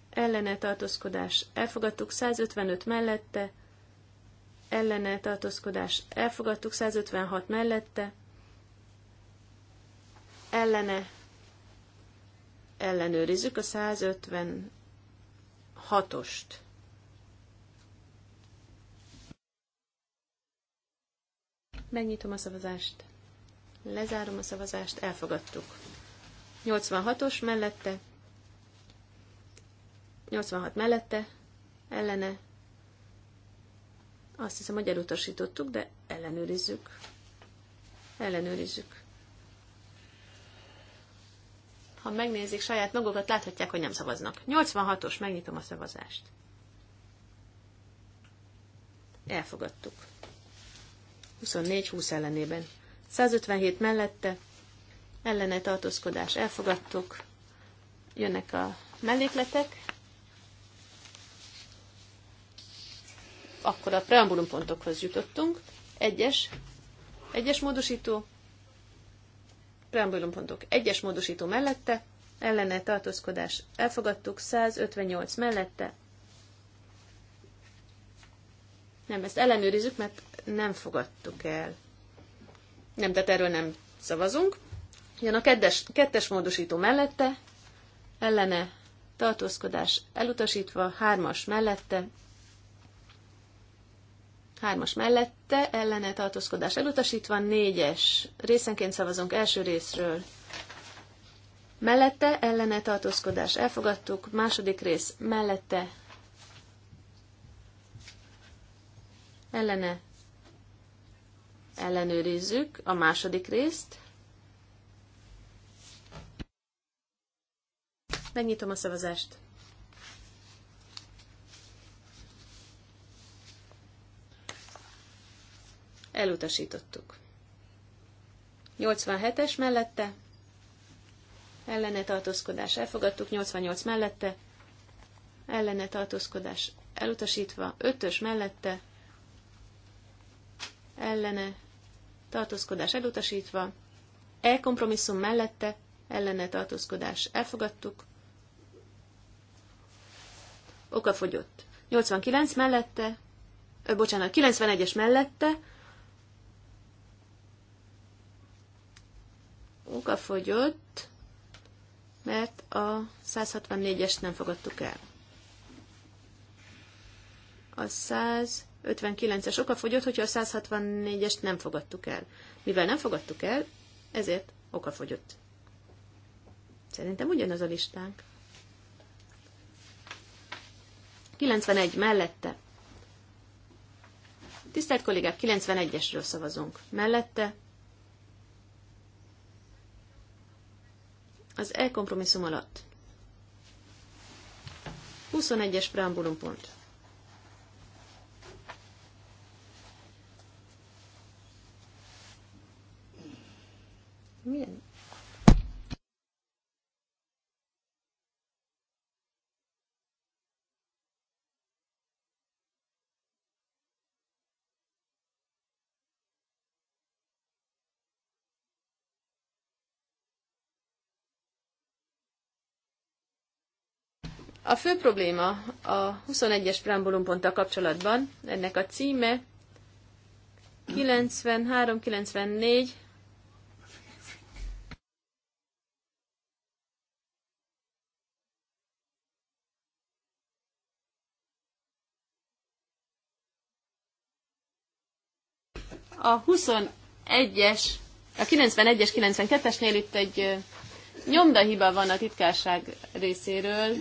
ellene tartózkodás elfogadtuk, 155 mellette, ellene tartózkodás elfogadtuk, 156 mellette, ellene ellenőrizzük a 156-ost. Megnyitom a szavazást. Lezárom a szavazást, elfogadtuk. 86-os mellette, 86 mellette, ellene, azt hiszem, hogy elutasítottuk, de ellenőrizzük. Ellenőrizzük. Ha megnézik saját magukat, láthatják, hogy nem szavaznak. 86-os, megnyitom a szavazást. Elfogadtuk. 24-20 ellenében. 157 mellette, ellene tartózkodás elfogadtuk, jönnek a mellékletek, akkor a preambulum pontokhoz jutottunk, egyes, egyes módosító, preambulum pontok, egyes módosító mellette, ellene tartózkodás elfogadtuk, 158 mellette, nem, ezt ellenőrizzük, mert nem fogadtuk el. Nem, tehát erről nem szavazunk. Jön a kettes, kettes módosító mellette, ellene tartózkodás elutasítva, hármas mellette, hármas mellette, ellene tartózkodás elutasítva, négyes részenként szavazunk első részről, mellette, ellene tartózkodás elfogadtuk, második rész mellette, ellene ellenőrizzük a második részt, Megnyitom a szavazást. Elutasítottuk. 87-es mellette ellene tartózkodás elfogadtuk, 88 mellette ellene tartózkodás elutasítva, 5-ös mellette ellene tartózkodás elutasítva, e kompromisszum mellette ellene tartózkodás elfogadtuk, Oka fogyott. 89 mellette, ö, bocsánat, 91-es mellette, Oka fogyott, mert a 164-est nem fogadtuk el. A 159-es oka fogyott, hogyha a 164-est nem fogadtuk el. Mivel nem fogadtuk el, ezért oka fogyott. Szerintem ugyanaz a listánk. 91 mellette. Tisztelt kollégák, 91-esről szavazunk. Mellette az e-kompromisszum alatt. 21-es preambulum pont. A fő probléma a 21-es preambulumponttal kapcsolatban, ennek a címe 93-94 a 21-es, a 91-es, 92-esnél itt egy nyomdahiba van a titkárság részéről,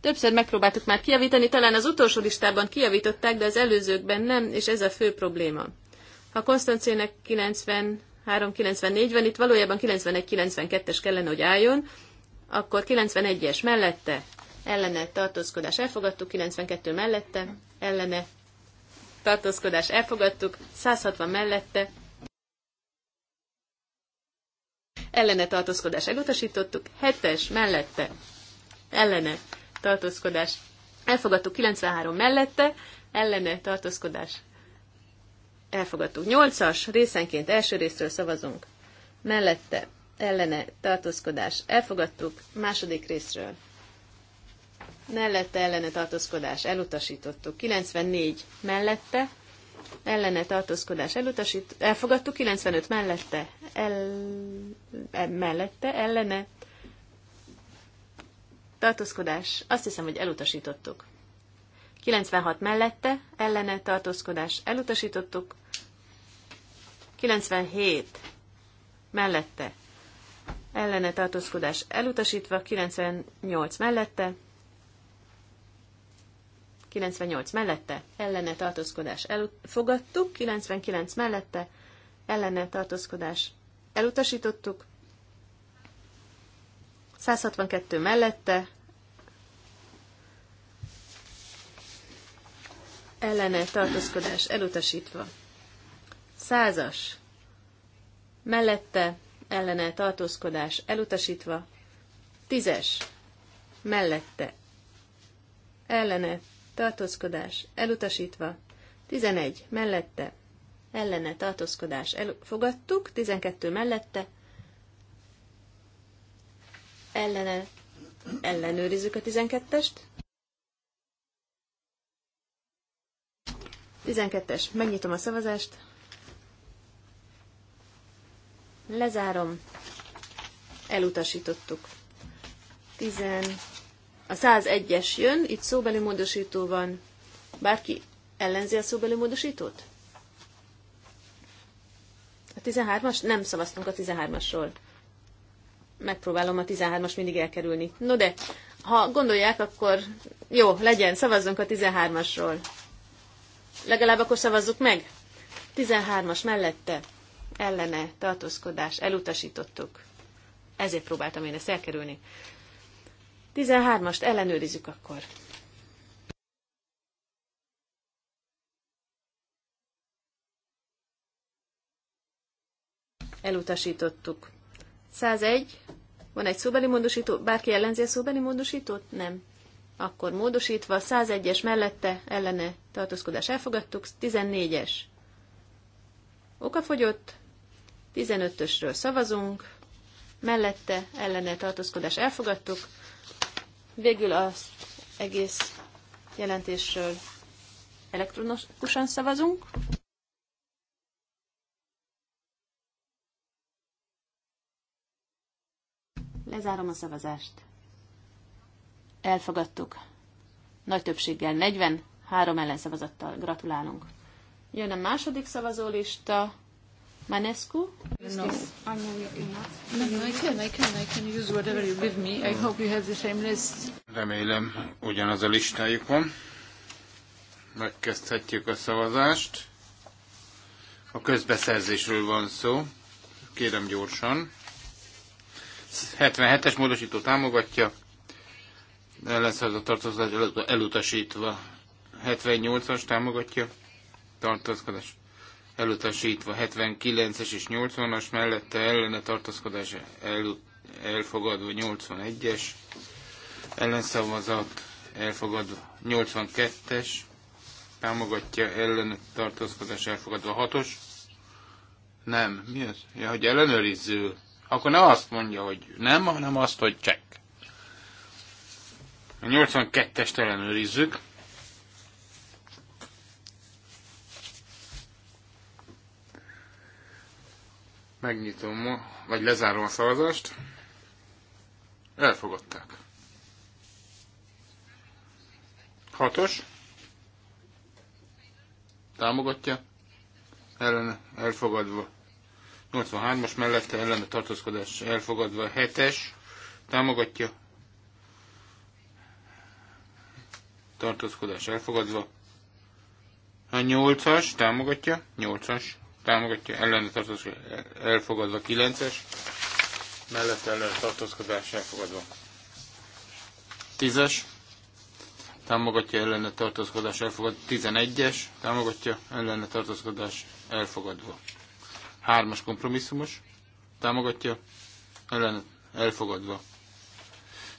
Többször megpróbáltuk már kijavítani, talán az utolsó listában kijavították, de az előzőkben nem, és ez a fő probléma. Ha Konstancének 93-94 van, itt valójában 91-92-es kellene, hogy álljon, akkor 91-es mellette, ellene tartózkodás elfogadtuk, 92 mellette, ellene tartózkodás elfogadtuk, 160 mellette, ellene tartózkodás elutasítottuk, 7-es mellette, ellene tartózkodás elfogadtuk 93 mellette, ellene tartózkodás elfogadtuk 8-as, részenként első részről szavazunk, mellette ellene tartózkodás elfogadtuk, második részről mellette ellene tartózkodás elutasítottuk, 94 mellette ellene tartózkodás elutasít, elfogadtuk, 95 mellette, el, mellette ellene tartózkodás, azt hiszem, hogy elutasítottuk. 96 mellette, ellene tartózkodás, elutasítottuk. 97 mellette, ellene tartózkodás, elutasítva. 98 mellette, 98 mellette, ellene tartózkodás, elfogadtuk. 99 mellette, ellene tartózkodás, elutasítottuk. 162 mellette, ellene tartózkodás elutasítva. Százas mellette ellene tartózkodás elutasítva. Tízes mellette ellene tartózkodás elutasítva. Tizenegy mellette ellene tartózkodás elfogadtuk. Tizenkettő mellette ellene ellenőrizzük a tizenkettest. 12-es. Megnyitom a szavazást. Lezárom. Elutasítottuk. 10. A 101-es jön, itt szóbeli módosító van. Bárki ellenzi a szóbeli módosítót? A 13-as? Nem szavaztunk a 13-asról. Megpróbálom a 13-as mindig elkerülni. No de, ha gondolják, akkor jó, legyen, szavazzunk a 13-asról. Legalább akkor szavazzuk meg. 13-as mellette ellene tartózkodás elutasítottuk. Ezért próbáltam én ezt elkerülni. 13-ast ellenőrizzük akkor. Elutasítottuk. 101. Van egy szóbeli módosító. Bárki ellenzi a szóbeli módosítót? Nem akkor módosítva 101-es mellette ellene tartózkodás elfogadtuk, 14-es okafogyott, 15-ösről szavazunk, mellette ellene tartózkodás elfogadtuk, végül az egész jelentésről elektronikusan szavazunk. Lezárom a szavazást. Elfogadtuk. Nagy többséggel 40, 3 ellenszavazattal. Gratulálunk. Jön a második szavazólista. Manescu? I can, I can, I can use whatever you give me. I hope you have the list. Remélem, ugyanaz a listájuk van. Megkezdhetjük a szavazást. A közbeszerzésről van szó. Kérem gyorsan. 77-es módosító támogatja, a tartozás elutasítva. 78-as támogatja tartozkodás elutasítva. 79-es és 80-as mellette ellene tartozkodás el, elfogadva. 81-es ellenszavazat elfogadva. 82-es támogatja ellene tartozkodás elfogadva. 6-os nem. Mi az? Ja, hogy ellenőrizzük. Akkor ne azt mondja, hogy nem, hanem azt, hogy cseh. A 82-est ellenőrizzük. Megnyitom, vagy lezárom a szavazást. Elfogadták. Hatos. Támogatja. Ellen elfogadva. 83-as mellette ellene tartózkodás elfogadva. 7-es. Támogatja tartózkodás elfogadva. A 8-as támogatja, 8-as támogatja, ellene tartózkodás elfogadva, 9-es, mellett ellene tartózkodás elfogadva. 10-es, támogatja ellene tartózkodás elfogadva, 11-es, támogatja ellene tartózkodás elfogadva. 3-as kompromisszumos, támogatja ellene elfogadva.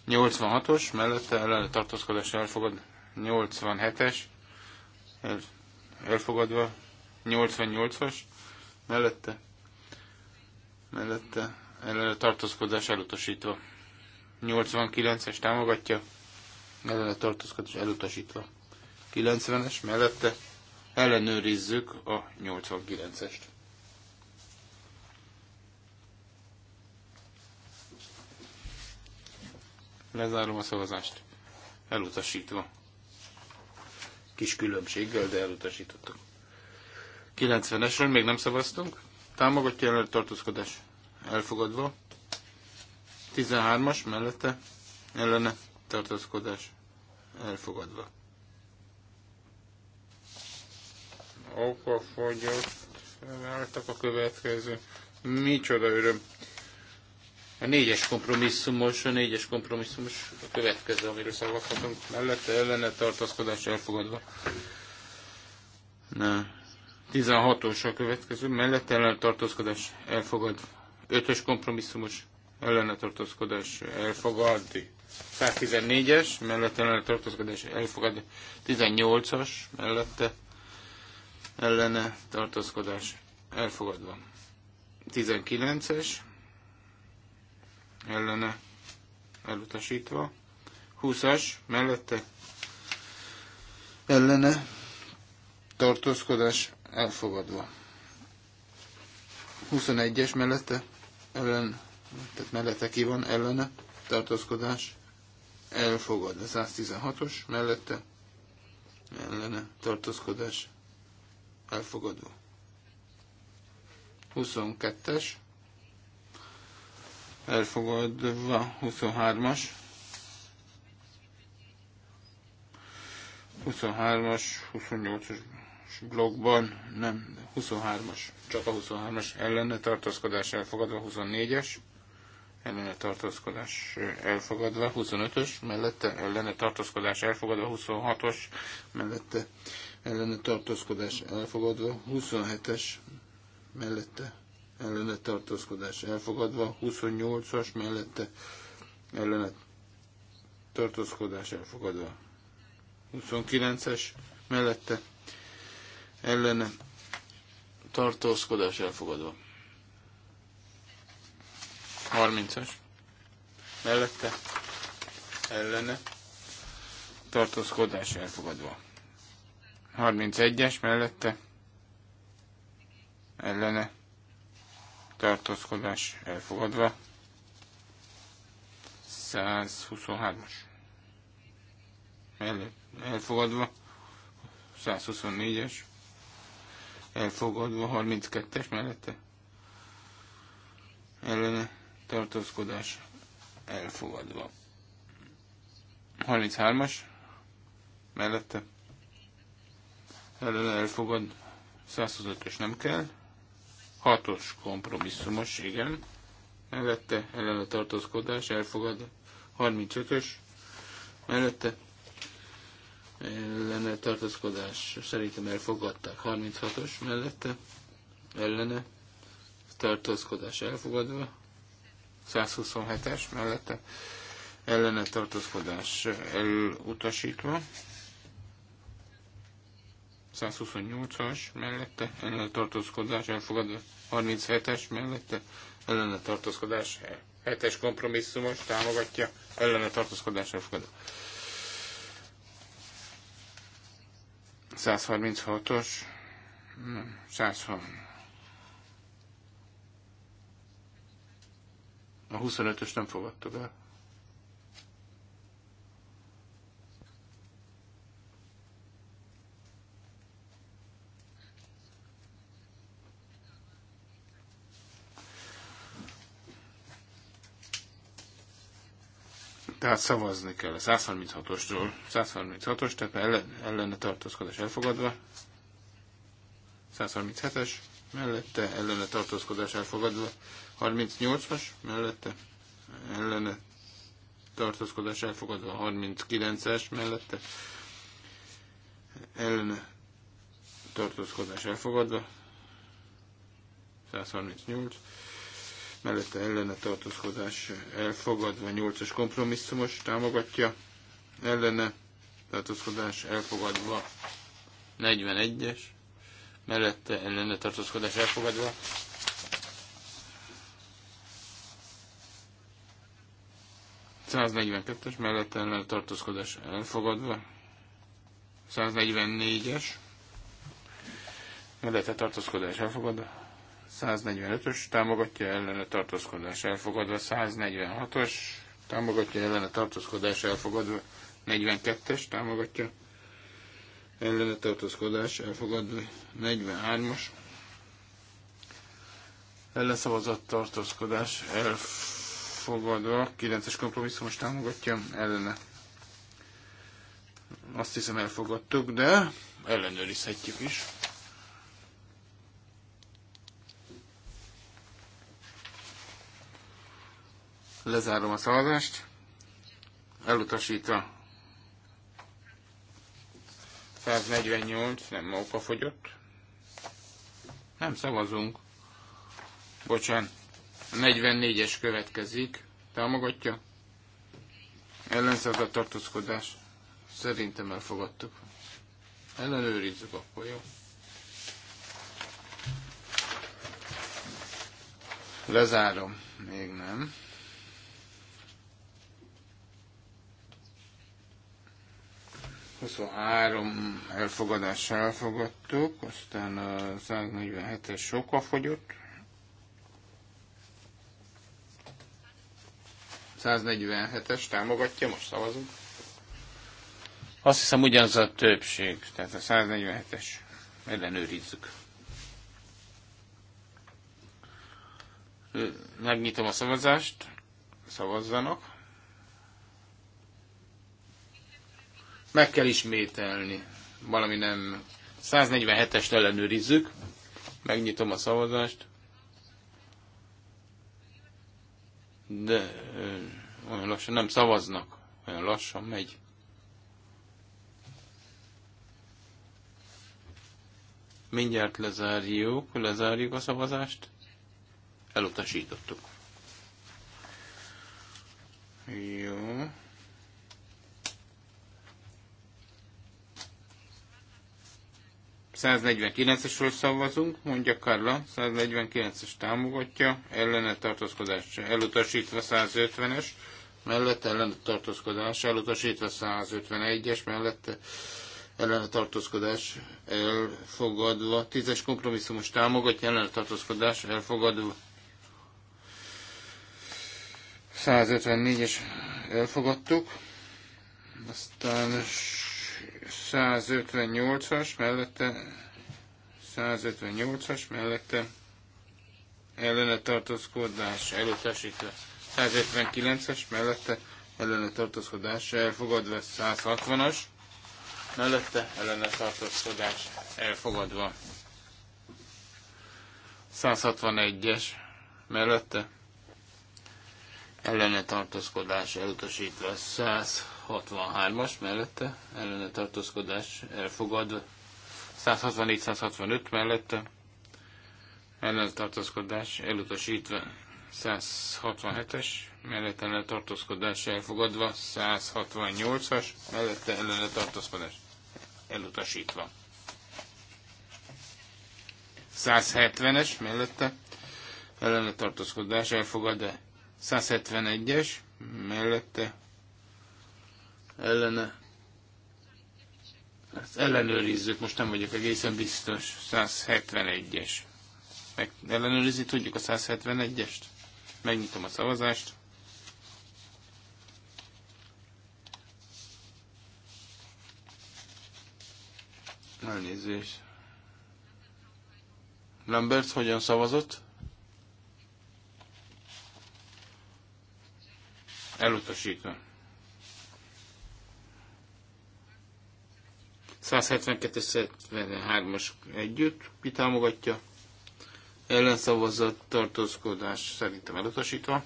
86-os, mellette ellene tartózkodás elfogadva. 87-es, el, elfogadva, 88-as, mellette, mellette, ellene tartózkodás elutasítva. 89-es támogatja, ellene tartózkodás elutasítva. 90-es mellette ellenőrizzük a 89-est. Lezárom a szavazást. Elutasítva kis különbséggel, de elutasítottuk. 90-esről még nem szavaztunk. Támogatja jelenleg tartózkodás elfogadva. 13-as mellette ellene tartózkodás elfogadva. Oka fogyott, álltak a következő. Micsoda öröm. A négyes kompromisszumos, a négyes kompromisszumos a következő, amiről szavazhatunk. Mellette ellene tartózkodás elfogadva. Na. 16-os a következő, mellette ellene tartózkodás elfogad. 5-ös kompromisszumos ellene tartózkodás elfogad. 114-es, mellette ellene tartózkodás elfogad. 18-as, mellette ellene tartózkodás elfogadva. 19-es, ellene elutasítva. 20-as mellette ellene tartózkodás elfogadva. 21-es mellette ellen, tehát mellette ki van ellene tartózkodás elfogadva. 116-os mellette ellene tartózkodás elfogadva. 22-es elfogadva 23-as. 23-as, 28-as blokkban, nem, 23-as, csak a 23-as ellene tartózkodás elfogadva, 24-es, ellene tartózkodás elfogadva, 25-ös, mellette ellene tartózkodás elfogadva, 26-os, mellette ellene tartózkodás elfogadva, 27-es, mellette ellene tartózkodás elfogadva, 28-as mellette ellene tartózkodás elfogadva, 29-es mellette ellene tartózkodás elfogadva. 30-as mellette ellene tartózkodás elfogadva. 31-es mellette ellene tartózkodás elfogadva. 123-as El, elfogadva. 124-es elfogadva. 32-es mellette ellene tartózkodás elfogadva. 33-as mellette ellene elfogad 125-ös nem kell. Hatos kompromisszumos, igen. Mellette a tartózkodás, elfogad. 35-ös. Mellette ellene tartózkodás, szerintem elfogadták. 36-os mellette ellene tartózkodás elfogadva. 127-es mellette ellene tartózkodás elutasítva. 128-as mellette ellene tartózkodás elfogadva 37-es mellette ellene tartózkodás, 7-es kompromisszumos támogatja, ellene tartózkodás elfogadó. 136-os, 160. A 25-ös nem fogadtuk el. Tehát szavazni kell a 136-osról. 136-os, tehát ellen, ellene tartózkodás elfogadva. 137-es, mellette ellene tartózkodás elfogadva. 38-as, mellette ellene tartózkodás elfogadva. 39-es, mellette ellene tartózkodás elfogadva. 138 mellette ellene tartózkodás elfogadva, 8-as kompromisszumos támogatja, ellene tartózkodás elfogadva, 41-es, mellette ellene tartózkodás elfogadva, es mellette ellen tartózkodás elfogadva, 144-es, mellette tartózkodás elfogadva, 145-ös támogatja ellene tartózkodás elfogadva, 146-os támogatja ellene tartózkodás elfogadva, 42-es támogatja ellene tartózkodás elfogadva, 43-as ellenszavazat tartózkodás elfogadva, 9-es kompromisszumos támogatja ellene. Azt hiszem elfogadtuk, de ellenőrizhetjük is. Lezárom a szavazást. Elutasítva. 148, nem móka fogyott. Nem szavazunk. Bocsán. 44-es következik. Támogatja? Ellenszavazat tartózkodás. Szerintem elfogadtuk. Ellenőrizzük akkor, jó? Lezárom. Még nem. 23 elfogadással elfogadtuk, aztán a 147-es sokkal fogyott. 147-es támogatja, most szavazunk. Azt hiszem ugyanaz a többség, tehát a 147-es. Ellenőrizzük. Megnyitom a szavazást. Szavazzanak. Meg kell ismételni. Valami nem... 147-est ellenőrizzük. Megnyitom a szavazást. De ö, olyan lassan nem szavaznak. Olyan lassan megy. Mindjárt lezárjuk, lezárjuk a szavazást. Elutasítottuk. Jó. 149-esről szavazunk, mondja Karla, 149-es támogatja, ellene tartózkodás elutasítva 150-es, mellett ellene tartózkodás elutasítva 151-es, mellette ellene tartózkodás elfogadva, 10-es kompromisszumos támogatja, ellene tartózkodás elfogadva, 154-es elfogadtuk, aztán 158-as mellette, 158-as mellette ellene tartózkodás elutasítva, 159-es mellette ellene tartózkodás elfogadva, 160-as mellette ellene tartózkodás elfogadva. 161-es mellette ellene tartózkodás elutasítva 163-as mellette, ellene tartózkodás elfogadva 164-165 mellette, ellene tartózkodás elutasítva 167-es, mellette ellene tartózkodás elfogadva 168-as, mellette ellene tartózkodás elutasítva. 170-es mellette ellene tartózkodás elfogadva 171-es mellette ellene ezt ellenőrizzük, most nem vagyok egészen biztos, 171-es. Meg ellenőrizni tudjuk a 171-est? Megnyitom a szavazást. Elnézést. Lambert hogyan szavazott? Elutasítva. 172-173-as együtt, ki támogatja, ellenszavazat, tartózkodás szerintem elutasítva.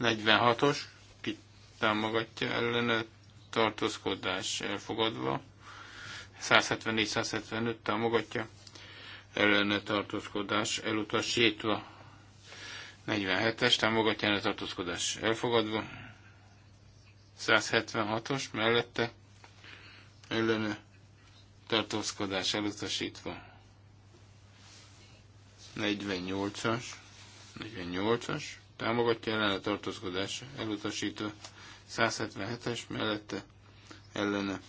46-os, ki támogatja, ellene, tartózkodás elfogadva. 174-175 támogatja, ellene tartózkodás elutasítva. 47-es támogatja a tartózkodás elfogadva. 176-os mellette ellene tartózkodás elutasítva. 48-as, 48-as, támogatja ellene tartózkodás elutasítva. 177-es mellette ellene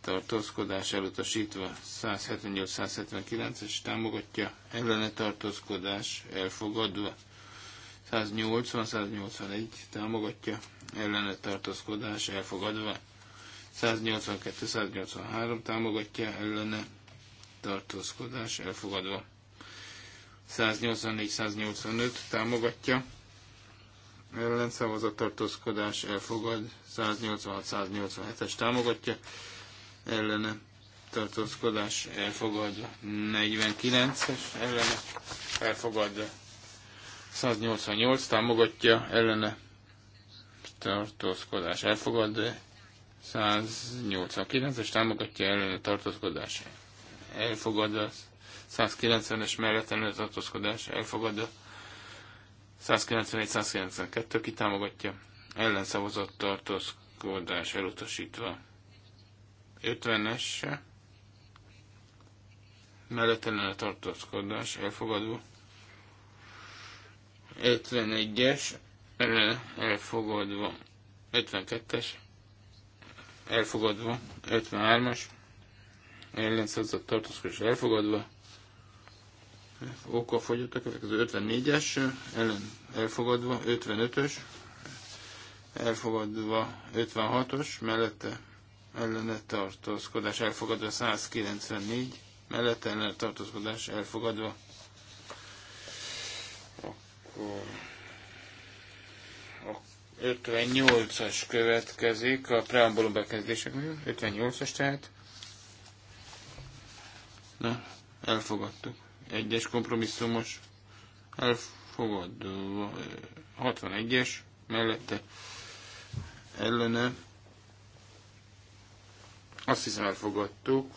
tartózkodás elutasítva 178-179-es támogatja, ellene tartózkodás elfogadva 180-181 támogatja, ellene tartózkodás elfogadva. 182-183 támogatja, ellene tartózkodás elfogadva. 184-185 támogatja, szavazat tartózkodás elfogad, 186-187-es támogatja, ellene tartózkodás elfogadva, 49-es ellene elfogadva, 188 támogatja ellene tartózkodás elfogad, 189-es támogatja ellene tartózkodás elfogad, 190-es mellett ellene tartózkodás elfogad, 191-192 kitámogatja, szavazott tartózkodás elutasítva. 50-es mellett ellene tartózkodás elfogadva. 51-es elfogadva, 52-es elfogadva, 53-as ellenszerzett tartózkodás elfogadva, okkal fogyott a következő 54-es, ellen elfogadva, 55-ös, elfogadva 56-os, mellette ellene tartózkodás elfogadva 194, mellette ellene tartózkodás elfogadva akkor a 58-as következik, a preambulum bekezdések, 58-as tehát. Na, elfogadtuk. Egyes kompromisszumos, elfogadva. 61-es, mellette ellene. Azt hiszem elfogadtuk.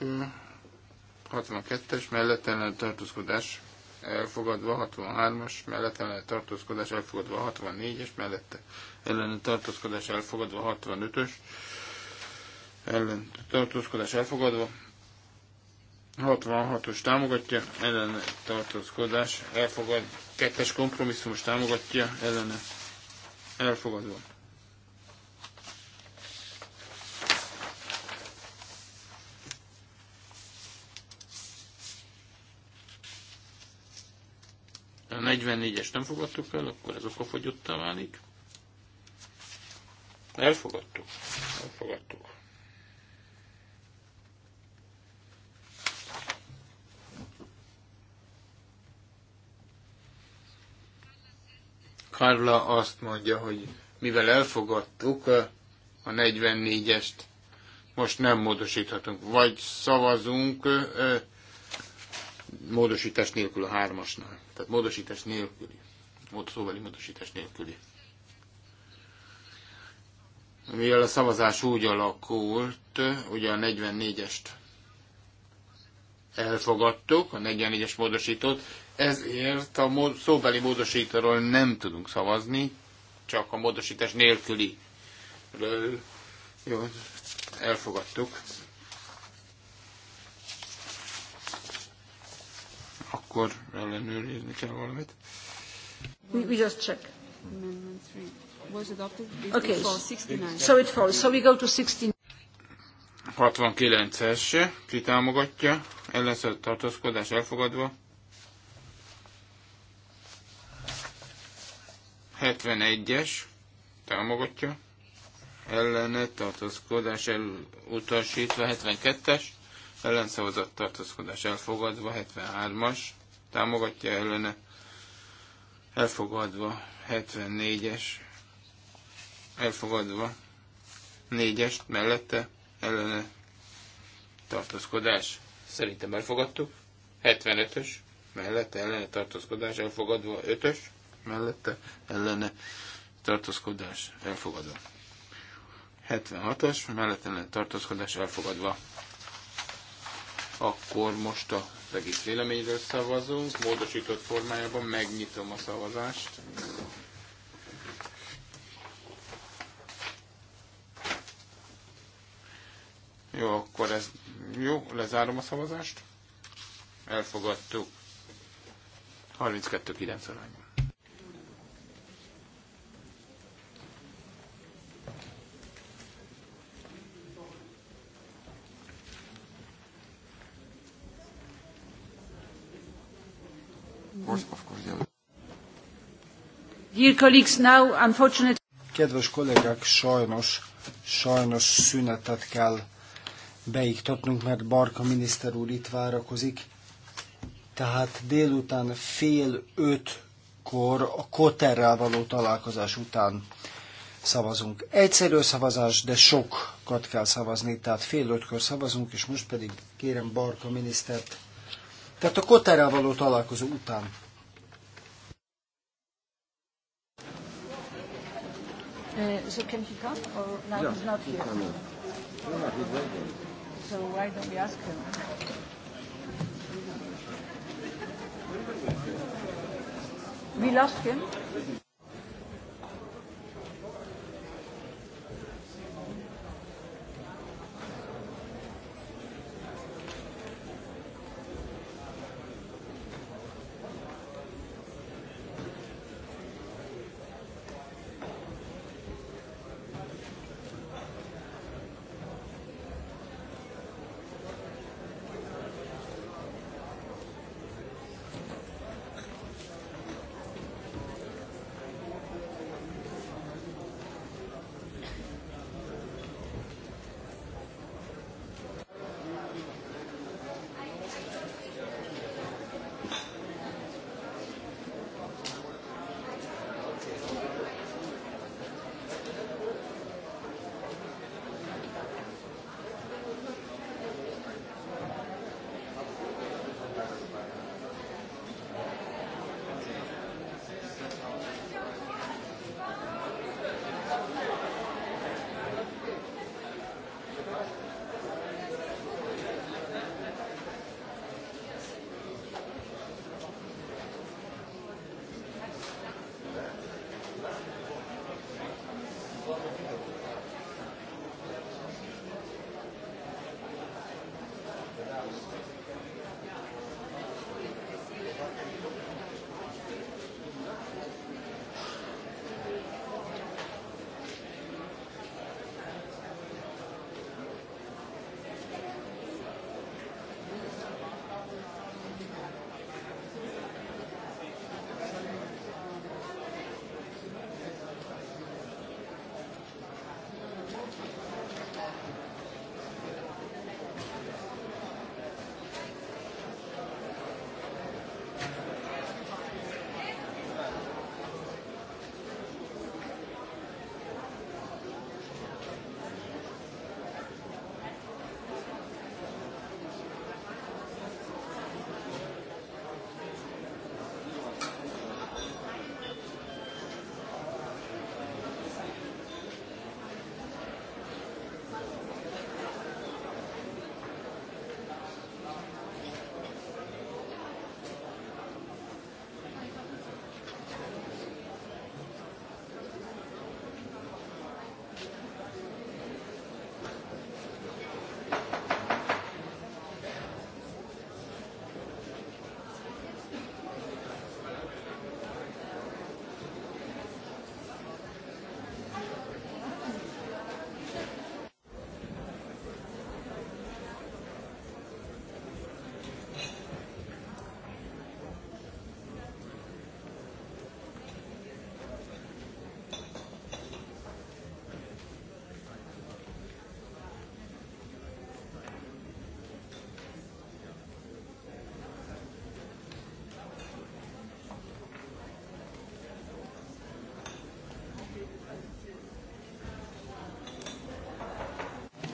62-es, mellette ellen tartózkodás elfogadva 63-as, mellette ellen tartózkodás elfogadva 64-es, mellette ellen tartózkodás elfogadva 65-ös, ellen tartózkodás elfogadva 66-os támogatja, ellen tartózkodás elfogad, kettes kompromisszumos támogatja, ellen elfogadva. A 44-es nem fogadtuk el, akkor ez okafogyottá válik. Elfogadtuk. Elfogadtuk. Karla azt mondja, hogy mivel elfogadtuk a 44-est, most nem módosíthatunk. Vagy szavazunk módosítás nélkül a hármasnál. Tehát módosítás nélküli. Szóbeli módosítás nélküli. Mivel a szavazás úgy alakult, ugye a 44-est elfogadtuk, a 44-es módosítót, ezért a szóbeli módosítóról nem tudunk szavazni, csak a módosítás nélküli. Jó, elfogadtuk. akkor ellenőrizni kell valamit. We, we just check. Amendment 3 was adopted. Okay. So it falls. So we go to 69. 69-es, ki támogatja, ellenszert tartózkodás elfogadva. 71-es, támogatja, ellene tartózkodás elutasítva, 72-es, ellenszavazott tartózkodás elfogadva, 73-as, támogatja ellene, elfogadva 74-es, elfogadva 4-est mellette ellene tartózkodás. Szerintem elfogadtuk. 75-ös mellette ellene tartózkodás, elfogadva 5-ös mellette ellene tartózkodás, elfogadva. 76-os mellette ellene tartózkodás, elfogadva. Akkor most a egész véleményről szavazunk, módosított formájában megnyitom a szavazást. Jó, akkor ez jó, lezárom a szavazást. Elfogadtuk. 32-9 arány. course, of course the other. Dear colleagues, now, unfortunately... Kedves kollégák, sajnos, sajnos szünetet kell beiktatnunk, mert Barka miniszter úr itt várakozik. Tehát délután fél ötkor a Koterrel való találkozás után szavazunk. Egyszerű szavazás, de sokat kell szavazni, tehát fél ötkor szavazunk, és most pedig kérem Barka minisztert, tehát a Koterrel való találkozó után. Uh, so can he come or yeah, he's not here? So why don't we ask him? We lost him.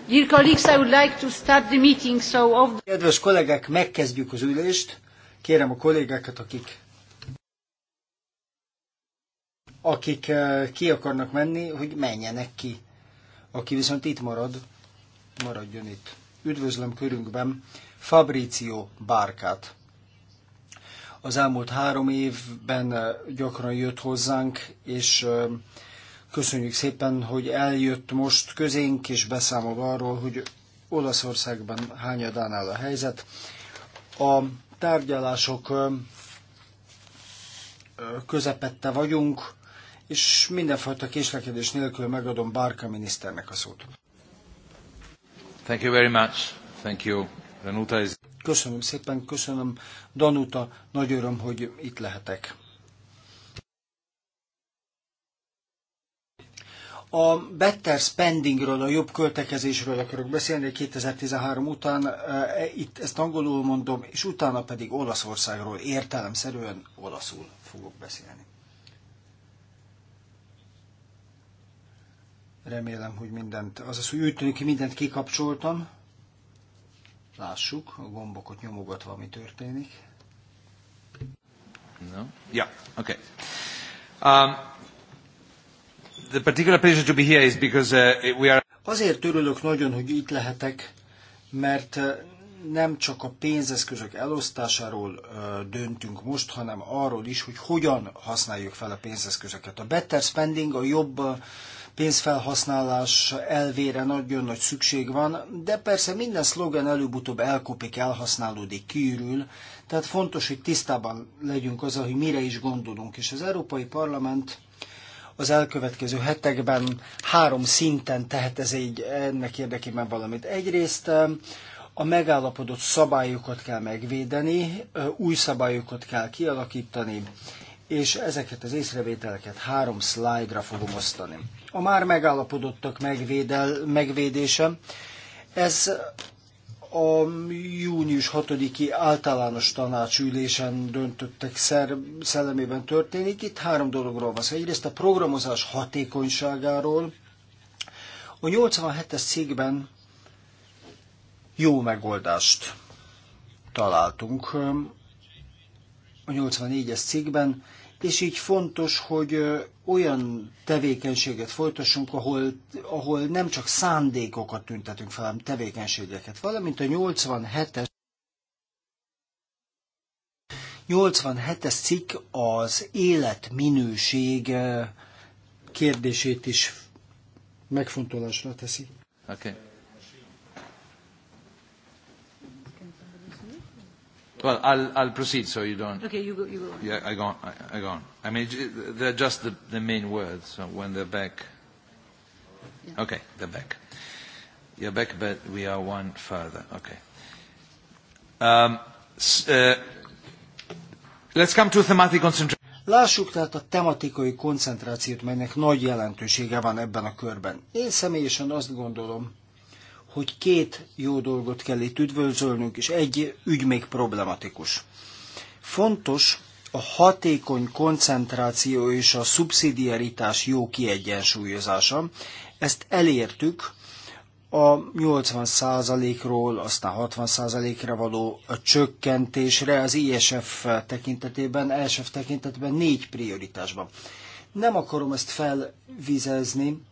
Dear colleagues, I would like to start the meeting, so of... Kedves kollégák, megkezdjük az ülést. Kérem a kollégákat, akik akik eh, ki akarnak menni, hogy menjenek ki. Aki viszont itt marad, maradjon itt. Üdvözlöm körünkben Fabrizio Bárkát. Az elmúlt három évben eh, gyakran jött hozzánk, és eh, Köszönjük szépen, hogy eljött most közénk, és beszámol arról, hogy Olaszországban hányadán áll a helyzet. A tárgyalások közepette vagyunk, és mindenfajta késlekedés nélkül megadom Bárka miniszternek a szót. Thank you very much. Thank you. Danuta is... Köszönöm szépen, köszönöm. Danuta, nagy öröm, hogy itt lehetek. A better spendingről, a jobb költekezésről akarok beszélni 2013 után, e, e, itt ezt angolul mondom, és utána pedig Olaszországról értelemszerűen olaszul fogok beszélni. Remélem, hogy mindent, azaz, hogy úgy tűnik, hogy mindent kikapcsoltam. Lássuk, a gombokat nyomogatva, mi történik. No? Yeah, okay. Um, the particular pleasure to be here is because uh, we are... Azért örülök nagyon, hogy itt lehetek, mert uh, nem csak a pénzeszközök elosztásáról uh, döntünk most, hanem arról is, hogy hogyan használjuk fel a pénzeszközöket. A better spending, a jobb uh, pénzfelhasználás elvére nagyon nagy szükség van, de persze minden szlogen előbb-utóbb elkopik, elhasználódik, kiürül, tehát fontos, hogy tisztában legyünk azzal, hogy mire is gondolunk. És az Európai Parlament az elkövetkező hetekben három szinten tehet ez így ennek érdekében valamit. Egyrészt a megállapodott szabályokat kell megvédeni, új szabályokat kell kialakítani, és ezeket az észrevételeket három szlájdra fogom osztani. A már megállapodottak megvédel, megvédése, ez a június 6-i általános tanácsülésen döntöttek szer, szellemében történik. Itt három dologról van szó. Egyrészt a programozás hatékonyságáról. A 87-es cégben jó megoldást találtunk. A 84-es cégben és így fontos, hogy olyan tevékenységet folytassunk, ahol, ahol nem csak szándékokat tüntetünk fel, hanem tevékenységeket, valamint a 87-es 87-es cikk az életminőség kérdését is megfontolásra teszi. Okay. Well, I'll, I'll proceed so you don't... Okay, you go, you go on. Yeah, I go on. I, I, go on. I mean, they're just the, the main words, so when they're back... Yeah. Okay, they're back. You're back, but we are one further. Okay. Um, uh, let's come to thematic concentration. Lássuk tehát a tematikai koncentrációt, melynek nagy jelentősége van ebben a körben. Én személyesen azt gondolom, hogy két jó dolgot kell itt üdvözölnünk, és egy ügy még problematikus. Fontos a hatékony koncentráció és a szubszidiaritás jó kiegyensúlyozása. Ezt elértük a 80%-ról, aztán 60%-ra való a csökkentésre az ISF tekintetében, ESF tekintetében négy prioritásban. Nem akarom ezt felvizezni,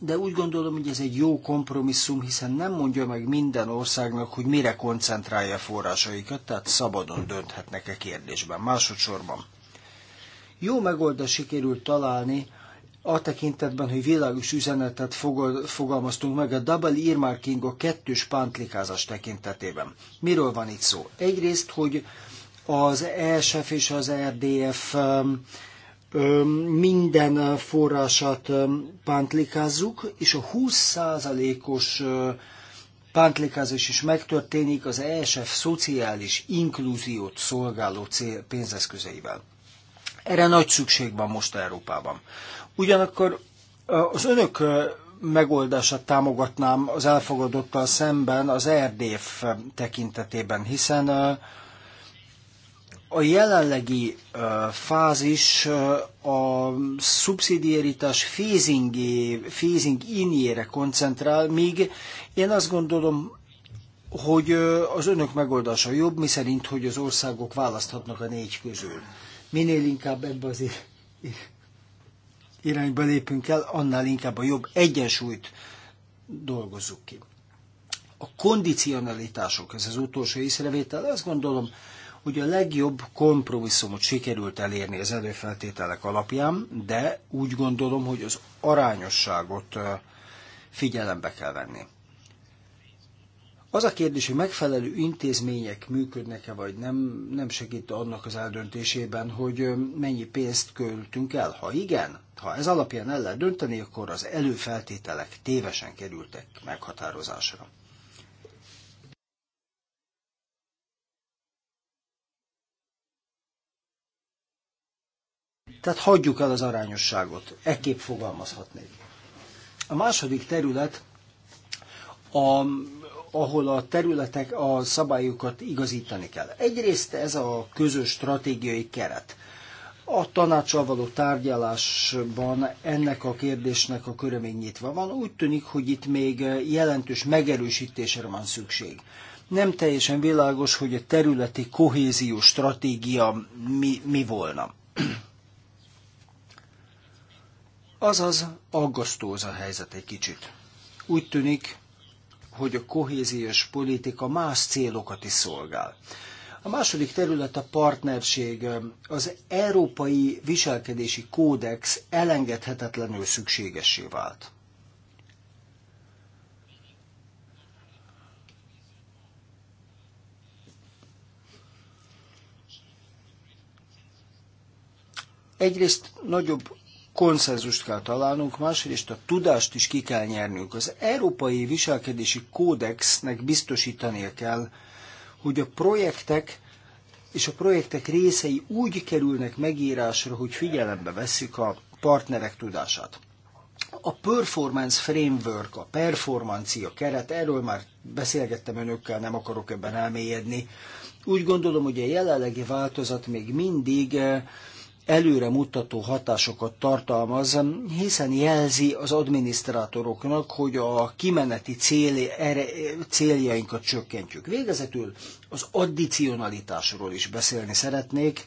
de úgy gondolom, hogy ez egy jó kompromisszum, hiszen nem mondja meg minden országnak, hogy mire koncentrálja forrásaikat, tehát szabadon dönthetnek a e kérdésben. Másodszorban jó megoldást sikerült találni a tekintetben, hogy világos üzenetet fogalmaztunk meg a double earmarking a kettős pántlikázás tekintetében. Miről van itt szó? Egyrészt, hogy az ESF és az e RDF um, minden forrását pántlikázzuk, és a 20%-os pántlikázás is megtörténik az ESF szociális inkluziót szolgáló pénzeszközeivel. Erre nagy szükség van most Európában. Ugyanakkor az önök megoldását támogatnám az elfogadottal szemben az RDF tekintetében, hiszen a jelenlegi uh, fázis uh, a szubszidiaritás phasing-é, injére koncentrál, míg én azt gondolom, hogy uh, az önök megoldása jobb, miszerint, hogy az országok választhatnak a négy közül. Minél inkább ebbe az irányba lépünk el, annál inkább a jobb egyensúlyt dolgozzuk ki. A kondicionalitások, ez az utolsó észrevétel, azt gondolom, hogy a legjobb kompromisszumot sikerült elérni az előfeltételek alapján, de úgy gondolom, hogy az arányosságot figyelembe kell venni. Az a kérdés, hogy megfelelő intézmények működnek-e vagy nem, nem segít annak az eldöntésében, hogy mennyi pénzt költünk el. Ha igen, ha ez alapján el lehet dönteni, akkor az előfeltételek tévesen kerültek meghatározásra. Tehát hagyjuk el az arányosságot. Ekképp fogalmazhatnék. A második terület, a, ahol a területek a szabályokat igazítani kell. Egyrészt ez a közös stratégiai keret. A tanácsal való tárgyalásban ennek a kérdésnek a körömény nyitva van. Úgy tűnik, hogy itt még jelentős megerősítésre van szükség. Nem teljesen világos, hogy a területi kohéziós stratégia mi, mi volna. Azaz, aggasztó az a helyzet egy kicsit. Úgy tűnik, hogy a kohéziós politika más célokat is szolgál. A második terület a partnerség. Az Európai Viselkedési Kódex elengedhetetlenül szükségessé vált. Egyrészt nagyobb konszenzust kell találnunk, másrészt a tudást is ki kell nyernünk. Az Európai Viselkedési Kódexnek biztosítania kell, hogy a projektek és a projektek részei úgy kerülnek megírásra, hogy figyelembe veszik a partnerek tudását. A performance framework, a performancia keret, erről már beszélgettem önökkel, nem akarok ebben elmélyedni. Úgy gondolom, hogy a jelenlegi változat még mindig eh, előre mutató hatásokat tartalmaz, hiszen jelzi az adminisztrátoroknak, hogy a kimeneti cél, céljainkat csökkentjük. Végezetül az addicionalitásról is beszélni szeretnék.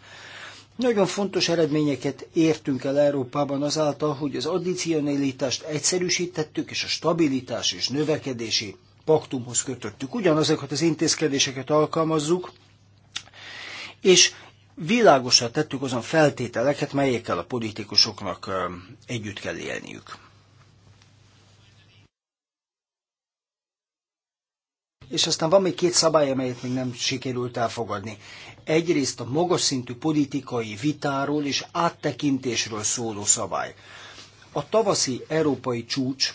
Nagyon fontos eredményeket értünk el Európában azáltal, hogy az addicionalitást egyszerűsítettük, és a stabilitás és növekedési paktumhoz kötöttük. Ugyanazokat az intézkedéseket alkalmazzuk, és világosra tettük azon feltételeket, melyekkel a politikusoknak együtt kell élniük. És aztán van még két szabály, amelyet még nem sikerült elfogadni. Egyrészt a magas szintű politikai vitáról és áttekintésről szóló szabály. A tavaszi európai csúcs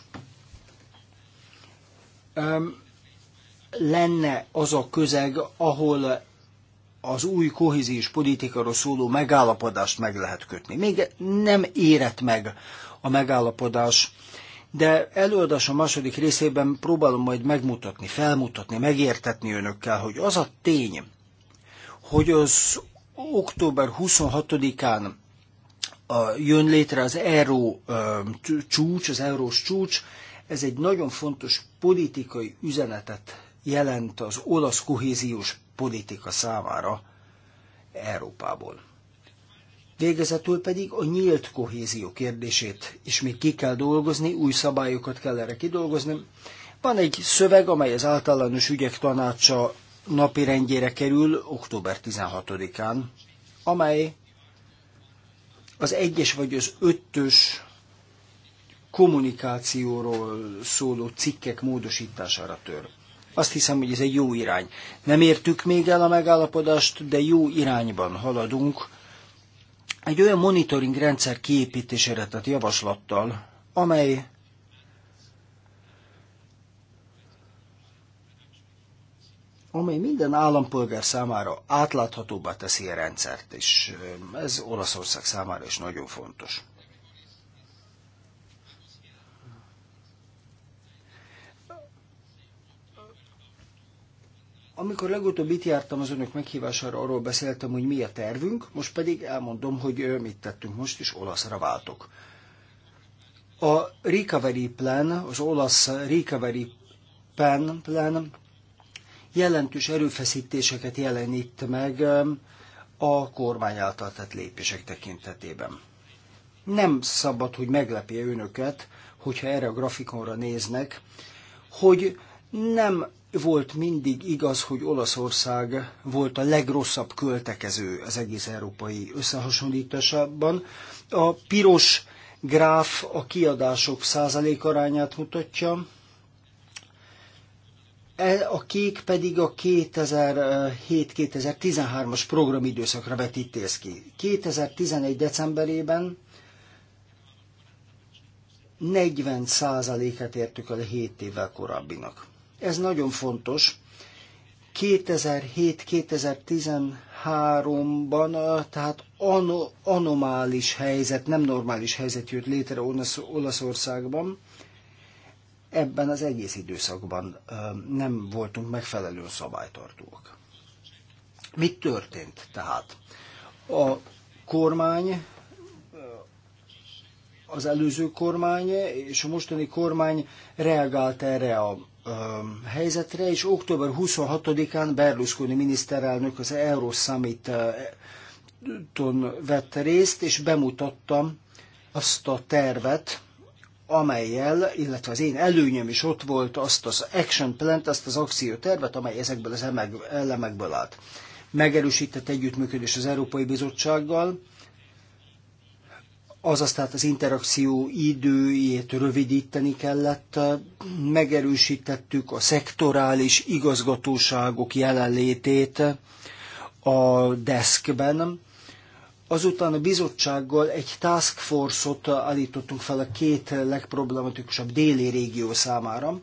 öm, lenne az a közeg, ahol az új kohéziós politikáról szóló megállapodást meg lehet kötni. Még nem érett meg a megállapodás, de előadás a második részében próbálom majd megmutatni, felmutatni, megértetni önökkel, hogy az a tény, hogy az október 26-án jön létre az euró csúcs, az eurós csúcs, ez egy nagyon fontos politikai üzenetet jelent az olasz kohéziós politika számára Európából. Végezetül pedig a nyílt kohézió kérdését is még ki kell dolgozni, új szabályokat kell erre kidolgozni. Van egy szöveg, amely az általános ügyek tanácsa napi rendjére kerül október 16-án, amely az egyes vagy az ötös kommunikációról szóló cikkek módosítására tör. Azt hiszem, hogy ez egy jó irány. Nem értük még el a megállapodást, de jó irányban haladunk. Egy olyan monitoring rendszer kiépítésére tett javaslattal, amely amely minden állampolgár számára átláthatóbbá teszi a rendszert, és ez Olaszország számára is nagyon fontos. Amikor legutóbb itt jártam az önök meghívására, arról beszéltem, hogy mi a tervünk, most pedig elmondom, hogy mit tettünk most, és olaszra váltok. A recovery plan, az olasz recovery plan, plan jelentős erőfeszítéseket jelenít meg a kormány által tett lépések tekintetében. Nem szabad, hogy meglepje önöket, hogyha erre a grafikonra néznek, hogy nem volt mindig igaz, hogy Olaszország volt a legrosszabb költekező az egész európai összehasonlításában. A piros gráf a kiadások arányát mutatja, e, a kék pedig a 2007-2013-as programidőszakra vetítész ki. 2011. decemberében 40%-át értük el 7 évvel korábbinak. Ez nagyon fontos. 2007-2013-ban, tehát anomális helyzet, nem normális helyzet jött létre Olaszországban. Ebben az egész időszakban nem voltunk megfelelően szabálytartóak. Mit történt tehát? A kormány, az előző kormány és a mostani kormány reagált erre a Um, helyzetre, és október 26-án Berlusconi miniszterelnök az Euro Summit uh, ton vette részt, és bemutatta azt a tervet, amelyel, illetve az én előnyöm is ott volt, azt az action plan azt az akciótervet, amely ezekből az elemekből állt. Megerősített együttműködés az Európai Bizottsággal, azaz tehát az interakció időjét rövidíteni kellett, megerősítettük a szektorális igazgatóságok jelenlétét a deskben, Azután a bizottsággal egy task force-ot állítottunk fel a két legproblematikusabb déli régió számára.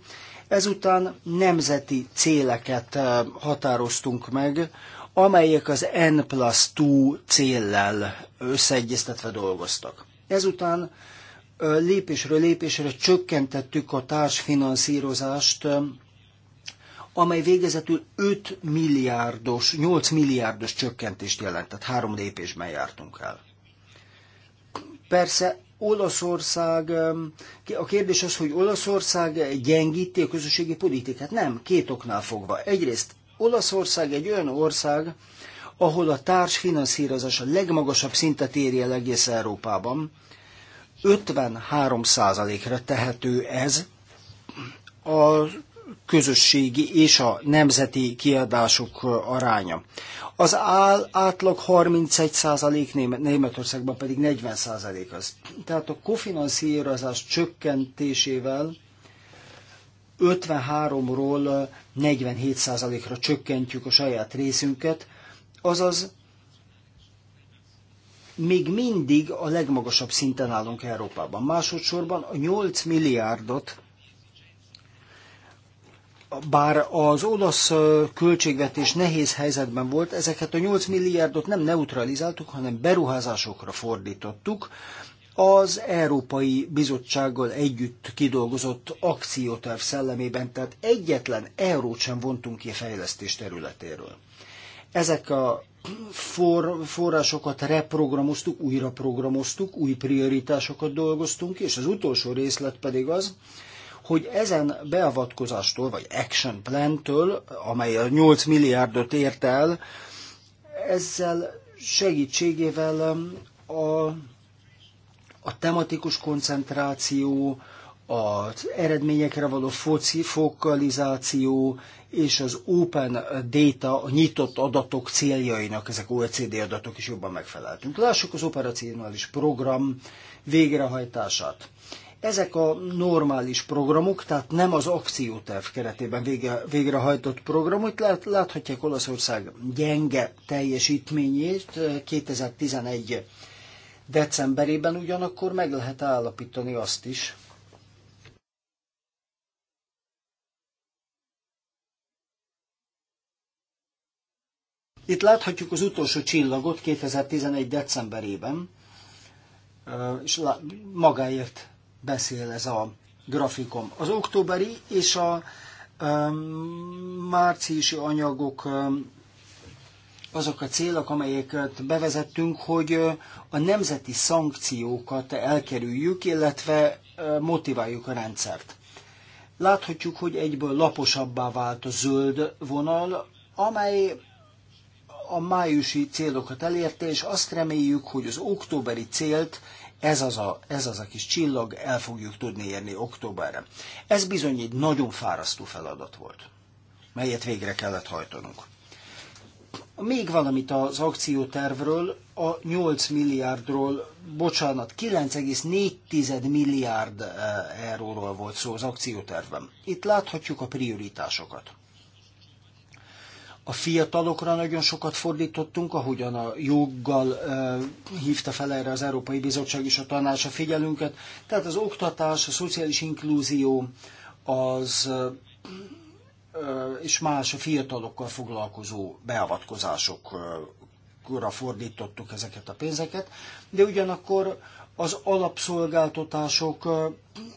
Ezután nemzeti céleket eh, határoztunk meg, amelyek az N plus 2 céllel összeegyeztetve dolgoztak. Ezután lépésről lépésre csökkentettük a társfinanszírozást, amely végezetül 5 milliárdos, 8 milliárdos csökkentést jelent, tehát három lépésben jártunk el. Persze Olaszország, a kérdés az, hogy Olaszország gyengíti a közösségi politikát. Nem, két oknál fogva. Egyrészt Olaszország egy olyan ország, ahol a finanszírozás a legmagasabb szintet éri el egész Európában. 53%-ra tehető ez a közösségi és a nemzeti kiadások aránya. Az áll átlag 31%, Németországban pedig 40% az. Tehát a kofinanszírozás csökkentésével 53-ról 47%-ra csökkentjük a saját részünket, Azaz még mindig a legmagasabb szinten állunk Európában. Másodszorban a 8 milliárdot, bár az olasz költségvetés nehéz helyzetben volt, ezeket a 8 milliárdot nem neutralizáltuk, hanem beruházásokra fordítottuk. Az Európai Bizottsággal együtt kidolgozott akcióterv szellemében, tehát egyetlen eurót sem vontunk ki a fejlesztés területéről. Ezek a for, forrásokat reprogramoztuk, újra programoztuk, új prioritásokat dolgoztunk, és az utolsó részlet pedig az, hogy ezen beavatkozástól, vagy action plan-től, amely a 8 milliárdot ért el, ezzel segítségével um, a, a tematikus koncentráció, az eredményekre való foci, fokalizáció és az open data, a nyitott adatok céljainak, ezek OECD adatok is jobban megfeleltünk. Lássuk az operacionális program végrehajtását. Ezek a normális programok, tehát nem az akcióterv keretében vége, végrehajtott programot, lát, láthatják Olaszország gyenge teljesítményét 2011 decemberében, ugyanakkor meg lehet állapítani azt is, Itt láthatjuk az utolsó csillagot 2011. decemberében, és magáért beszél ez a grafikom. Az októberi és a márciusi anyagok azok a célok, amelyeket bevezettünk, hogy a nemzeti szankciókat elkerüljük, illetve motiváljuk a rendszert. Láthatjuk, hogy egyből laposabbá vált a zöld vonal, amely a májusi célokat elérte, és azt reméljük, hogy az októberi célt ez az, a, ez az a kis csillag, el fogjuk tudni érni októberre. Ez bizony egy nagyon fárasztó feladat volt, melyet végre kellett hajtanunk. Még valamit az akciótervről, a 8 milliárdról, bocsánat, 9,4 milliárd eh, euróról volt szó az akciótervben. Itt láthatjuk a prioritásokat. A fiatalokra nagyon sokat fordítottunk, ahogyan a joggal e, hívta fel erre az Európai Bizottság és a tanács a figyelünket. Tehát az oktatás, a szociális inklúzió, az e, és más a fiatalokkal foglalkozó beavatkozásokra fordítottuk ezeket a pénzeket, de ugyanakkor az alapszolgáltatások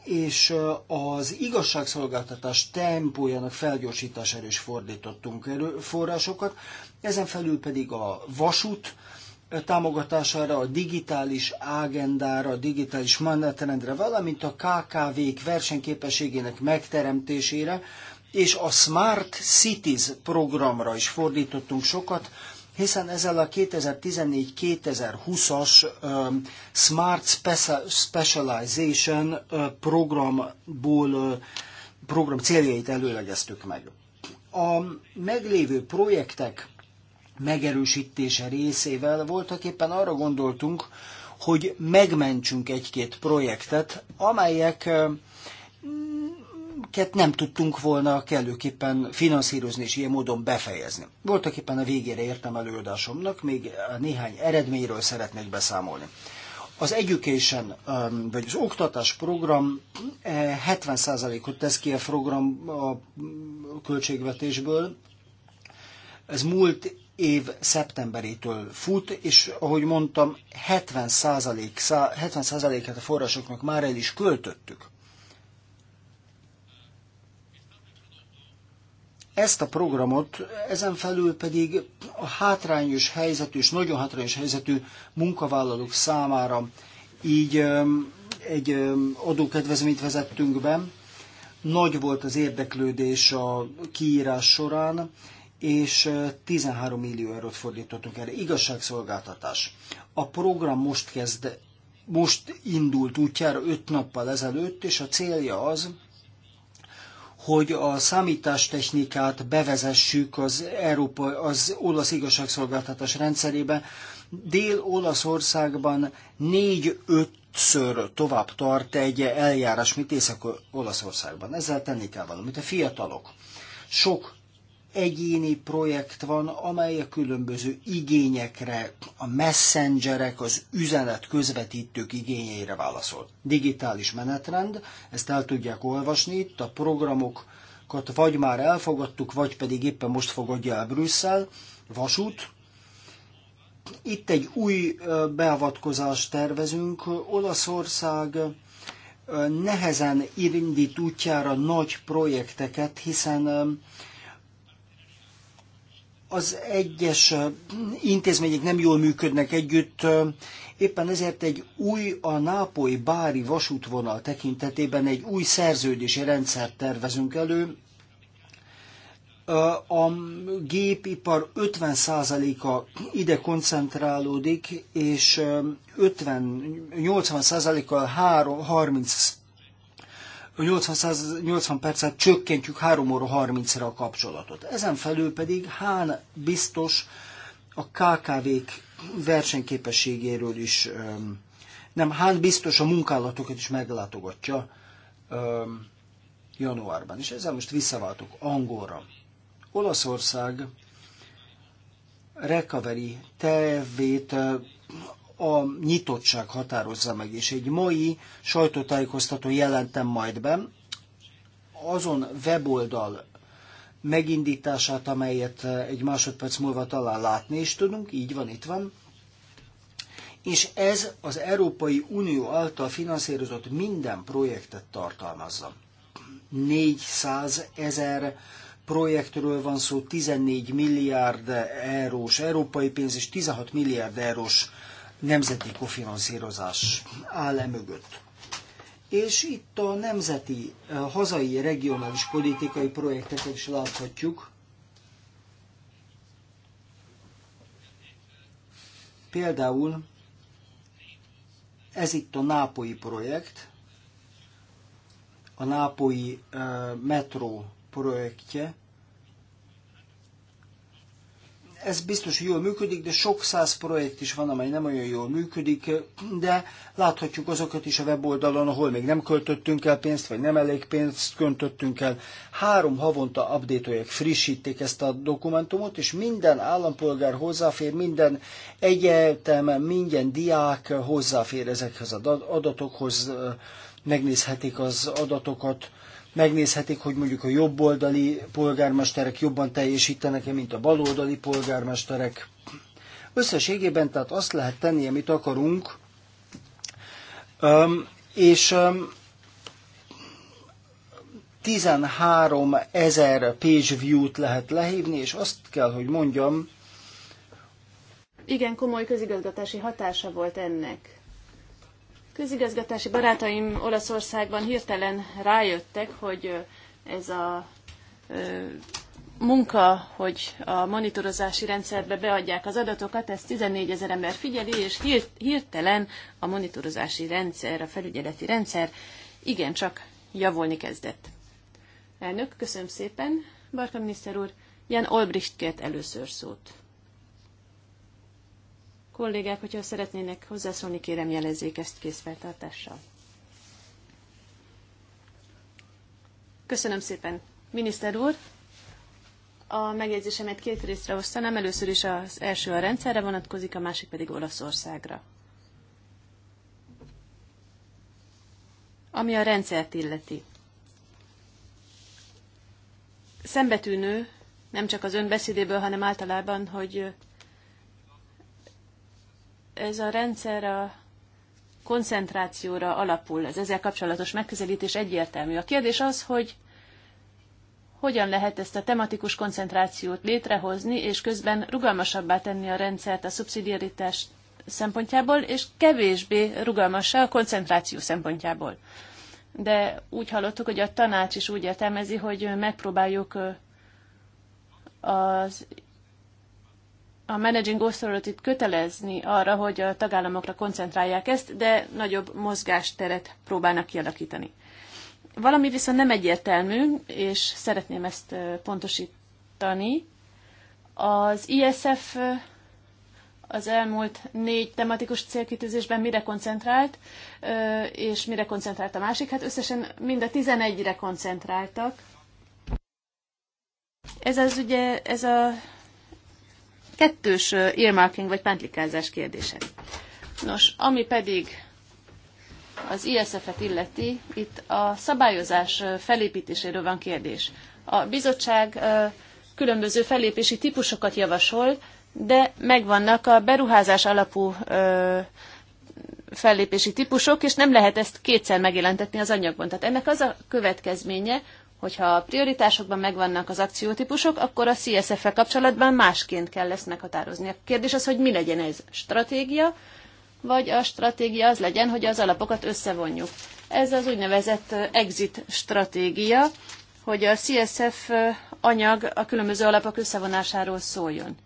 és az igazságszolgáltatás tempójának felgyorsítására is fordítottunk forrásokat, ezen felül pedig a vasút támogatására, a digitális ágendára, a digitális menetrendre, valamint a KKV-k versenyképességének megteremtésére, és a Smart Cities programra is fordítottunk sokat, hiszen ezzel a 2014-2020-as Smart Specialization programból program céljait előlegeztük meg. A meglévő projektek megerősítése részével voltak éppen arra gondoltunk, hogy megmentsünk egy-két projektet, amelyek amiket nem tudtunk volna kellőképpen finanszírozni és ilyen módon befejezni. Voltak éppen a végére értem előadásomnak, még néhány eredményről szeretnék beszámolni. Az education, um, vagy az oktatás program 70%-ot eh, tesz ki a program a költségvetésből. Ez múlt év szeptemberétől fut, és ahogy mondtam, 70%-át 70 a forrásoknak már el is költöttük. Ezt a programot, ezen felül pedig a hátrányos helyzetű és nagyon hátrányos helyzetű munkavállalók számára így egy adókedvezményt vezettünk be. Nagy volt az érdeklődés a kiírás során, és 13 millió eurót fordítottunk erre. Igazságszolgáltatás. A program most kezd, most indult útjára 5 nappal ezelőtt, és a célja az, hogy a számítástechnikát bevezessük az, Európa, az olasz igazságszolgáltatás rendszerébe. Dél-Olaszországban négy-ötször tovább tart egy eljárás, mint Észak-Olaszországban. Ezzel tenni kell valamit. A fiatalok sok egyéni projekt van, amely a különböző igényekre, a messengerek, az üzenet közvetítők igényeire válaszol. Digitális menetrend, ezt el tudják olvasni, itt a programokat vagy már elfogadtuk, vagy pedig éppen most fogadja el Brüsszel, vasút. Itt egy új beavatkozást tervezünk, Olaszország nehezen indít útjára nagy projekteket, hiszen az egyes intézmények nem jól működnek együtt, éppen ezért egy új, a Nápoly-Bári vasútvonal tekintetében egy új szerződési rendszert tervezünk elő, a gépipar 50%-a ide koncentrálódik, és 50, 80%-a 30 80, 80 percet csökkentjük 3 óra 30-ra a kapcsolatot. Ezen felül pedig hán biztos a KKV-k versenyképességéről is, nem, hán biztos a munkálatokat is meglátogatja januárban. És ezzel most visszaváltok angolra. Olaszország recovery tervét a nyitottság határozza meg, és egy mai sajtótájékoztató jelentem majd be, azon weboldal megindítását, amelyet egy másodperc múlva talán látni is tudunk, így van, itt van, és ez az Európai Unió által finanszírozott minden projektet tartalmazza. 400 ezer projektről van szó, 14 milliárd eurós európai pénz és 16 milliárd eurós nemzeti kofinanszírozás áll -e mögött. És itt a nemzeti, a eh, hazai regionális politikai projekteket is láthatjuk. Például ez itt a nápoi projekt, a nápoi uh, eh, metró projektje, ez biztos jól működik, de sok száz projekt is van, amely nem olyan jól működik, de láthatjuk azokat is a weboldalon, ahol még nem költöttünk el pénzt, vagy nem elég pénzt költöttünk el. Három havonta updatolják, frissítik ezt a dokumentumot, és minden állampolgár hozzáfér, minden egyetem, minden diák hozzáfér ezekhez az adatokhoz, megnézhetik az adatokat, megnézhetik, hogy mondjuk a jobboldali polgármesterek jobban teljesítenek-e, mint a baloldali polgármesterek. Összességében tehát azt lehet tenni, amit akarunk, um, és um, 13 ezer page view-t lehet lehívni, és azt kell, hogy mondjam, igen komoly közigazgatási hatása volt ennek közigazgatási barátaim Olaszországban hirtelen rájöttek, hogy ez a munka, hogy a monitorozási rendszerbe beadják az adatokat, ezt 14 ezer ember figyeli, és hirtelen a monitorozási rendszer, a felügyeleti rendszer igencsak javulni kezdett. Elnök, köszönöm szépen. Barka miniszter úr, Jan Olbricht kért először szót. Kollégák, hogyha szeretnének hozzászólni, kérem jelezzék ezt készfeltartással. Köszönöm szépen, miniszter úr! A megjegyzésemet két részre osztanám. Először is az első a rendszerre vonatkozik, a másik pedig Olaszországra. Ami a rendszert illeti. Szembetűnő, nem csak az ön beszédéből, hanem általában, hogy ez a rendszer a koncentrációra alapul, az ezzel kapcsolatos megközelítés egyértelmű. A kérdés az, hogy hogyan lehet ezt a tematikus koncentrációt létrehozni, és közben rugalmasabbá tenni a rendszert a szubszidiaritás szempontjából, és kevésbé rugalmassá a koncentráció szempontjából. De úgy hallottuk, hogy a tanács is úgy értelmezi, hogy megpróbáljuk az a Managing authority kötelezni arra, hogy a tagállamokra koncentrálják ezt, de nagyobb mozgásteret próbálnak kialakítani. Valami viszont nem egyértelmű, és szeretném ezt pontosítani. Az ISF az elmúlt négy tematikus célkitűzésben mire koncentrált, és mire koncentrált a másik. Hát összesen mind a 11-re koncentráltak. Ez az ugye, ez a kettős earmarking vagy pentlikázás kérdése. Nos, ami pedig az ISF-et illeti, itt a szabályozás felépítéséről van kérdés. A bizottság különböző felépési típusokat javasol, de megvannak a beruházás alapú fellépési típusok, és nem lehet ezt kétszer megjelentetni az anyagban. Tehát ennek az a következménye, hogyha a prioritásokban megvannak az akciótípusok, akkor a CSF-fel kapcsolatban másként kell lesz meghatározni. A kérdés az, hogy mi legyen ez stratégia, vagy a stratégia az legyen, hogy az alapokat összevonjuk. Ez az úgynevezett exit stratégia, hogy a CSF anyag a különböző alapok összevonásáról szóljon.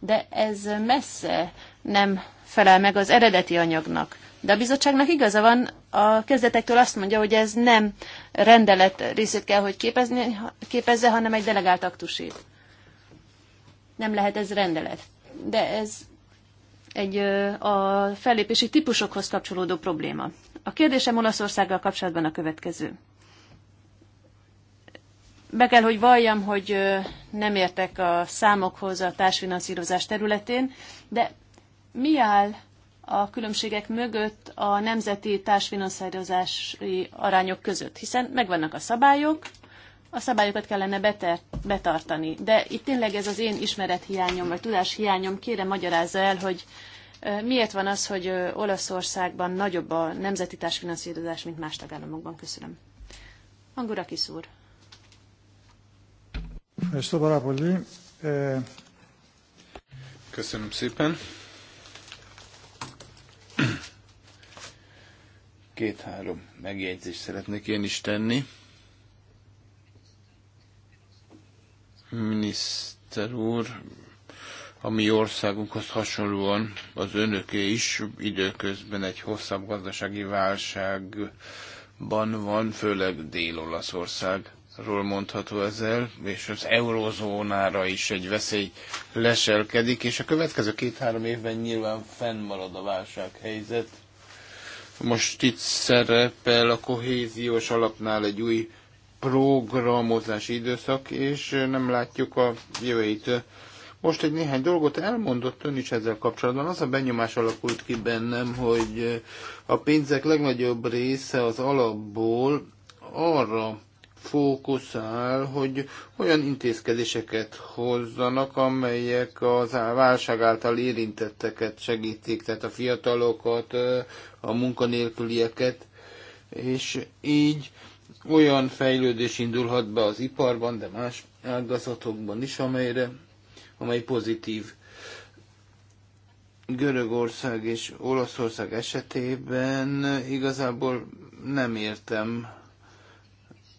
De ez messze nem felel meg az eredeti anyagnak. De a bizottságnak igaza van, a kezdetektől azt mondja, hogy ez nem rendelet részét kell, hogy képezni, képezze, hanem egy delegált aktusét. Nem lehet ez rendelet. De ez egy a fellépési típusokhoz kapcsolódó probléma. A kérdésem Olaszországgal kapcsolatban a következő. Be kell, hogy valljam, hogy nem értek a számokhoz a társfinanszírozás területén, de mi áll a különbségek mögött a nemzeti társfinanszírozási arányok között, hiszen megvannak a szabályok, a szabályokat kellene beter, betartani. De itt tényleg ez az én ismerethiányom, vagy tudáshiányom, kérem magyarázza el, hogy miért van az, hogy Olaszországban nagyobb a nemzeti társfinanszírozás, mint más tagállamokban? Köszönöm. Angura Kiszúr. Köszönöm szépen. Két-három megjegyzést szeretnék én is tenni. Miniszter úr, a mi országunkhoz hasonlóan az önöké is időközben egy hosszabb gazdasági válságban van, főleg Dél-Olaszországról mondható ezzel, és az eurozónára is egy veszély leselkedik, és a következő két-három évben nyilván fennmarad a válsághelyzet. Most itt szerepel a kohéziós alapnál egy új programozási időszak, és nem látjuk a jövőit. Most egy néhány dolgot elmondott ön is ezzel kapcsolatban. Az a benyomás alakult ki bennem, hogy a pénzek legnagyobb része az alapból arra fókuszál, hogy olyan intézkedéseket hozzanak, amelyek az válság által érintetteket segítik, tehát a fiatalokat, a munkanélkülieket, és így olyan fejlődés indulhat be az iparban, de más ágazatokban is, amelyre, amely pozitív. Görögország és Olaszország esetében igazából nem értem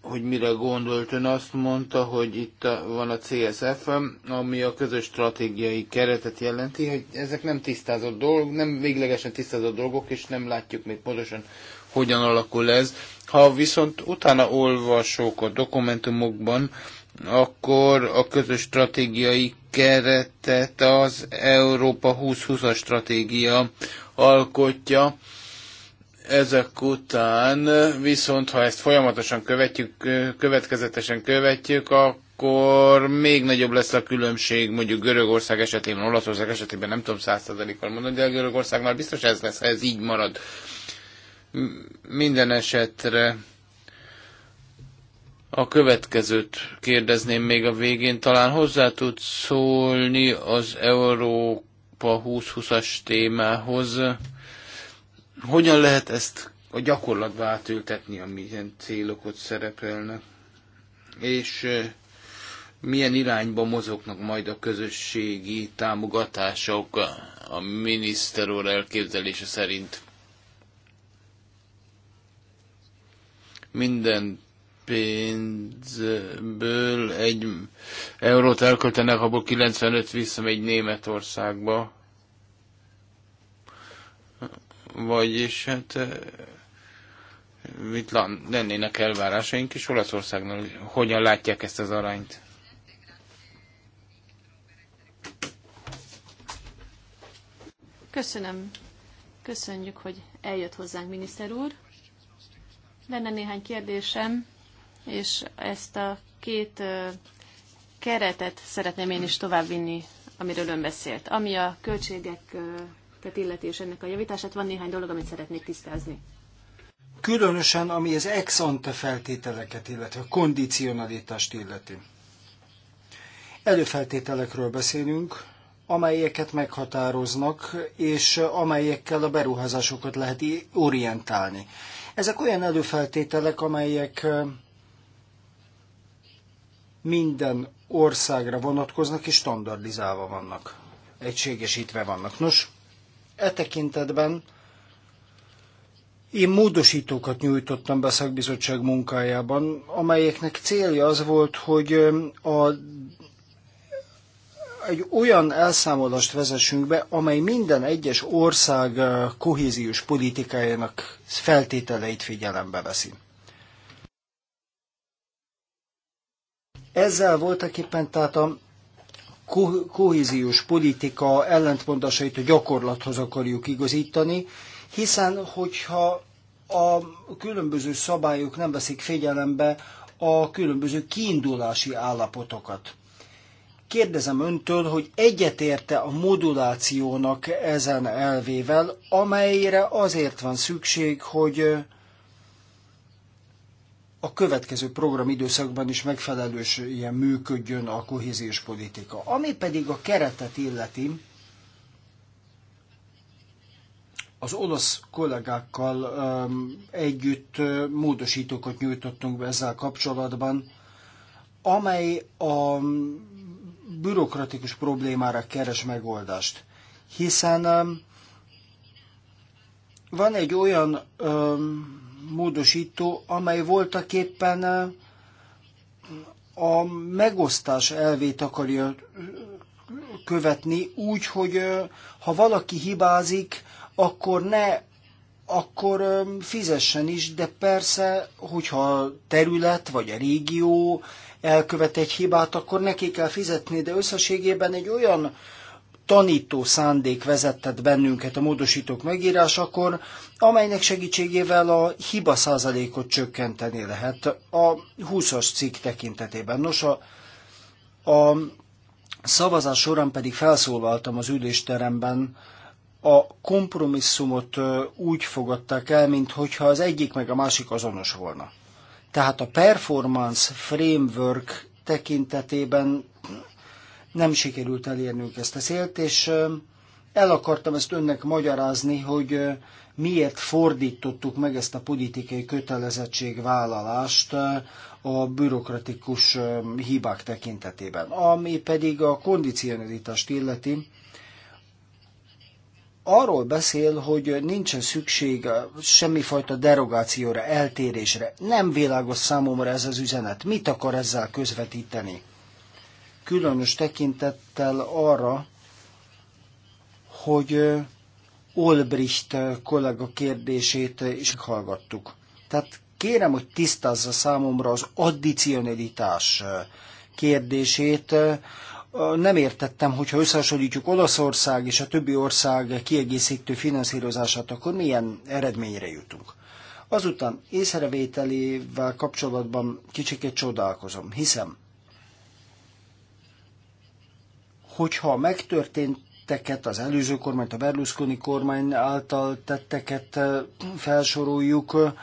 hogy mire gondolt. Ön azt mondta, hogy itt van a CSF, ami a közös stratégiai keretet jelenti, hogy ezek nem tisztázott dolgok, nem véglegesen tisztázott dolgok, és nem látjuk még pontosan, hogyan alakul ez. Ha viszont utána olvasok a dokumentumokban, akkor a közös stratégiai keretet az Európa 2020-as stratégia alkotja, ezek után viszont, ha ezt folyamatosan követjük, következetesen követjük, akkor még nagyobb lesz a különbség, mondjuk Görögország esetében, Olaszország esetében, nem tudom százszerzalékkal mondani, de a Görögországnál biztos ez lesz, ha ez így marad. Minden esetre a következőt kérdezném még a végén. Talán hozzá tud szólni az Európa 2020-as témához. Hogyan lehet ezt a gyakorlatba átültetni, amilyen célok ott szerepelnek? És milyen irányba mozognak majd a közösségi támogatások a miniszter úr elképzelése szerint? Minden pénzből egy eurót elköltenek, abból 95 visszamegy Németországba vagyis hát mit eh, lennének elvárásaink is Olaszországnál, Hogy hogyan látják ezt az arányt? Köszönöm. Köszönjük, hogy eljött hozzánk, miniszter úr. Lenne néhány kérdésem, és ezt a két eh, keretet szeretném én is továbbvinni, amiről ön beszélt. Ami a költségek eh, tehát illeti és ennek a javítását. Van néhány dolog, amit szeretnék tisztázni. Különösen, ami az ex ante feltételeket, illetve a kondicionalitást illeti. Előfeltételekről beszélünk, amelyeket meghatároznak, és amelyekkel a beruházásokat lehet orientálni. Ezek olyan előfeltételek, amelyek minden országra vonatkoznak és standardizálva vannak, egységesítve vannak. Nos, E tekintetben én módosítókat nyújtottam be a szakbizottság munkájában, amelyeknek célja az volt, hogy a, egy olyan elszámolást vezessünk be, amely minden egyes ország kohéziós politikájának feltételeit figyelembe veszi. Ezzel voltak éppen tehát a ko- kohéziós politika ellentmondásait a gyakorlathoz akarjuk igazítani, hiszen hogyha a különböző szabályok nem veszik figyelembe a különböző kiindulási állapotokat. Kérdezem öntől, hogy egyetérte a modulációnak ezen elvével, amelyre azért van szükség, hogy a következő program időszakban is megfelelős ilyen működjön a kohéziós politika. Ami pedig a keretet illeti, az olasz kollégákkal um, együtt uh, módosítókat nyújtottunk be ezzel kapcsolatban, amely a bürokratikus problémára keres megoldást. Hiszen um, van egy olyan um, módosító, amely voltak éppen a megosztás elvét akarja követni úgy, hogy ha valaki hibázik, akkor ne akkor fizessen is, de persze, hogyha a terület vagy a régió elkövet egy hibát, akkor neki kell fizetni, de összességében egy olyan tanító szándék vezetett bennünket a módosítók megírásakor, amelynek segítségével a hiba százalékot csökkenteni lehet a 20-as cikk tekintetében. Nos, a, a szavazás során pedig felszólaltam az ülésteremben, a kompromisszumot úgy fogadták el, mintha az egyik meg a másik azonos volna. Tehát a performance framework tekintetében nem sikerült elérnünk ezt a célt, és el akartam ezt önnek magyarázni, hogy miért fordítottuk meg ezt a politikai kötelezettségvállalást a bürokratikus hibák tekintetében. Ami pedig a kondicionalitást illeti, arról beszél, hogy nincsen szükség semmifajta derogációra, eltérésre. Nem világos számomra ez az üzenet. Mit akar ezzel közvetíteni? különös tekintettel arra, hogy Olbricht kollega kérdését is hallgattuk. Tehát kérem, hogy tisztázza számomra az addicionalitás kérdését. Nem értettem, hogyha összehasonlítjuk Olaszország és a többi ország kiegészítő finanszírozását, akkor milyen eredményre jutunk. Azután észrevételével kapcsolatban kicsikét csodálkozom, hiszem hogyha megtörténteket, az előző kormányt, a Berlusconi kormány által tetteket felsoroljuk,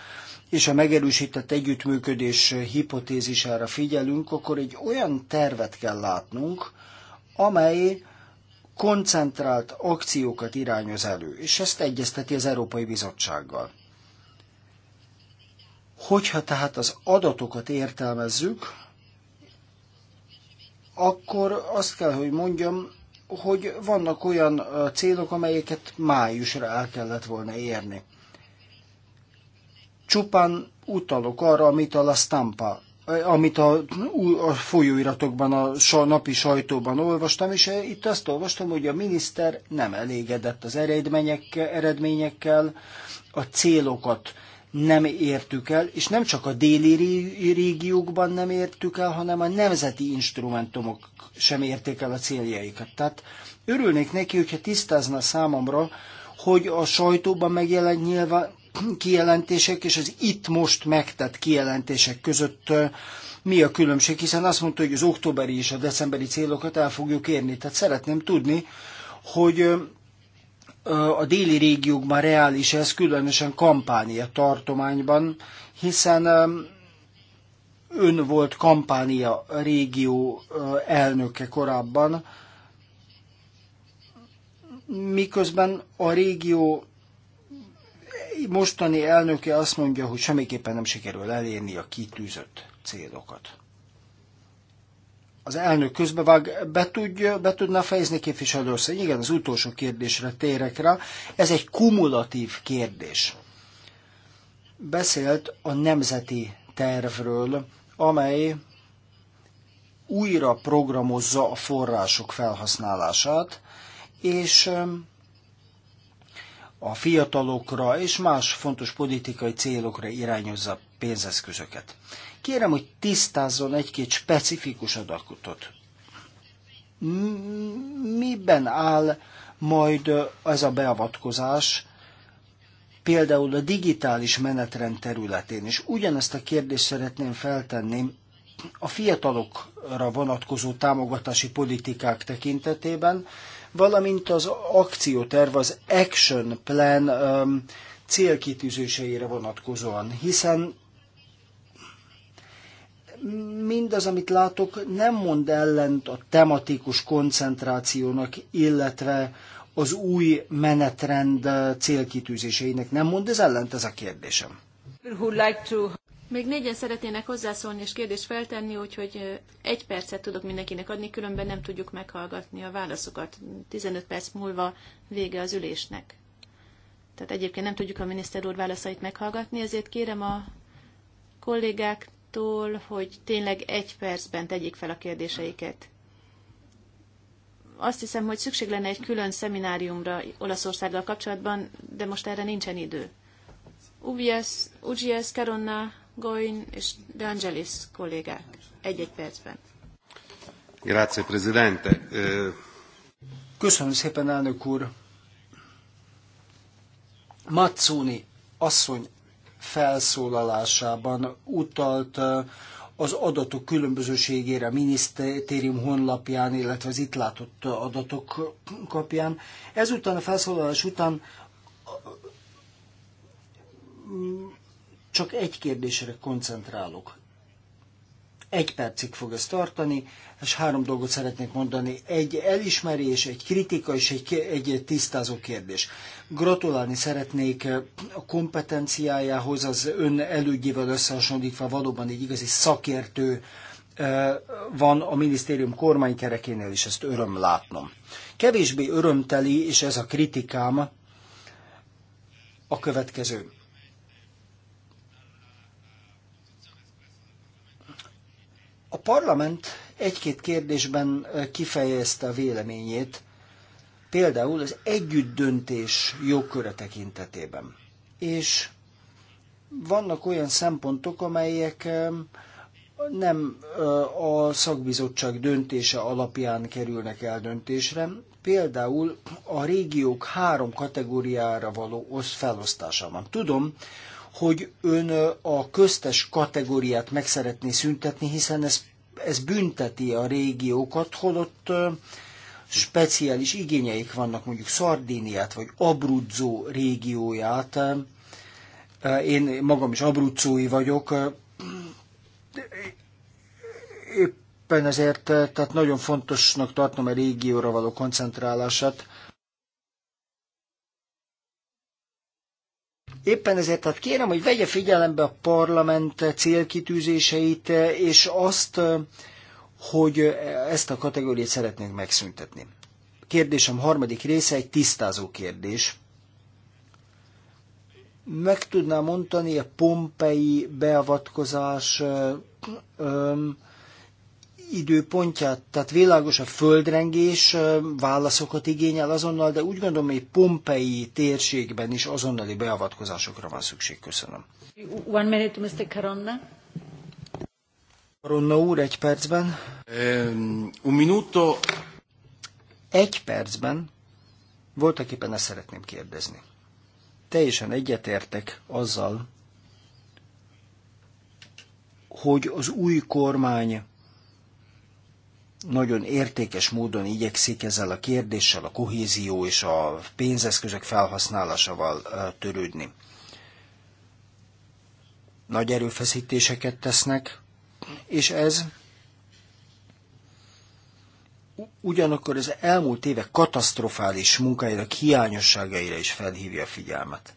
és a megerősített együttműködés hipotézisára figyelünk, akkor egy olyan tervet kell látnunk, amely koncentrált akciókat irányoz elő, és ezt egyezteti az Európai Bizottsággal. Hogyha tehát az adatokat értelmezzük, akkor azt kell, hogy mondjam, hogy vannak olyan célok, amelyeket májusra el kellett volna érni. Csupán utalok arra, amit a La Stampa, amit a, a folyóiratokban, a napi sajtóban olvastam, és itt azt olvastam, hogy a miniszter nem elégedett az eredményekkel, eredményekkel a célokat nem értük el, és nem csak a déli régiókban nem értük el, hanem a nemzeti instrumentumok sem érték el a céljaikat. Tehát örülnék neki, hogyha tisztázna számomra, hogy a sajtóban megjelent nyilván kijelentések és az itt most megtett kijelentések között mi a különbség, hiszen azt mondta, hogy az októberi és a decemberi célokat el fogjuk érni. Tehát szeretném tudni, hogy a déli régiókban reális ez, különösen Kampánia tartományban, hiszen ön volt Kampánia régió elnöke korábban, miközben a régió mostani elnöke azt mondja, hogy semmiképpen nem sikerül elérni a kitűzött célokat. Az elnök közbevág, be, tudj, be tudná fejezni képviselőország? Igen, az utolsó kérdésre térek rá. Ez egy kumulatív kérdés. Beszélt a nemzeti tervről, amely újra programozza a források felhasználását, és a fiatalokra és más fontos politikai célokra irányozza pénzeszközöket. Kérem, hogy tisztázzon egy-két specifikus adakutot. Miben áll majd ez a beavatkozás, például a digitális menetrend területén? És ugyanezt a kérdést szeretném feltenni a fiatalokra vonatkozó támogatási politikák tekintetében, valamint az akcióterv, az action plan um, célkitűzéseire vonatkozóan, hiszen mindaz, amit látok, nem mond ellent a tematikus koncentrációnak, illetve az új menetrend célkitűzéseinek. Nem mond ez ellent ez a kérdésem. Még négyen szeretnének hozzászólni és kérdést feltenni, úgyhogy eh, egy percet tudok mindenkinek adni, különben nem tudjuk meghallgatni a válaszokat. 15 perc múlva vége az ülésnek. Tehát egyébként nem tudjuk a miniszter úr válaszait meghallgatni, ezért kérem a kollégák attól, hogy tényleg egy percben tegyék fel a kérdéseiket. Azt hiszem, hogy szükség lenne egy külön szemináriumra Olaszországgal kapcsolatban, de most erre nincsen idő. UGS, Caronna, Goin és De Angelis kollégák. Egy-egy percben. Grazie, Presidente. Eh, Köszönöm szépen, elnök úr. Mazzoni asszony felszólalásában utalt az adatok különbözőségére a minisztérium honlapján, illetve az itt látott adatok kapján. Ezután a felszólalás után csak egy kérdésre koncentrálok. Egy percig fog ez tartani, és három dolgot szeretnék mondani. Egy elismerés, egy kritika és egy, egy tisztázó kérdés. Gratulálni szeretnék eh, a kompetenciájához, az ön elődjével összehasonlítva valóban egy igazi szakértő eh, van a minisztérium kormánykerekénél, és ezt öröm látnom. Kevésbé örömteli, és ez a kritikám, a következő. A parlament egy-két kérdésben kifejezte a véleményét, például az együttdöntés jogköre tekintetében. És vannak olyan szempontok, amelyek nem a szakbizottság döntése alapján kerülnek eldöntésre, például a régiók három kategóriára való felosztása van. Tudom, hogy ön a köztes kategóriát meg szeretné szüntetni, hiszen ez, ez bünteti a régiókat, holott speciális igényeik vannak, mondjuk Szardíniát vagy Abruzzo régióját. Én magam is abruzzói vagyok. Éppen ezért tehát nagyon fontosnak tartom a régióra való koncentrálását Éppen ezért tehát kérem, hogy vegye figyelembe a parlament célkitűzéseit, és azt, hogy ezt a kategóriát szeretnénk megszüntetni. Kérdésem harmadik része egy tisztázó kérdés. Meg tudná mondani a pompei beavatkozás időpontját, tehát világos a földrengés válaszokat igényel azonnal, de úgy gondolom, hogy Pompei térségben is azonnali beavatkozásokra van szükség. Köszönöm. One minute, Mr. Caronna. Caronna úr, egy percben. Um, un minuto. Egy percben voltak éppen ezt szeretném kérdezni. Teljesen egyetértek azzal, hogy az új kormány nagyon értékes módon igyekszik ezzel a kérdéssel a kohézió és a pénzeszközök felhasználásával törődni. Nagy erőfeszítéseket tesznek, és ez ugyanakkor az elmúlt évek katasztrofális munkájának hiányosságaira is felhívja a figyelmet.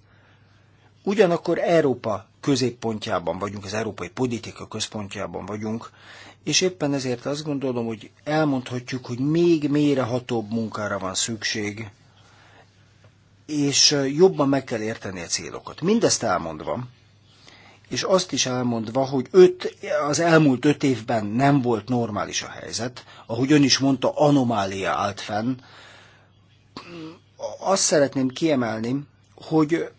Ugyanakkor Európa középpontjában vagyunk, az európai politika központjában vagyunk, és éppen ezért azt gondolom, hogy elmondhatjuk, hogy még mélyrehatóbb munkára van szükség, és jobban meg kell érteni a célokat. Mindezt elmondva, és azt is elmondva, hogy öt, az elmúlt öt évben nem volt normális a helyzet, ahogy ön is mondta, anomália állt fenn. Azt szeretném kiemelni, hogy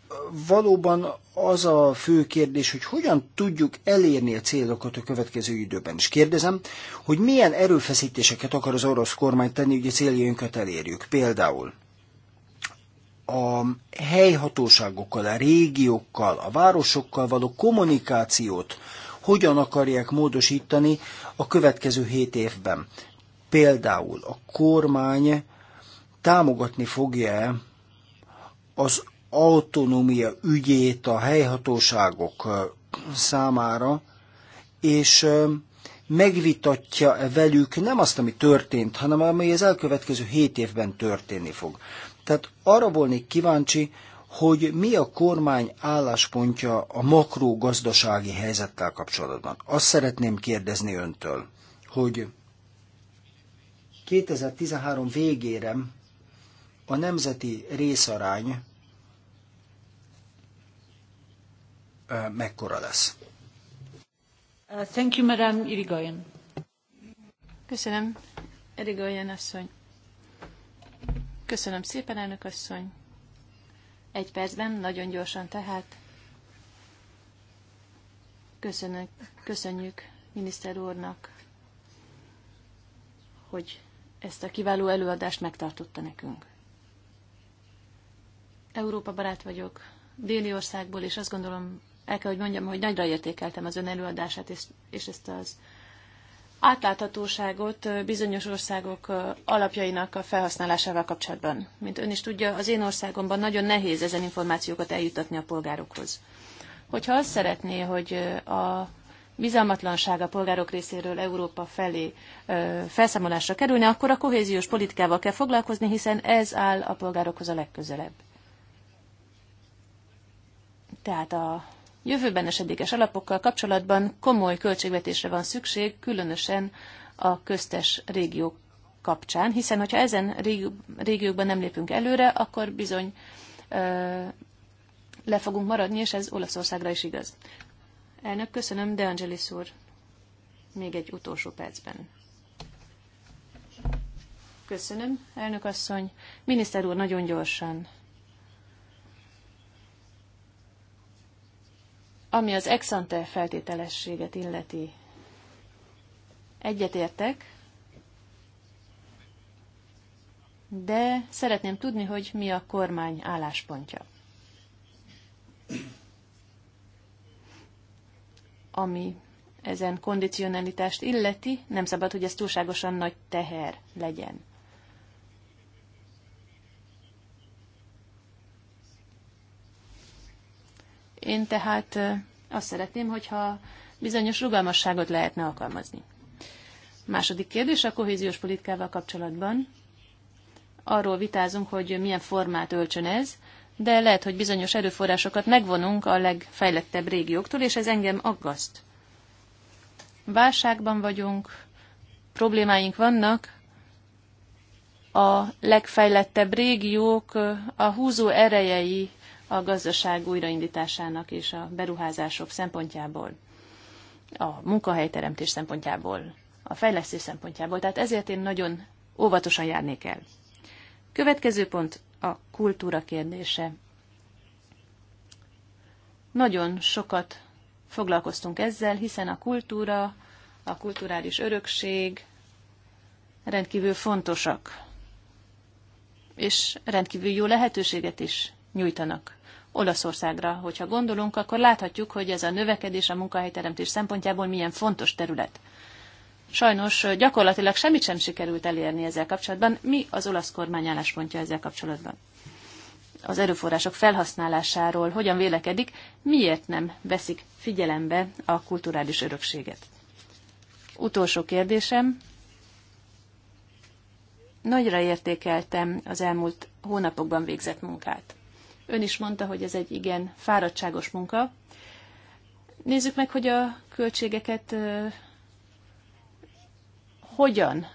valóban az a fő kérdés, hogy hogyan tudjuk elérni a célokat a következő időben. És kérdezem, hogy milyen erőfeszítéseket akar az orosz kormány tenni, hogy a céljainkat elérjük. Például a helyhatóságokkal, a régiókkal, a városokkal való kommunikációt hogyan akarják módosítani a következő hét évben. Például a kormány támogatni fogja az autonómia ügyét a helyhatóságok számára, és megvitatja -e velük nem azt, ami történt, hanem ami az elkövetkező hét évben történni fog. Tehát arra volnék kíváncsi, hogy mi a kormány álláspontja a makrogazdasági helyzettel kapcsolatban. Azt szeretném kérdezni öntől, hogy 2013 végére a nemzeti részarány mekkora lesz. Thank you, Madam Irigoyen. Köszönöm, Irigoyen asszony. Köszönöm szépen, elnök asszony. Egy percben, nagyon gyorsan tehát. Köszönök, köszönjük miniszter úrnak, hogy ezt a kiváló előadást megtartotta nekünk. Európa barát vagyok, déli országból, és azt gondolom el kell, hogy mondjam, hogy nagyra értékeltem az ön előadását, és, és ezt az átláthatóságot bizonyos országok alapjainak a felhasználásával kapcsolatban. Mint ön is tudja, az én országomban nagyon nehéz ezen információkat eljutatni a polgárokhoz. Hogyha azt szeretné, hogy a bizalmatlanság a polgárok részéről Európa felé ö, felszámolásra kerülne, akkor a kohéziós politikával kell foglalkozni, hiszen ez áll a polgárokhoz a legközelebb. Tehát a jövőben esedékes alapokkal kapcsolatban komoly költségvetésre van szükség, különösen a köztes régiók kapcsán, hiszen hogyha ezen régiókban nem lépünk előre, akkor bizony le fogunk maradni, és ez Olaszországra is igaz. Elnök, köszönöm, De Angelis úr, még egy utolsó percben. Köszönöm, elnök asszony. Miniszter úr, nagyon gyorsan. Ami az exante feltételességet illeti, egyetértek, de szeretném tudni, hogy mi a kormány álláspontja. Ami ezen kondicionalitást illeti, nem szabad, hogy ez túlságosan nagy teher legyen. Én tehát azt szeretném, hogyha bizonyos rugalmasságot lehetne alkalmazni. Második kérdés a kohéziós politikával kapcsolatban. Arról vitázunk, hogy milyen formát öltsön ez, de lehet, hogy bizonyos erőforrásokat megvonunk a legfejlettebb régióktól, és ez engem aggaszt. Válságban vagyunk, problémáink vannak, a legfejlettebb régiók a húzó erejei a gazdaság újraindításának és a beruházások szempontjából, a munkahelyteremtés szempontjából, a fejlesztés szempontjából. Tehát ezért én nagyon óvatosan járnék el. Következő pont a kultúra kérdése. Nagyon sokat foglalkoztunk ezzel, hiszen a kultúra, a kulturális örökség rendkívül fontosak, és rendkívül jó lehetőséget is nyújtanak Olaszországra, hogyha gondolunk, akkor láthatjuk, hogy ez a növekedés a munkahelyteremtés szempontjából milyen fontos terület. Sajnos gyakorlatilag semmit sem sikerült elérni ezzel kapcsolatban. Mi az olasz kormány álláspontja ezzel kapcsolatban? Az erőforrások felhasználásáról hogyan vélekedik, miért nem veszik figyelembe a kulturális örökséget? Utolsó kérdésem. Nagyra értékeltem az elmúlt hónapokban végzett munkát. Ön is mondta, hogy ez egy igen fáradtságos munka. Nézzük meg, hogy a költségeket hogyan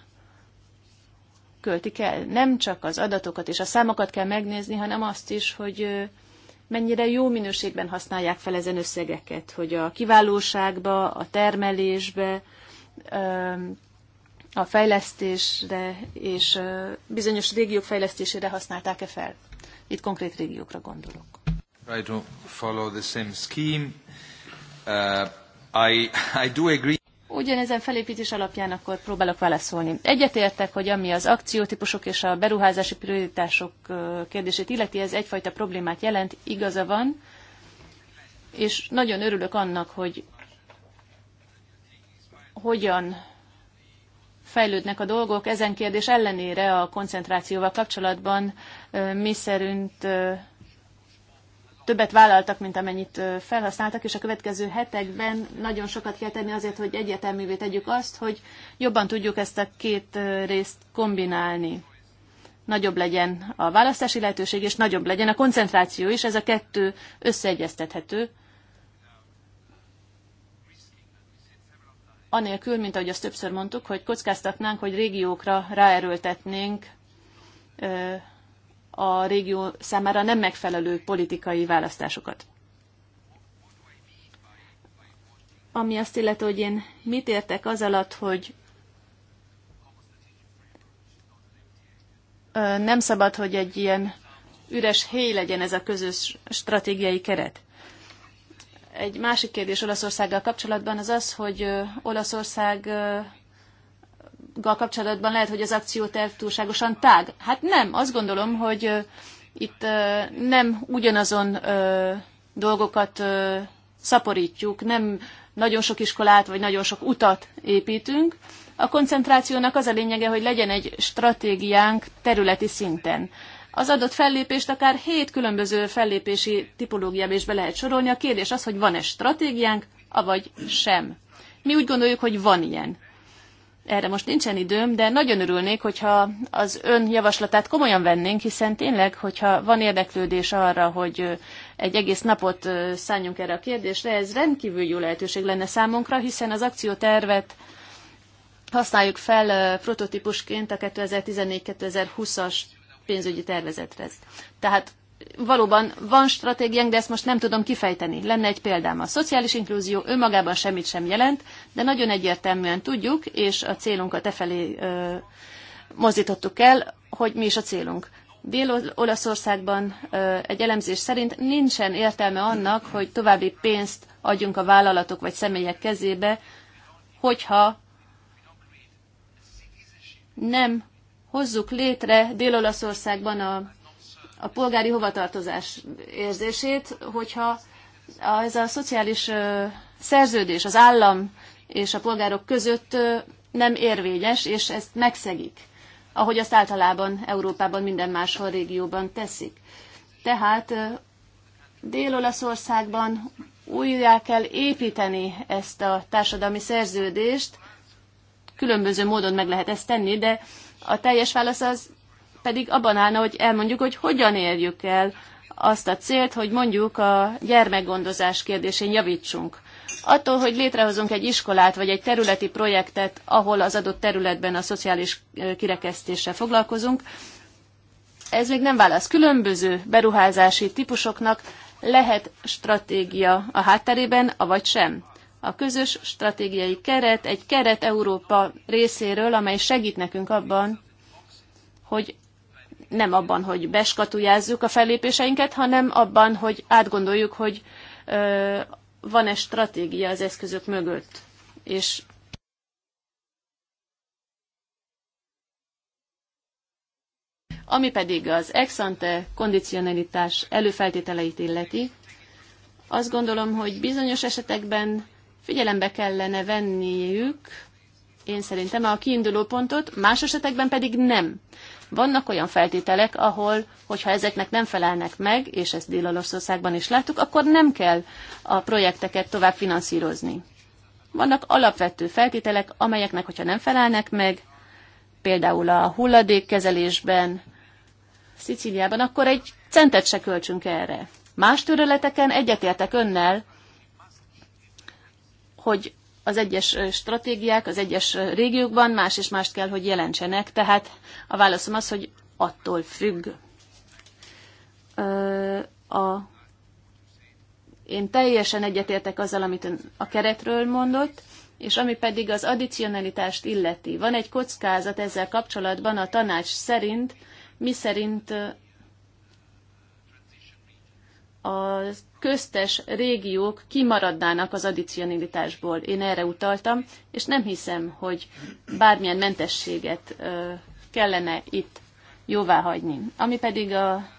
költik el. Nem csak az adatokat és a számokat kell megnézni, hanem azt is, hogy mennyire jó minőségben használják fel ezen összegeket, hogy a kiválóságba, a termelésbe, a fejlesztésre és bizonyos régiók fejlesztésére használták-e fel. Itt konkrét régiókra gondolok. I don't follow the same scheme. Uh, I, I do agree. Ugyanezen felépítés alapján akkor próbálok válaszolni. Egyetértek, hogy ami az akciótípusok és a beruházási prioritások uh, kérdését illeti, ez egyfajta problémát jelent, igaza van, és nagyon örülök annak, hogy hogyan fejlődnek a dolgok. Ezen kérdés ellenére a koncentrációval kapcsolatban mi szerint többet vállaltak, mint amennyit felhasználtak, és a következő hetekben nagyon sokat kell tenni azért, hogy egyértelművé tegyük azt, hogy jobban tudjuk ezt a két részt kombinálni. Nagyobb legyen a választási lehetőség, és nagyobb legyen a koncentráció is, ez a kettő összeegyeztethető. anélkül, mint ahogy azt többször mondtuk, hogy kockáztatnánk, hogy régiókra ráerőltetnénk a régió számára nem megfelelő politikai választásokat. Ami azt illeti, hogy én mit értek az alatt, hogy nem szabad, hogy egy ilyen üres hely legyen ez a közös stratégiai keret. Egy másik kérdés Olaszországgal kapcsolatban az az, hogy Olaszország kapcsolatban lehet, hogy az akcióterv túlságosan tág. Hát nem, azt gondolom, hogy itt nem ugyanazon dolgokat szaporítjuk, nem nagyon sok iskolát vagy nagyon sok utat építünk. A koncentrációnak az a lényege, hogy legyen egy stratégiánk területi szinten. Az adott fellépést akár hét különböző fellépési tipológiába is be lehet sorolni. A kérdés az, hogy van-e stratégiánk, avagy sem. Mi úgy gondoljuk, hogy van ilyen. Erre most nincsen időm, de nagyon örülnék, hogyha az ön javaslatát komolyan vennénk, hiszen tényleg, hogyha van érdeklődés arra, hogy egy egész napot szálljunk erre a kérdésre, ez rendkívül jó lehetőség lenne számunkra, hiszen az akciótervet használjuk fel prototípusként a 2014-2020-as pénzügyi tervezetre. Tehát valóban van stratégiánk, de ezt most nem tudom kifejteni. Lenne egy példám. A szociális inkluzió önmagában semmit sem jelent, de nagyon egyértelműen tudjuk, és a célunkat e felé ö, mozdítottuk el, hogy mi is a célunk. Dél-Olaszországban egy elemzés szerint nincsen értelme annak, hogy további pénzt adjunk a vállalatok vagy személyek kezébe, hogyha nem hozzuk létre Dél-Olaszországban a, a polgári hovatartozás érzését, hogyha ez a szociális szerződés az állam és a polgárok között nem érvényes, és ezt megszegik, ahogy azt általában Európában minden máshol régióban teszik. Tehát Dél-Olaszországban újjá kell építeni ezt a társadalmi szerződést, különböző módon meg lehet ezt tenni, de a teljes válasz az pedig abban állna, hogy elmondjuk, hogy hogyan érjük el azt a célt, hogy mondjuk a gyermekgondozás kérdésén javítsunk. Attól, hogy létrehozunk egy iskolát vagy egy területi projektet, ahol az adott területben a szociális kirekesztéssel foglalkozunk, ez még nem válasz. Különböző beruházási típusoknak lehet stratégia a hátterében, avagy sem a közös stratégiai keret, egy keret Európa részéről, amely segít nekünk abban, hogy nem abban, hogy beskatujázzuk a fellépéseinket, hanem abban, hogy átgondoljuk, hogy van-e stratégia az eszközök mögött, és Ami pedig az ex-ante kondicionalitás előfeltételeit illeti, azt gondolom, hogy bizonyos esetekben Figyelembe kellene venniük, én szerintem a kiinduló pontot, más esetekben pedig nem. Vannak olyan feltételek, ahol, hogyha ezeknek nem felelnek meg, és ezt Dél-Olaszországban is láttuk, akkor nem kell a projekteket tovább finanszírozni. Vannak alapvető feltételek, amelyeknek, hogyha nem felelnek meg, például a hulladékkezelésben, Szicíliában, akkor egy centet se költsünk erre. Más töröleteken egyetértek önnel, hogy az egyes stratégiák az egyes régiókban más és mást kell, hogy jelentsenek. Tehát a válaszom az, hogy attól függ. a, én teljesen egyetértek azzal, amit a keretről mondott, és ami pedig az addicionalitást illeti. Van egy kockázat ezzel kapcsolatban a tanács szerint, mi szerint a köztes régiók kimaradnának az addicionalitásból. Én erre utaltam, és nem hiszem, hogy bármilyen mentességet kellene itt jóvá hagyni. Ami pedig a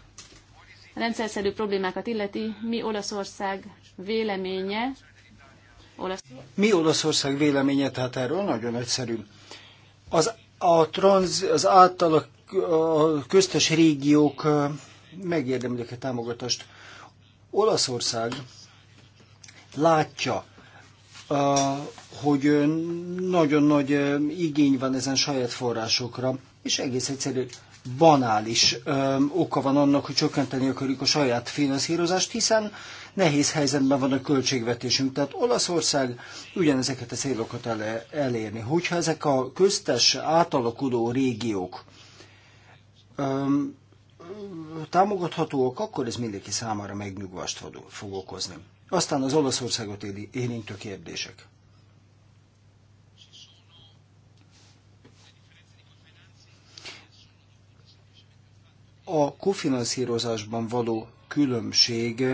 rendszerszerű problémákat illeti, mi Olaszország véleménye, Olasz... Mi Olaszország véleménye tehát erről nagyon egyszerű. Az, a transz, az által a, a köztes régiók megérdemlik a támogatást. Olaszország látja, hogy nagyon nagy igény van ezen saját forrásokra, és egész egyszerű banális oka van annak, hogy csökkenteni akarjuk a saját finanszírozást, hiszen nehéz helyzetben van a költségvetésünk. Tehát Olaszország ugyanezeket a célokat elérni. Hogyha ezek a köztes átalakuló régiók támogathatóak, akkor ez mindenki számára megnyugvást fog okozni. Aztán az Olaszországot érintő kérdések. A kofinanszírozásban való különbség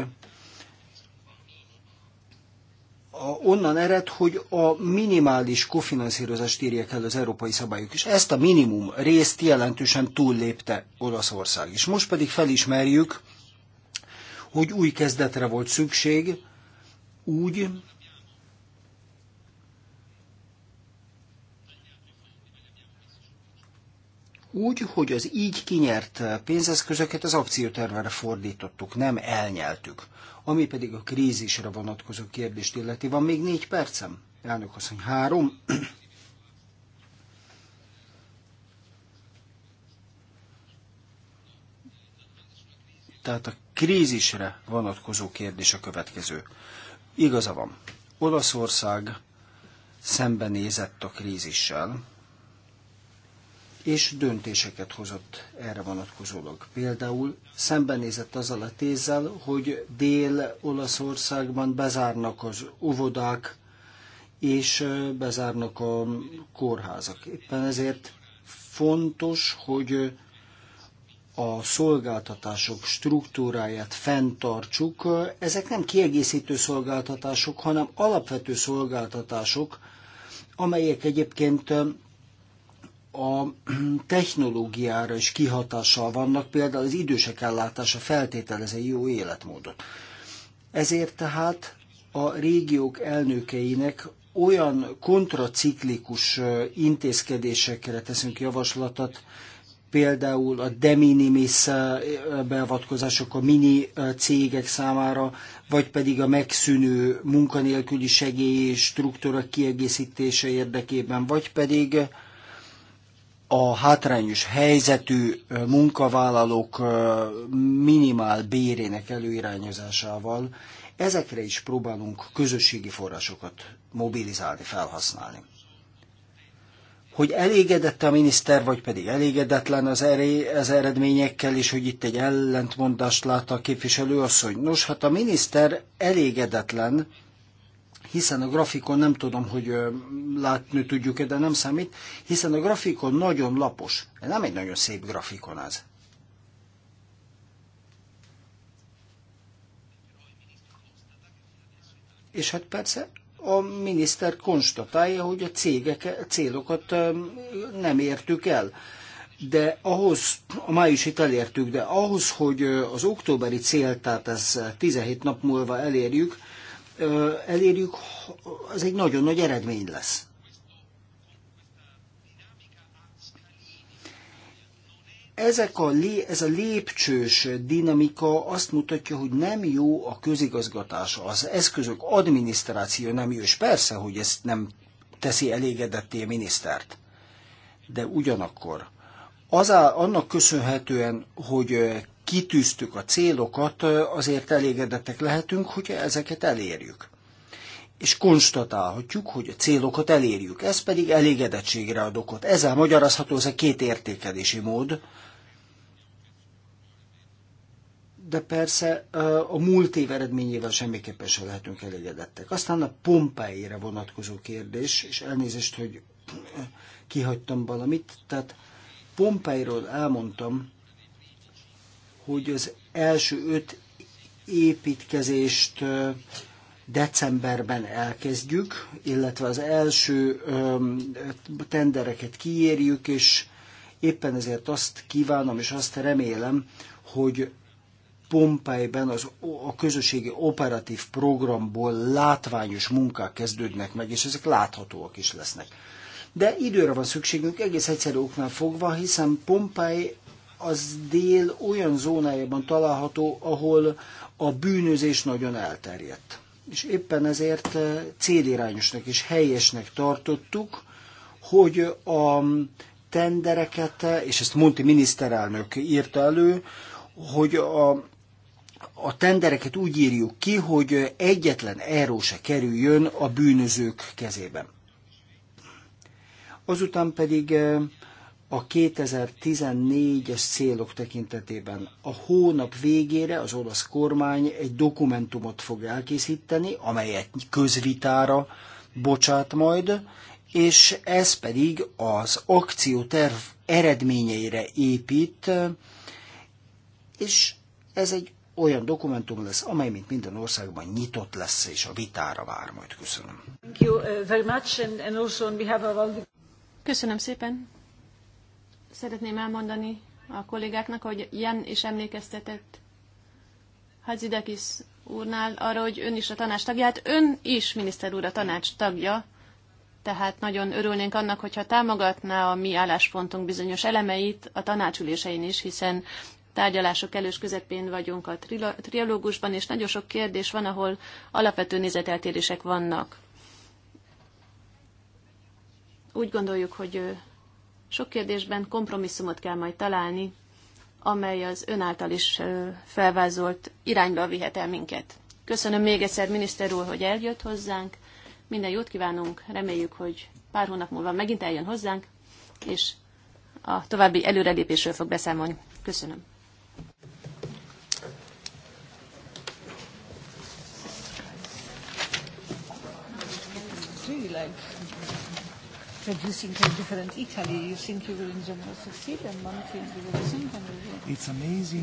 onnan ered, hogy a minimális kofinanszírozást írják el az európai szabályok, és ezt a minimum részt jelentősen túllépte Olaszország. És most pedig felismerjük, hogy új kezdetre volt szükség, úgy, úgy, hogy az így kinyert pénzeszközöket az akciótervere fordítottuk, nem elnyeltük. Ami pedig a krízisre vonatkozó kérdést illeti, van még négy percem. Elnök asszony, három. Tehát a krízisre vonatkozó kérdés a következő. Igaza van. Olaszország szembenézett a krízissel, és döntéseket hozott erre vonatkozólag. Például szembenézett azzal a tézzel, hogy Dél-Olaszországban bezárnak az óvodák, és bezárnak a kórházak. Éppen ezért fontos, hogy a szolgáltatások struktúráját fenntartsuk. Ezek nem kiegészítő szolgáltatások, hanem alapvető szolgáltatások, amelyek egyébként a technológiára is kihatással vannak, például az idősek ellátása feltételez egy jó életmódot. Ezért tehát a régiók elnökeinek olyan kontraciklikus intézkedésekre teszünk javaslatot, például a de minimis beavatkozások a mini cégek számára, vagy pedig a megszűnő munkanélküli segély struktúra kiegészítése érdekében, vagy pedig a hátrányos helyzetű munkavállalók minimál bérének előirányozásával, ezekre is próbálunk közösségi forrásokat mobilizálni, felhasználni. Hogy elégedett a miniszter, vagy pedig elégedetlen az, eré, az eredményekkel, és hogy itt egy ellentmondást lát a képviselőasszony. Nos, hát a miniszter elégedetlen, hiszen a grafikon nem tudom, hogy látni tudjuk-e, de nem számít, hiszen a grafikon nagyon lapos. Nem egy nagyon szép grafikon az. És hát persze a miniszter konstatálja, hogy a cégek a célokat nem értük el. De ahhoz, a májusit elértük, de ahhoz, hogy az októberi cél, tehát ez 17 nap múlva elérjük, elérjük, az egy nagyon nagy eredmény lesz. Ezek a, ez a lépcsős dinamika azt mutatja, hogy nem jó a közigazgatás, az eszközök adminisztráció nem jó, és persze, hogy ezt nem teszi elégedetté a minisztert. De ugyanakkor az áll, annak köszönhetően, hogy kitűztük a célokat, azért elégedettek lehetünk, hogyha ezeket elérjük. És konstatálhatjuk, hogy a célokat elérjük, ez pedig elégedettségre ad okot. Ezzel magyarázható ez a két értékelési mód, de persze a múlt év eredményével semmiképpen sem lehetünk elégedettek. Aztán a Pompájére vonatkozó kérdés, és elnézést, hogy kihagytam valamit, tehát Pompájról elmondtam, hogy az első öt építkezést decemberben elkezdjük, illetve az első tendereket kiírjuk, és éppen ezért azt kívánom és azt remélem, hogy Pompejben az, a közösségi operatív programból látványos munkák kezdődnek meg, és ezek láthatóak is lesznek. De időre van szükségünk egész egyszerű oknál fogva, hiszen Pompej az dél olyan zónájában található, ahol a bűnözés nagyon elterjedt. És éppen ezért eh, célirányosnak és helyesnek tartottuk, hogy a tendereket, eh, és ezt Monti miniszterelnök írta elő, hogy a, a tendereket úgy írjuk ki, hogy egyetlen erő se kerüljön a bűnözők kezébe. Azután pedig eh, a 2014-es célok tekintetében. A hónap végére az olasz kormány egy dokumentumot fog elkészíteni, amelyet közvitára bocsát majd, és ez pedig az akcióterv eredményeire épít, és ez egy olyan dokumentum lesz, amely, mint minden országban nyitott lesz, és a vitára vár majd. Köszönöm. Uh, Köszönöm szépen szeretném elmondani a kollégáknak, hogy jen is emlékeztetett Hadzidekis úrnál arra, hogy ön is a tanács tagja, hát ön is miniszter úr a tanács tagja, tehát nagyon örülnénk annak, hogyha támogatná a mi álláspontunk bizonyos elemeit a tanácsülésein is, hiszen tárgyalások elős közepén vagyunk a trialógusban, és nagyon sok kérdés van, ahol alapvető nézeteltérések vannak. Úgy gondoljuk, hogy sok kérdésben kompromisszumot kell majd találni, amely az ön által is felvázolt irányba vihet el minket. Köszönöm még egyszer, miniszter úr, hogy eljött hozzánk. Minden jót kívánunk, reméljük, hogy pár hónap múlva megint eljön hozzánk, és a további előrelépésről fog beszámolni. Köszönöm. really producing a different Italy. You think you will in general succeed, and one thing you will think, and you will. It's amazing